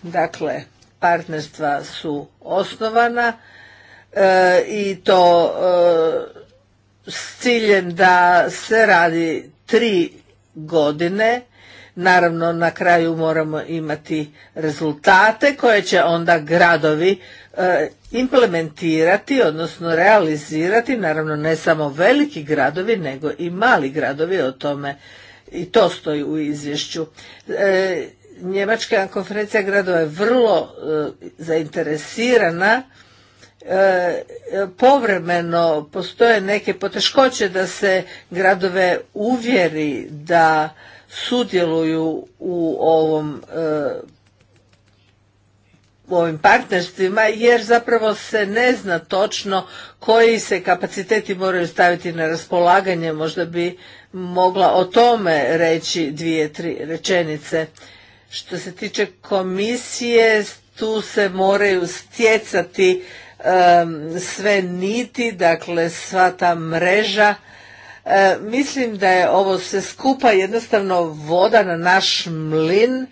Dakle, partnerstva su osnovana e, i to e, s ciljem da se radi tri godine. Naravno, na kraju moramo imati rezultate koje će onda gradovi e, implementirati, odnosno realizirati, naravno ne samo veliki gradovi, nego i mali gradovi o tome i to stoji u izvješću. E, Njemačka konferencija gradova je vrlo e, zainteresirana e, povremeno postoje neke poteškoće da se gradove uvjeri da sudjeluju u ovom u ovim partnerstvima jer zapravo se ne zna točno koji se kapaciteti moraju staviti na raspolaganje. Možda bi mogla o tome reći dvije, tri rečenice. Što se tiče komisije, tu se moraju stjecati sve niti, dakle sva ta mreža. E, mislim da je ovo se skupa jednostavno voda na naš mlin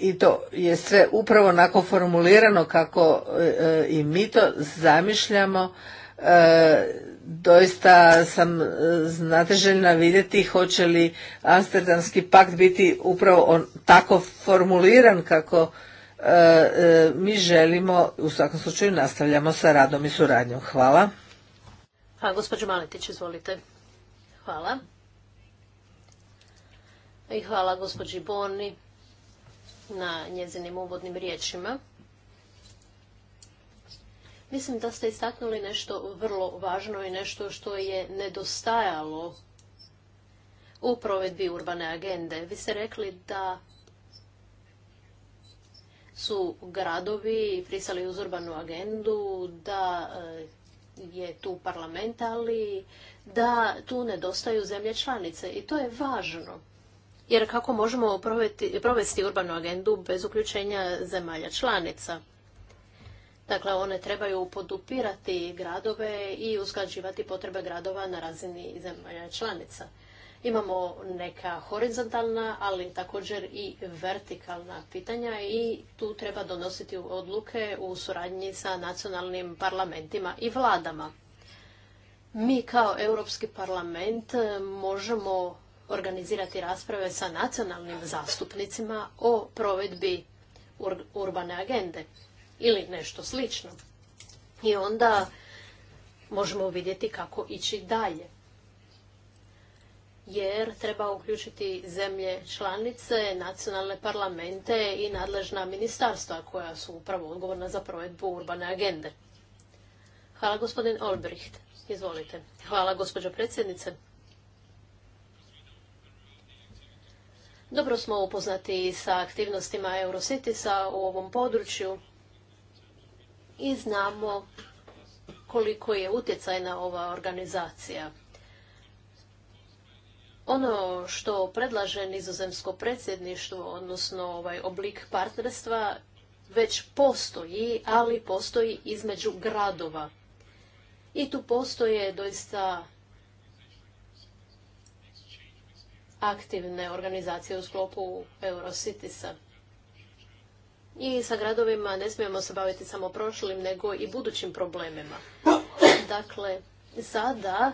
i to je sve upravo onako formulirano kako e, e, i mi to zamišljamo. E, doista sam znateželjna vidjeti hoće li Amsterdamski pakt biti upravo on tako formuliran kako mi želimo, u svakom slučaju nastavljamo sa radom i suradnjom. Hvala. Pa, gospođo Maletić, izvolite. Hvala. I hvala gospođi Boni na njezinim uvodnim riječima. Mislim da ste istaknuli nešto vrlo važno i nešto što je nedostajalo u provedbi urbane agende. Vi ste rekli da su gradovi prisali uz urbanu agendu, da e, je tu parlament, ali da tu nedostaju zemlje članice. I to je važno. Jer kako možemo provesti urbanu agendu bez uključenja zemalja članica? Dakle, one trebaju podupirati gradove i usklađivati potrebe gradova na razini zemalja članica. Imamo neka horizontalna, ali također i vertikalna pitanja i tu treba donositi odluke u suradnji sa nacionalnim parlamentima i vladama. Mi kao Europski parlament možemo organizirati rasprave sa nacionalnim zastupnicima o provedbi urbane agende ili nešto slično. I onda možemo vidjeti kako ići dalje. Jer treba uključiti zemlje članice, nacionalne parlamente i nadležna ministarstva koja su upravo odgovorna za provedbu urbane agende. Hvala gospodin Olbricht. Izvolite. Hvala gospođo predsjednice. Dobro smo upoznati sa aktivnostima Eurocitisa u ovom području i znamo koliko je utjecajna ova organizacija. Ono što predlaže nizozemsko predsjedništvo, odnosno ovaj oblik partnerstva, već postoji, ali postoji između gradova. I tu postoje doista aktivne organizacije u sklopu Eurocitisa. I sa gradovima ne smijemo se baviti samo prošlim, nego i budućim problemima. Dakle, sada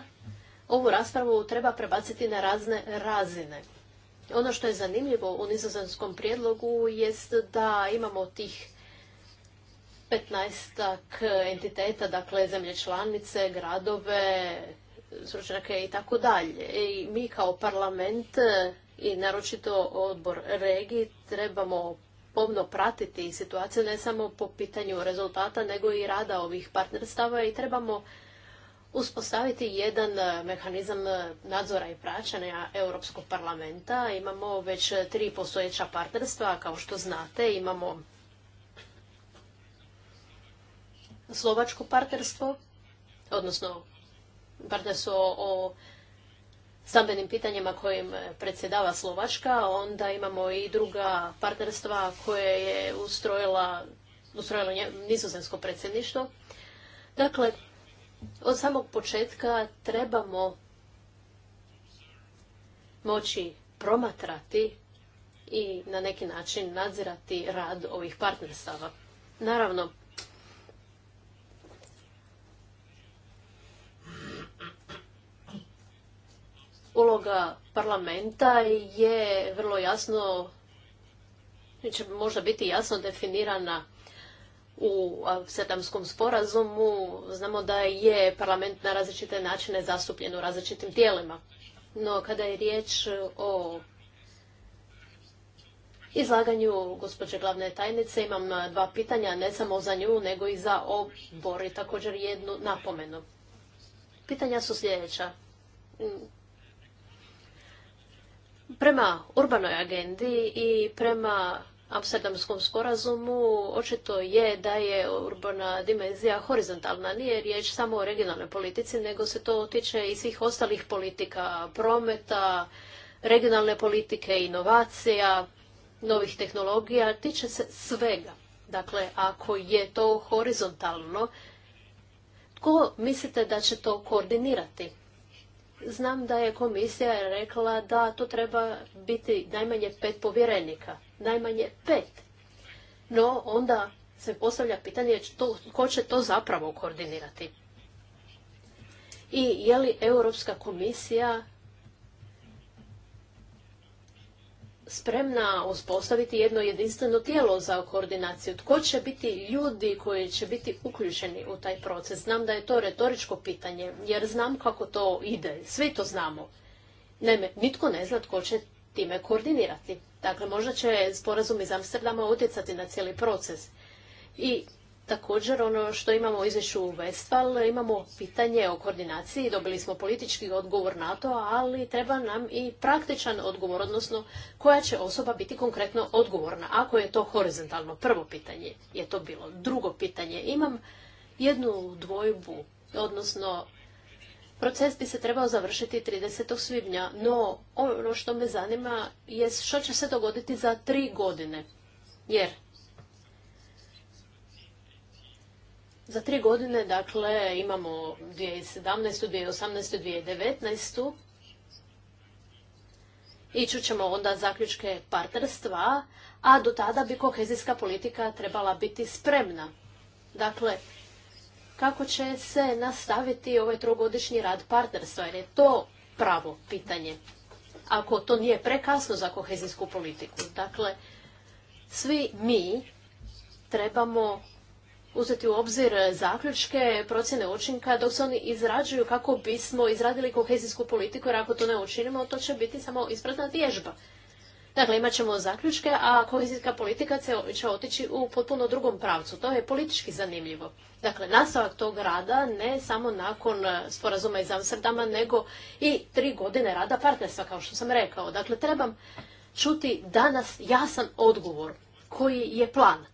ovu raspravu treba prebaciti na razne razine. Ono što je zanimljivo u nizozemskom prijedlogu jest da imamo tih 15 entiteta, dakle zemlje članice, gradove, stručnjake i tako dalje. I mi kao parlament i naročito odbor regiji trebamo pomno pratiti situaciju ne samo po pitanju rezultata nego i rada ovih partnerstava i trebamo uspostaviti jedan mehanizam nadzora i praćanja Europskog parlamenta. Imamo već tri postojeća partnerstva, kao što znate. Imamo slovačko partnerstvo, odnosno su o stambenim pitanjima kojim predsjedava Slovačka, onda imamo i druga partnerstva koje je ustrojila, ustrojilo nizozemsko predsjedništvo. Dakle, od samog početka trebamo moći promatrati i na neki način nadzirati rad ovih partnerstava. Naravno, uloga parlamenta je vrlo jasno, će možda biti jasno definirana u sedamskom sporazumu. Znamo da je parlament na različite načine zastupljen u različitim tijelima. No kada je riječ o izlaganju gospođe glavne tajnice imam dva pitanja, ne samo za nju, nego i za obor i također jednu napomenu. Pitanja su sljedeća. Prema urbanoj agendi i prema Amsterdamskom sporazumu očito je da je urbana dimenzija horizontalna. Nije riječ samo o regionalnoj politici, nego se to tiče i svih ostalih politika, prometa, regionalne politike, inovacija, novih tehnologija, tiče se svega. Dakle, ako je to horizontalno, tko mislite da će to koordinirati? Znam da je komisija rekla da to treba biti najmanje pet povjerenika. Najmanje pet. No onda se postavlja pitanje što, ko će to zapravo koordinirati. I je li Europska komisija spremna uspostaviti jedno jedinstveno tijelo za koordinaciju. Tko će biti ljudi koji će biti uključeni u taj proces? Znam da je to retoričko pitanje, jer znam kako to ide. Svi to znamo. Naime, nitko ne zna tko će time koordinirati. Dakle, možda će sporazum iz Amsterdama utjecati na cijeli proces. I Također, ono što imamo u izvješću Westfal imamo pitanje o koordinaciji, dobili smo politički odgovor na to, ali treba nam i praktičan odgovor, odnosno koja će osoba biti konkretno odgovorna, ako je to horizontalno. Prvo pitanje je to bilo. Drugo pitanje, imam jednu dvojbu, odnosno proces bi se trebao završiti 30. svibnja, no ono što me zanima je što će se dogoditi za tri godine, jer Za tri godine, dakle, imamo 2017., 2018., 2019. I ćemo onda zaključke partnerstva, a do tada bi kohezijska politika trebala biti spremna. Dakle, kako će se nastaviti ovaj trogodišnji rad partnerstva, jer je to pravo pitanje. Ako to nije prekasno za kohezijsku politiku. Dakle, svi mi trebamo uzeti u obzir zaključke, procjene učinka dok se oni izrađuju kako bismo izradili kohezijsku politiku jer ako to ne učinimo to će biti samo ispratna vježba. Dakle, imat ćemo zaključke, a kohezijska politika će otići u potpuno drugom pravcu. To je politički zanimljivo. Dakle, nastavak tog rada ne samo nakon e, sporazuma iz Amsterdama, nego i tri godine rada partnerstva, kao što sam rekao. Dakle, trebam čuti danas jasan odgovor koji je plan.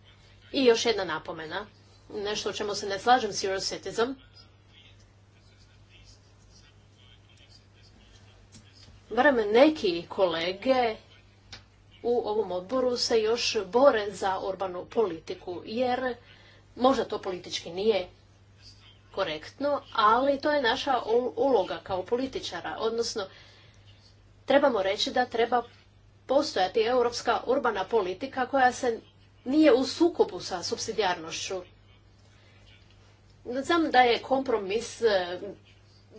I još jedna napomena nešto o čemu se ne slažem s Eurocitizom. Barem neki kolege u ovom odboru se još bore za urbanu politiku, jer možda to politički nije korektno, ali to je naša uloga kao političara. Odnosno, trebamo reći da treba postojati europska urbana politika koja se nije u sukobu sa subsidijarnošću. Znam da je kompromis e,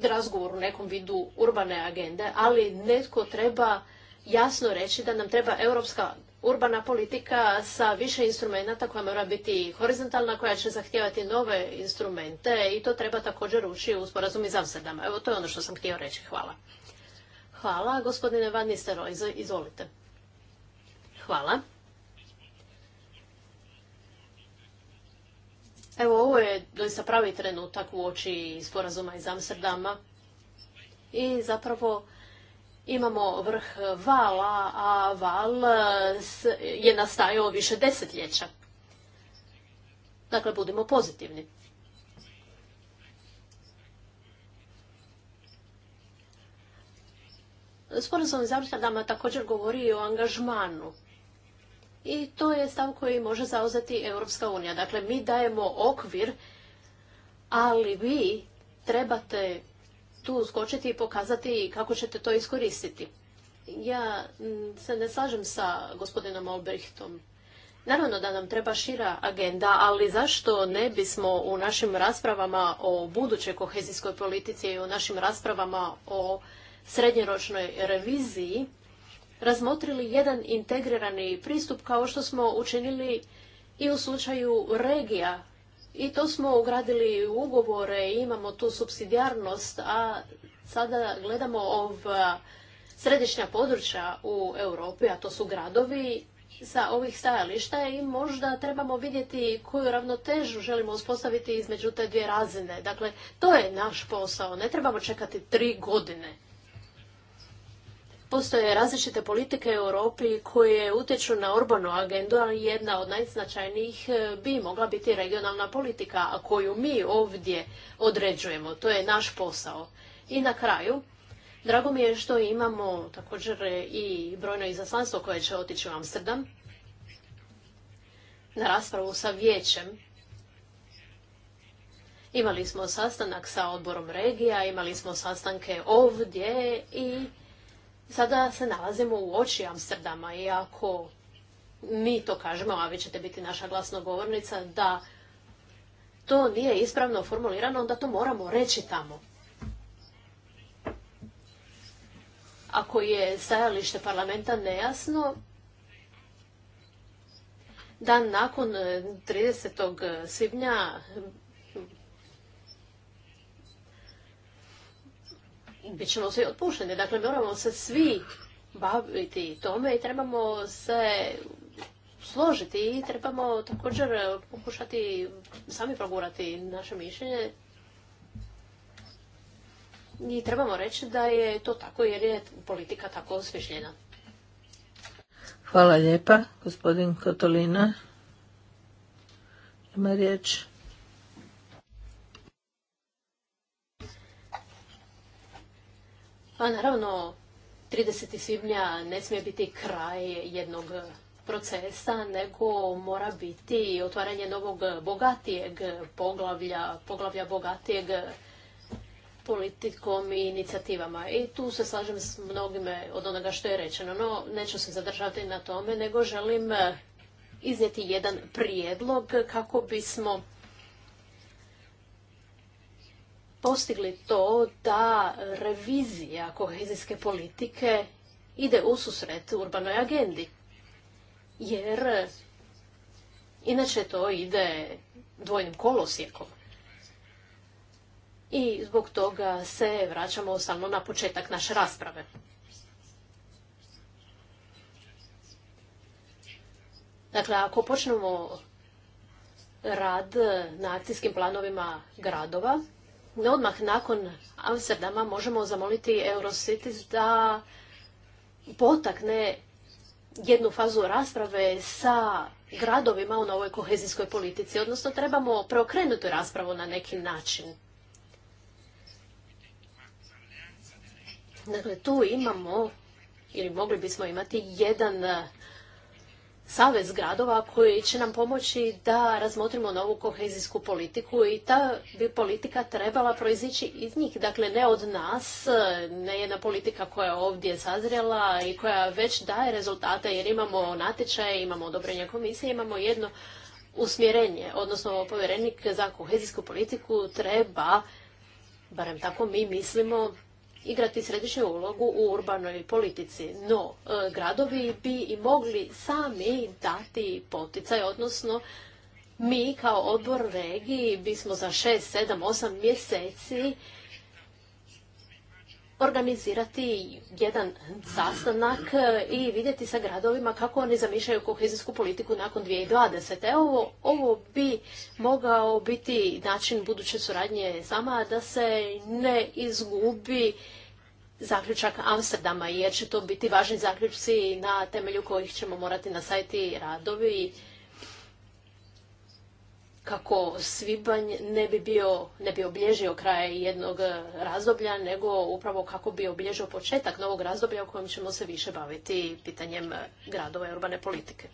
razgovor u nekom vidu urbane agende, ali netko treba jasno reći da nam treba europska urbana politika sa više instrumenata koja mora biti horizontalna, koja će zahtijevati nove instrumente i to treba također ući u sporazum i Amsterdama. Evo to je ono što sam htio reći. Hvala. Hvala. Gospodine Van izvolite. Hvala. Evo, ovo je doista pravi trenutak u oči sporazuma iz Amsterdama. I zapravo imamo vrh vala, a val e, je nastajao više desetljeća. Dakle, budimo pozitivni. Sporazum iz Amsterdama također govori o angažmanu i to je stav koji može zauzeti Europska unija. Dakle, mi dajemo okvir, ali vi trebate tu uskočiti i pokazati kako ćete to iskoristiti. Ja mm, se ne slažem sa gospodinom Olbrichtom. Naravno da nam treba šira agenda, ali zašto ne bismo u našim raspravama o budućoj kohezijskoj politici i u našim raspravama o srednjoročnoj reviziji razmotrili jedan integrirani pristup kao što smo učinili i u slučaju regija. I to smo ugradili u ugovore, imamo tu subsidijarnost, a sada gledamo ova središnja područja u Europi, a to su gradovi, sa ovih stajališta i možda trebamo vidjeti koju ravnotežu želimo uspostaviti između te dvije razine. Dakle, to je naš posao, ne trebamo čekati tri godine. Postoje različite politike u Europi koje utječu na urbanu agendu, ali jedna od najznačajnijih e, bi mogla biti regionalna politika, a koju mi ovdje određujemo. To je naš posao. I na kraju, drago mi je što imamo također e, i brojno izaslanstvo koje će otići u Amsterdam na raspravu sa vijećem. Imali smo sastanak sa odborom regija, imali smo sastanke ovdje i sada se nalazimo u oči Amsterdama i ako mi to kažemo, a vi ćete biti naša glasnogovornica, da to nije ispravno formulirano, onda to moramo reći tamo. Ako je stajalište parlamenta nejasno, dan nakon 30. Eh, svibnja bit ćemo svi otpušteni. Dakle, moramo se svi baviti tome i trebamo se složiti i trebamo također pokušati sami progurati naše mišljenje i trebamo reći da je to tako jer je politika tako osmišljena. Hvala lijepa, gospodin Kotolina. Ima riječ. Pa naravno, 30. svibnja ne smije biti kraj jednog procesa, nego mora biti otvaranje novog bogatijeg poglavlja, poglavlja bogatijeg politikom i inicijativama. I tu se slažem s mnogime od onoga što je rečeno, no neću se zadržati na tome, nego želim iznijeti jedan prijedlog kako bismo postigli to da revizija kohezijske politike ide u susret urbanoj agendi. Jer inače to ide dvojnim kolosijekom. I zbog toga se vraćamo stalno na početak naše rasprave. Dakle, ako počnemo rad na akcijskim planovima gradova, odmah nakon Amsterdama možemo zamoliti Eurocities da potakne jednu fazu rasprave sa gradovima u novoj kohezijskoj politici, odnosno trebamo preokrenuti raspravu na neki način. Dakle, tu imamo ili mogli bismo imati jedan savez gradova koji će nam pomoći da razmotrimo novu kohezijsku politiku i ta bi politika trebala proizići iz njih. Dakle, ne od nas, ne jedna politika koja je ovdje sazrela i koja već daje rezultate jer imamo natječaje, imamo odobrenje komisije, imamo jedno usmjerenje, odnosno povjerenik za kohezijsku politiku treba, barem tako mi mislimo, igrati središnju ulogu u urbanoj politici. No, e, gradovi bi i mogli sami dati poticaj, odnosno mi kao odbor regiji bismo za šest, sedam, osam mjeseci organizirati jedan sastanak e, i vidjeti sa gradovima kako oni zamišljaju kohezijsku politiku nakon 2020. Ovo, ovo bi mogao biti način buduće suradnje sama da se ne izgubi zaključak Amsterdama jer će to biti važni zaključci na temelju kojih ćemo morati nasajiti radovi kako svibanj ne bi bio, ne bi obilježio kraj jednog e, razdoblja, nego upravo kako bi obilježio početak novog razdoblja u kojem ćemo se više baviti pitanjem e, gradova i urbane politike.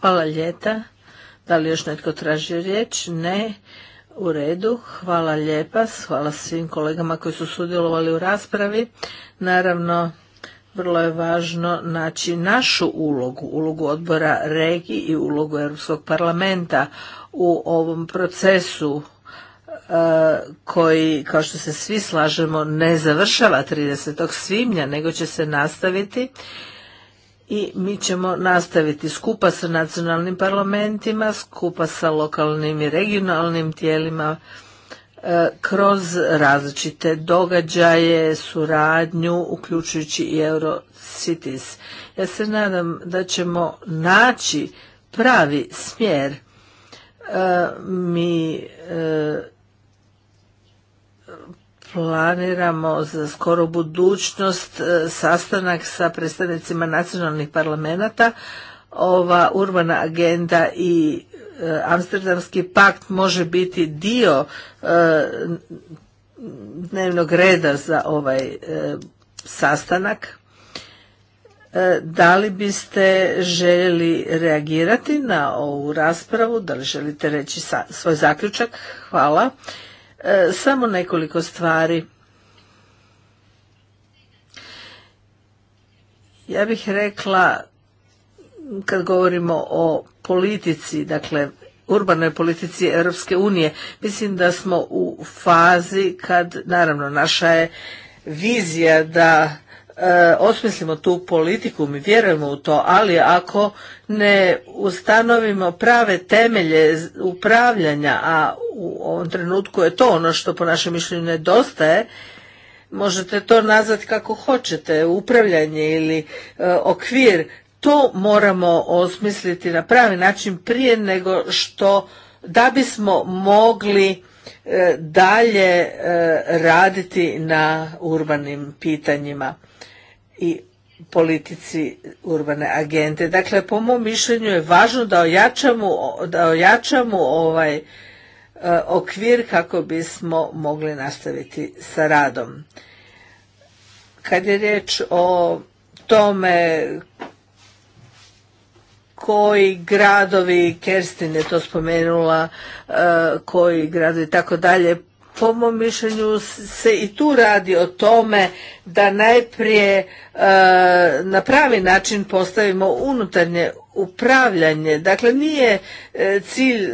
Hvala ljeta. Da li još netko traži riječ? Ne. U redu. Hvala lijepa. Hvala svim kolegama koji su sudjelovali u raspravi. Naravno, vrlo je važno naći našu ulogu, ulogu odbora regiji i ulogu Europskog parlamenta u ovom procesu e, koji, kao što se svi slažemo, ne završava 30. svibnja, nego će se nastaviti i mi ćemo nastaviti skupa sa nacionalnim parlamentima, skupa sa lokalnim i regionalnim tijelima, E, kroz različite događaje, suradnju, uključujući i Eurocities. Ja se nadam da ćemo naći pravi smjer. E, mi e, planiramo za skoro budućnost sastanak sa predstavnicima nacionalnih parlamenta. Ova urbana agenda i Eh, Amsterdamski pakt može biti dio eh, dnevnog reda za ovaj eh, sastanak. Da li biste željeli reagirati na ovu raspravu? Da li želite reći svoj zaključak? Hvala. Samo nekoliko stvari. Ja bih rekla kad govorimo o politici, dakle urbanoj politici Europske unije, mislim da smo u fazi kad, naravno, naša je vizija da e, osmislimo tu politiku, mi vjerujemo u to, ali ako ne ustanovimo prave temelje upravljanja, a u ovom trenutku je to ono što po našem mišljenju nedostaje, možete to nazvati kako hoćete, upravljanje ili e, okvir to moramo osmisliti na pravi način prije nego što da bismo mogli e, dalje e, raditi na urbanim pitanjima i politici urbane agente. Dakle, po mom mišljenju je važno da ojačamo, da ojačamo ovaj e, okvir kako bismo mogli nastaviti sa radom. Kad je riječ o tome koji gradovi, Kerstin je to spomenula, e, koji gradovi i tako dalje, po mom mišljenju se i tu radi o tome da najprije e, na pravi način postavimo unutarnje upravljanje. Dakle, nije e, cilj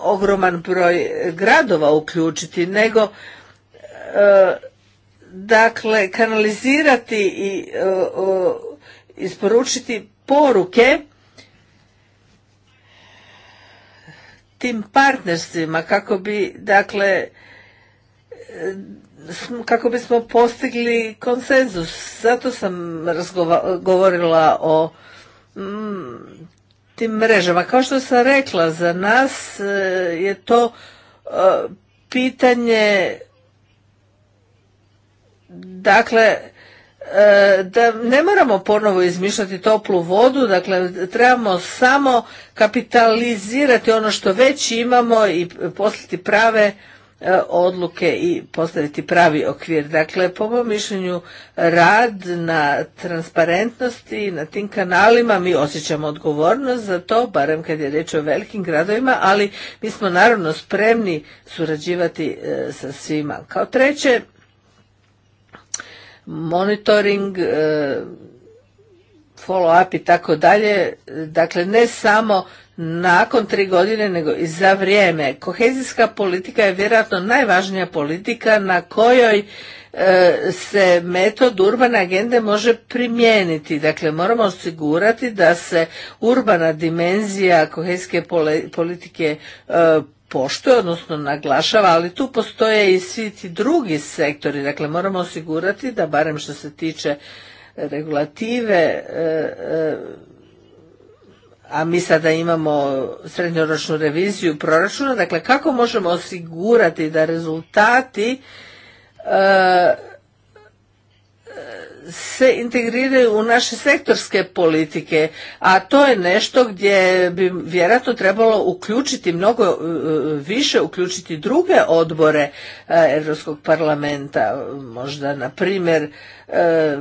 ogroman broj gradova uključiti, nego dakle kanalizirati i isporučiti poruke tim partnerstvima kako bi dakle e, kako bismo postigli konsenzus. Zato sam govorila o mm, tim mrežama. Kao što sam rekla, za nas e, je to e, pitanje dakle E, da ne moramo ponovo izmišljati toplu vodu, dakle trebamo samo kapitalizirati ono što već imamo i poslati prave e, odluke i postaviti pravi okvir. Dakle, po mom mišljenju, rad na transparentnosti na tim kanalima, mi osjećamo odgovornost za to, barem kad je riječ o velikim gradovima, ali mi smo naravno spremni surađivati e, sa svima. Kao treće, monitoring, e, follow-up i tako dalje, dakle ne samo nakon tri godine, nego i za vrijeme. Kohezijska politika je vjerojatno najvažnija politika na kojoj e, se metod urbane agende može primijeniti. Dakle, moramo osigurati da se urbana dimenzija kohezijske politike e, poštuje, odnosno naglašava, ali tu postoje i svi ti drugi sektori, dakle moramo osigurati da barem što se tiče regulative, e, e, a mi sada imamo srednjoročnu reviziju proračuna, dakle kako možemo osigurati da rezultati e, se integriraju u naše sektorske politike, a to je nešto gdje bi vjerojatno trebalo uključiti mnogo e, više, uključiti druge odbore e, Europskog parlamenta, možda na primjer e,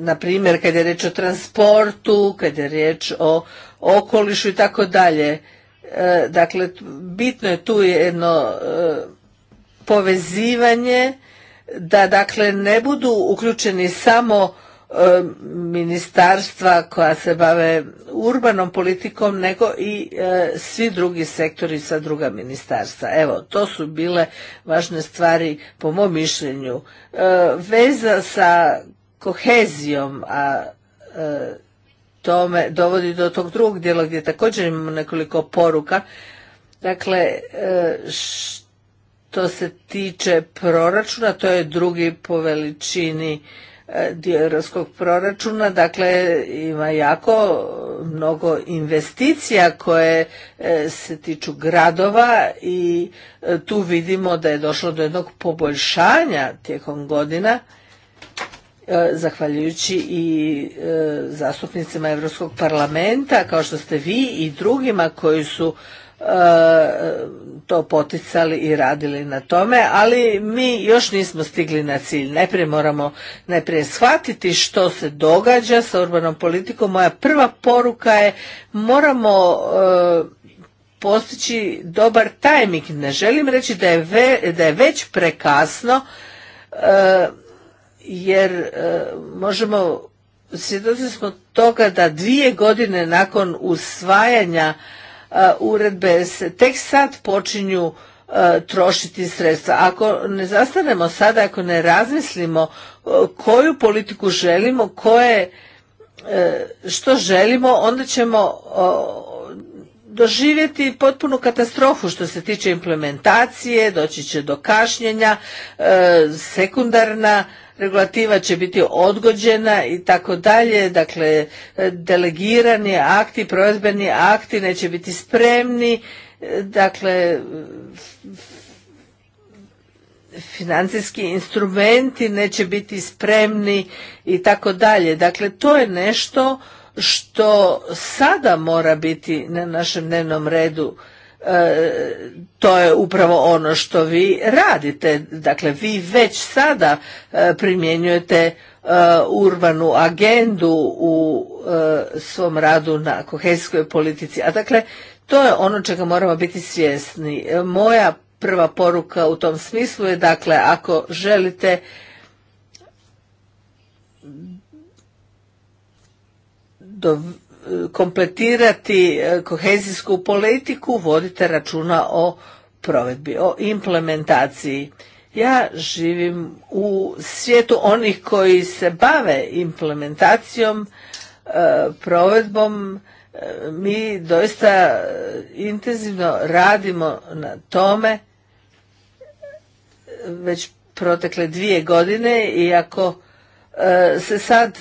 na primjer kad je riječ o transportu, kad je riječ o okolišu i tako dalje. Dakle, bitno je tu jedno povezivanje da dakle ne budu uključeni samo e, ministarstva koja se bave urbanom politikom nego i e, svi drugi sektori sa druga ministarstva. Evo, to su bile važne stvari po mom mišljenju. E, veza sa kohezijom, a to me dovodi do tog drugog dijela gdje također imamo nekoliko poruka. Dakle, š što se tiče proračuna, to je drugi po veličini e, dio europskog proračuna, dakle ima jako mnogo investicija koje e, se tiču gradova i e, tu vidimo da je došlo do jednog poboljšanja tijekom godina zahvaljujući i zastupnicima Europskog parlamenta kao što ste vi i drugima koji su E, to poticali i radili na tome, ali mi još nismo stigli na cilj. Najprije moramo najprije shvatiti što se događa sa urbanom politikom. Moja prva poruka je moramo e, postići dobar tajmik Ne želim reći da je, da je već prekasno e, jer možemo svjedoci smo toga da dvije godine nakon usvajanja Uh, uredbe se tek sad počinju uh, trošiti sredstva. Ako ne zastanemo sada, ako ne razmislimo uh, koju politiku želimo, koje, što želimo, onda ćemo doživjeti potpunu katastrofu što se tiče implementacije, doći će do kašnjenja, sekundarna regulativa će biti odgođena i tako dalje, dakle delegirani akti, provedbeni akti neće biti spremni, dakle financijski instrumenti neće biti spremni i tako dalje. Dakle, to je nešto što sada mora biti na našem dnevnom redu E, to je upravo ono što vi radite. Dakle, vi već sada e, primjenjujete e, urbanu agendu u svom radu na kohezijskoj politici. A dakle, to je ono čega moramo biti svjesni. Moja prva poruka u tom smislu je dakle, ako želite do kompletirati e, kohezijsku politiku vodite računa o provedbi, o implementaciji. Ja živim u svijetu onih koji se bave implementacijom, e, provedbom. E, mi doista intenzivno radimo na tome već protekle dvije godine i ako se sad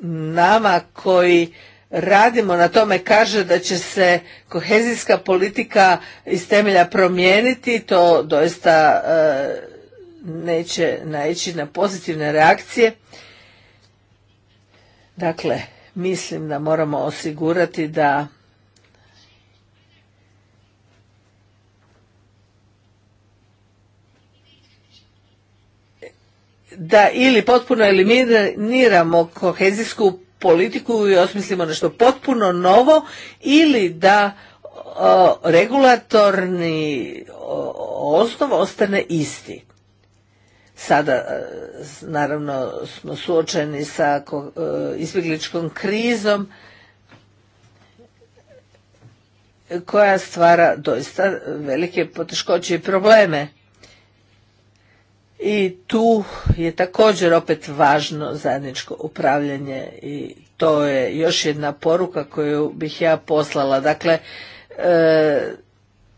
nama koji radimo na tome kaže da će se kohezijska politika iz temelja promijeniti, to doista e, neće naići na pozitivne reakcije. Dakle, mislim da moramo osigurati da da ili potpuno eliminiramo kohezijsku politiku i osmislimo nešto potpuno novo ili da regulatorni osnov ostane isti. Sada, e, naravno, smo suočeni sa e, izbjegličkom krizom e, koja stvara doista velike poteškoće i probleme i tu je također opet važno zajedničko upravljanje i to je još jedna poruka koju bih ja poslala. Dakle, e,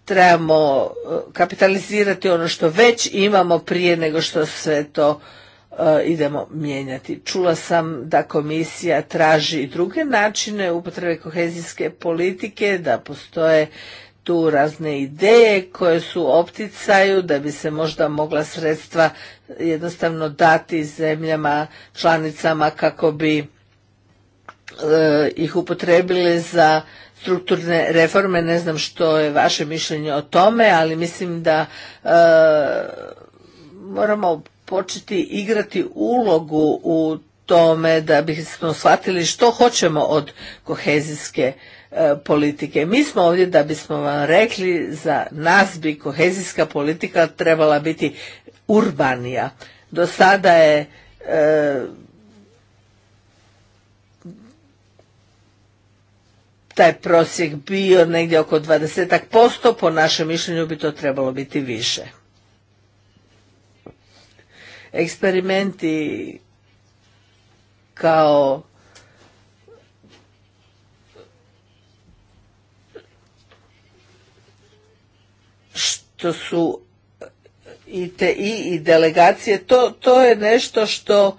trebamo e, kapitalizirati ono što već imamo prije nego što sve to e, idemo mijenjati. Čula sam da komisija traži i druge načine upotrebe kohezijske politike, da postoje tu razne ideje koje su opticaju da bi se možda mogla sredstva jednostavno dati zemljama članicama kako bi e, ih upotrebili za strukturne reforme. Ne znam što je vaše mišljenje o tome, ali mislim da e, moramo početi igrati ulogu u tome da bismo shvatili što hoćemo od kohezijske E, politike. Mi smo ovdje da bismo vam rekli za nas bi kohezijska politika trebala biti urbanija. Do sada je e, taj prosjek bio negdje oko 20%, po našem mišljenju bi to trebalo biti više. Eksperimenti kao što su e, i te i, i delegacije, to, to je nešto što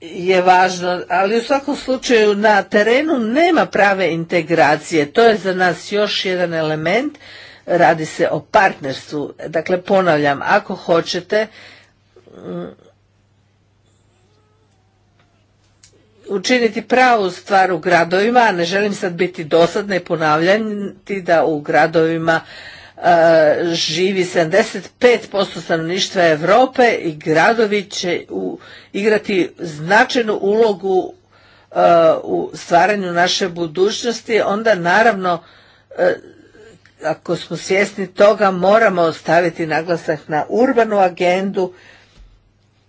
je važno, ali u svakom slučaju na terenu nema prave integracije. To je za nas još jedan element, radi se o partnerstvu. Dakle, ponavljam, ako hoćete učiniti pravu stvar u gradovima, a ne želim sad biti dosadna i ponavljati da u gradovima e, živi 75% stanovništva Europe i gradovi će igrati značajnu ulogu e, u stvaranju naše budućnosti, onda naravno e, ako smo svjesni toga moramo ostaviti naglasak na urbanu agendu.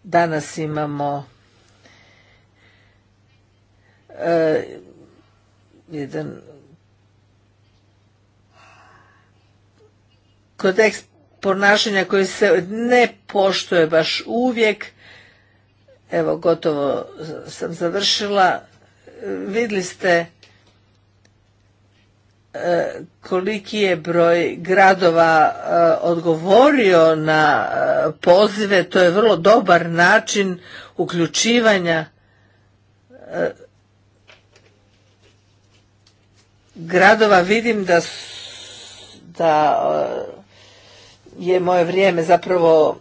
Danas imamo E, jedan kodeks ponašanja koji se ne poštuje baš uvijek. Evo, gotovo sam završila. Vidjeli ste e, koliki je broj gradova e, odgovorio na pozive. To je vrlo dobar način uključivanja gradova vidim da, da e, je moje vrijeme zapravo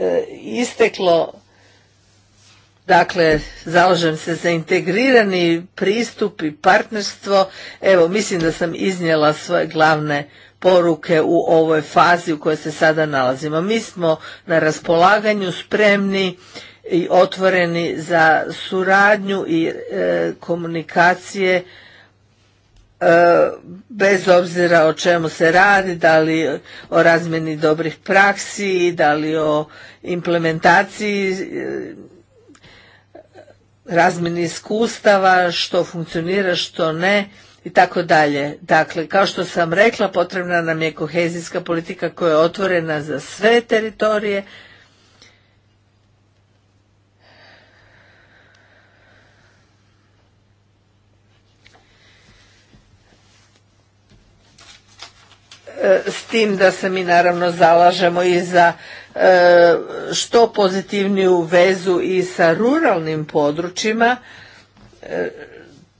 e, isteklo. Dakle, zalažem se za integrirani pristup i partnerstvo. Evo, mislim da sam iznijela svoje glavne poruke u ovoj fazi u kojoj se sada nalazimo. Mi smo na raspolaganju spremni i otvoreni za suradnju i e, komunikacije E, bez obzira o čemu se radi, da li o razmjeni dobrih praksi, da li o implementaciji e, razmjeni iskustava, što funkcionira, što ne i tako dalje. Dakle, kao što sam rekla, potrebna nam je kohezijska politika koja je otvorena za sve teritorije, E, s tim da se mi naravno zalažemo i za e, što pozitivniju vezu i sa ruralnim područjima e,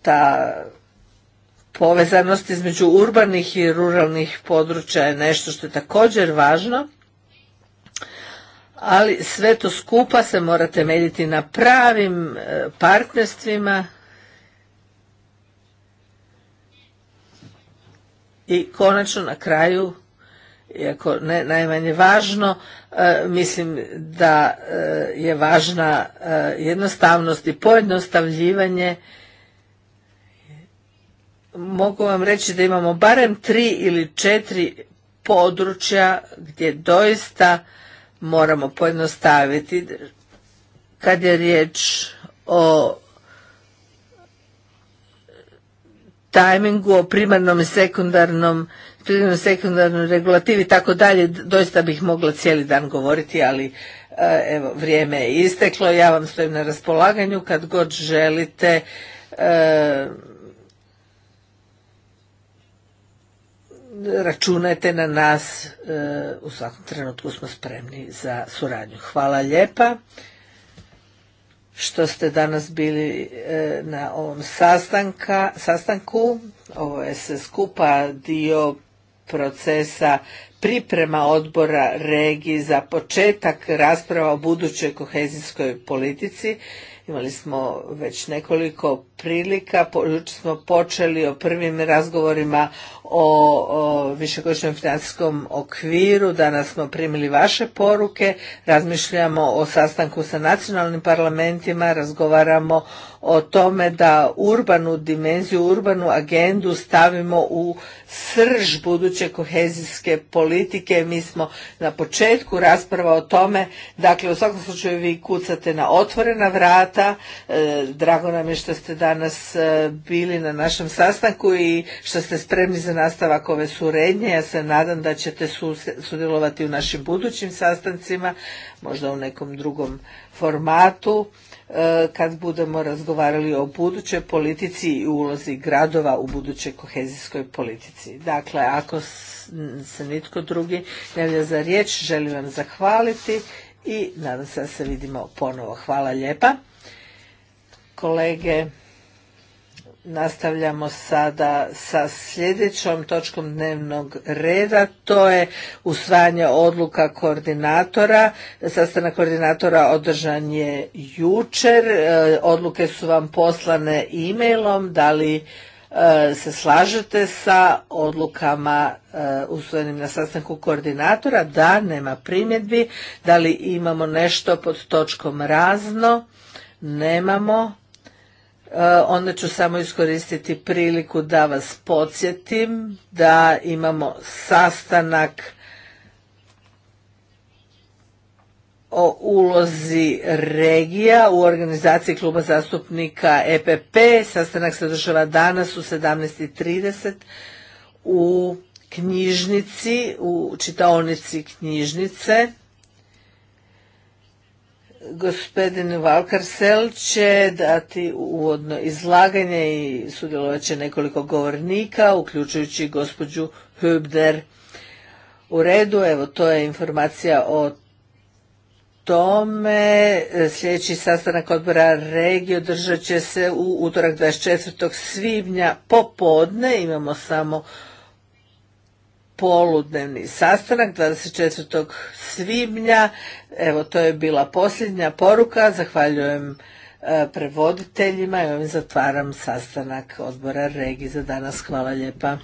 ta povezanost između urbanih i ruralnih područja je nešto što je također važno ali sve to skupa se mora temeljiti na pravim partnerstvima I konačno na kraju, iako ne najmanje važno, e, mislim da e, je važna e, jednostavnost i pojednostavljivanje. Mogu vam reći da imamo barem tri ili četiri područja gdje doista moramo pojednostaviti kad je riječ o tajmingu, o primarnom i sekundarnom, sekundarnoj regulativi i tako dalje. Doista bih mogla cijeli dan govoriti, ali e, evo vrijeme je isteklo. Ja vam stojim na raspolaganju kad god želite. E, računajte na nas, e, u svakom trenutku smo spremni za suradnju. Hvala lijepa što ste danas bili e, na ovom sastanka, sastanku. Ovo je se skupa dio procesa priprema odbora regiji za početak rasprava o budućoj kohezijskoj politici. Imali smo već nekoliko prilika, smo počeli o prvim razgovorima o višegodišnjem financijskom okviru. Danas smo primili vaše poruke, razmišljamo o sastanku sa nacionalnim parlamentima, razgovaramo o tome da urbanu dimenziju, urbanu agendu stavimo u srž buduće kohezijske politike. Mi smo na početku rasprava o tome, dakle u svakom slučaju vi kucate na otvorena vrata. E, drago nam je što ste danas e, bili na našem sastanku i što ste spremni za nastavak ove surednje. Ja se nadam da ćete sudjelovati u našim budućim sastancima, možda u nekom drugom formatu, e, kad budemo razgovarali o budućoj politici i ulozi gradova u budućoj kohezijskoj politici. Dakle, ako se nitko drugi javlja za riječ, želim vam zahvaliti i nadam se da se vidimo ponovo. Hvala lijepa. Kolege, Nastavljamo sada sa sljedećom točkom dnevnog reda, to je usvajanje odluka koordinatora. Sastanak koordinatora održan je jučer, e, odluke su vam poslane e-mailom, da li e, se slažete sa odlukama e, usvojenim na sastanku koordinatora, da nema primjedbi, da li imamo nešto pod točkom razno, nemamo. E, onda ću samo iskoristiti priliku da vas podsjetim da imamo sastanak o ulozi regija u organizaciji kluba zastupnika EPP. Sastanak se održava danas u 17.30 u knjižnici, u čitaonici knjižnice. Gospodin Sel će dati uvodno izlaganje i sudjelovat će nekoliko govornika, uključujući gospođu Hübder. U redu, evo to je informacija o tome. Sljedeći sastanak odbora regije održat će se u utorak 24. svibnja popodne. Imamo samo poludnevni sastanak 24. svibnja. Evo to je bila posljednja poruka. Zahvaljujem e, prevoditeljima i ovim zatvaram sastanak odbora Regi za danas. Hvala lijepa.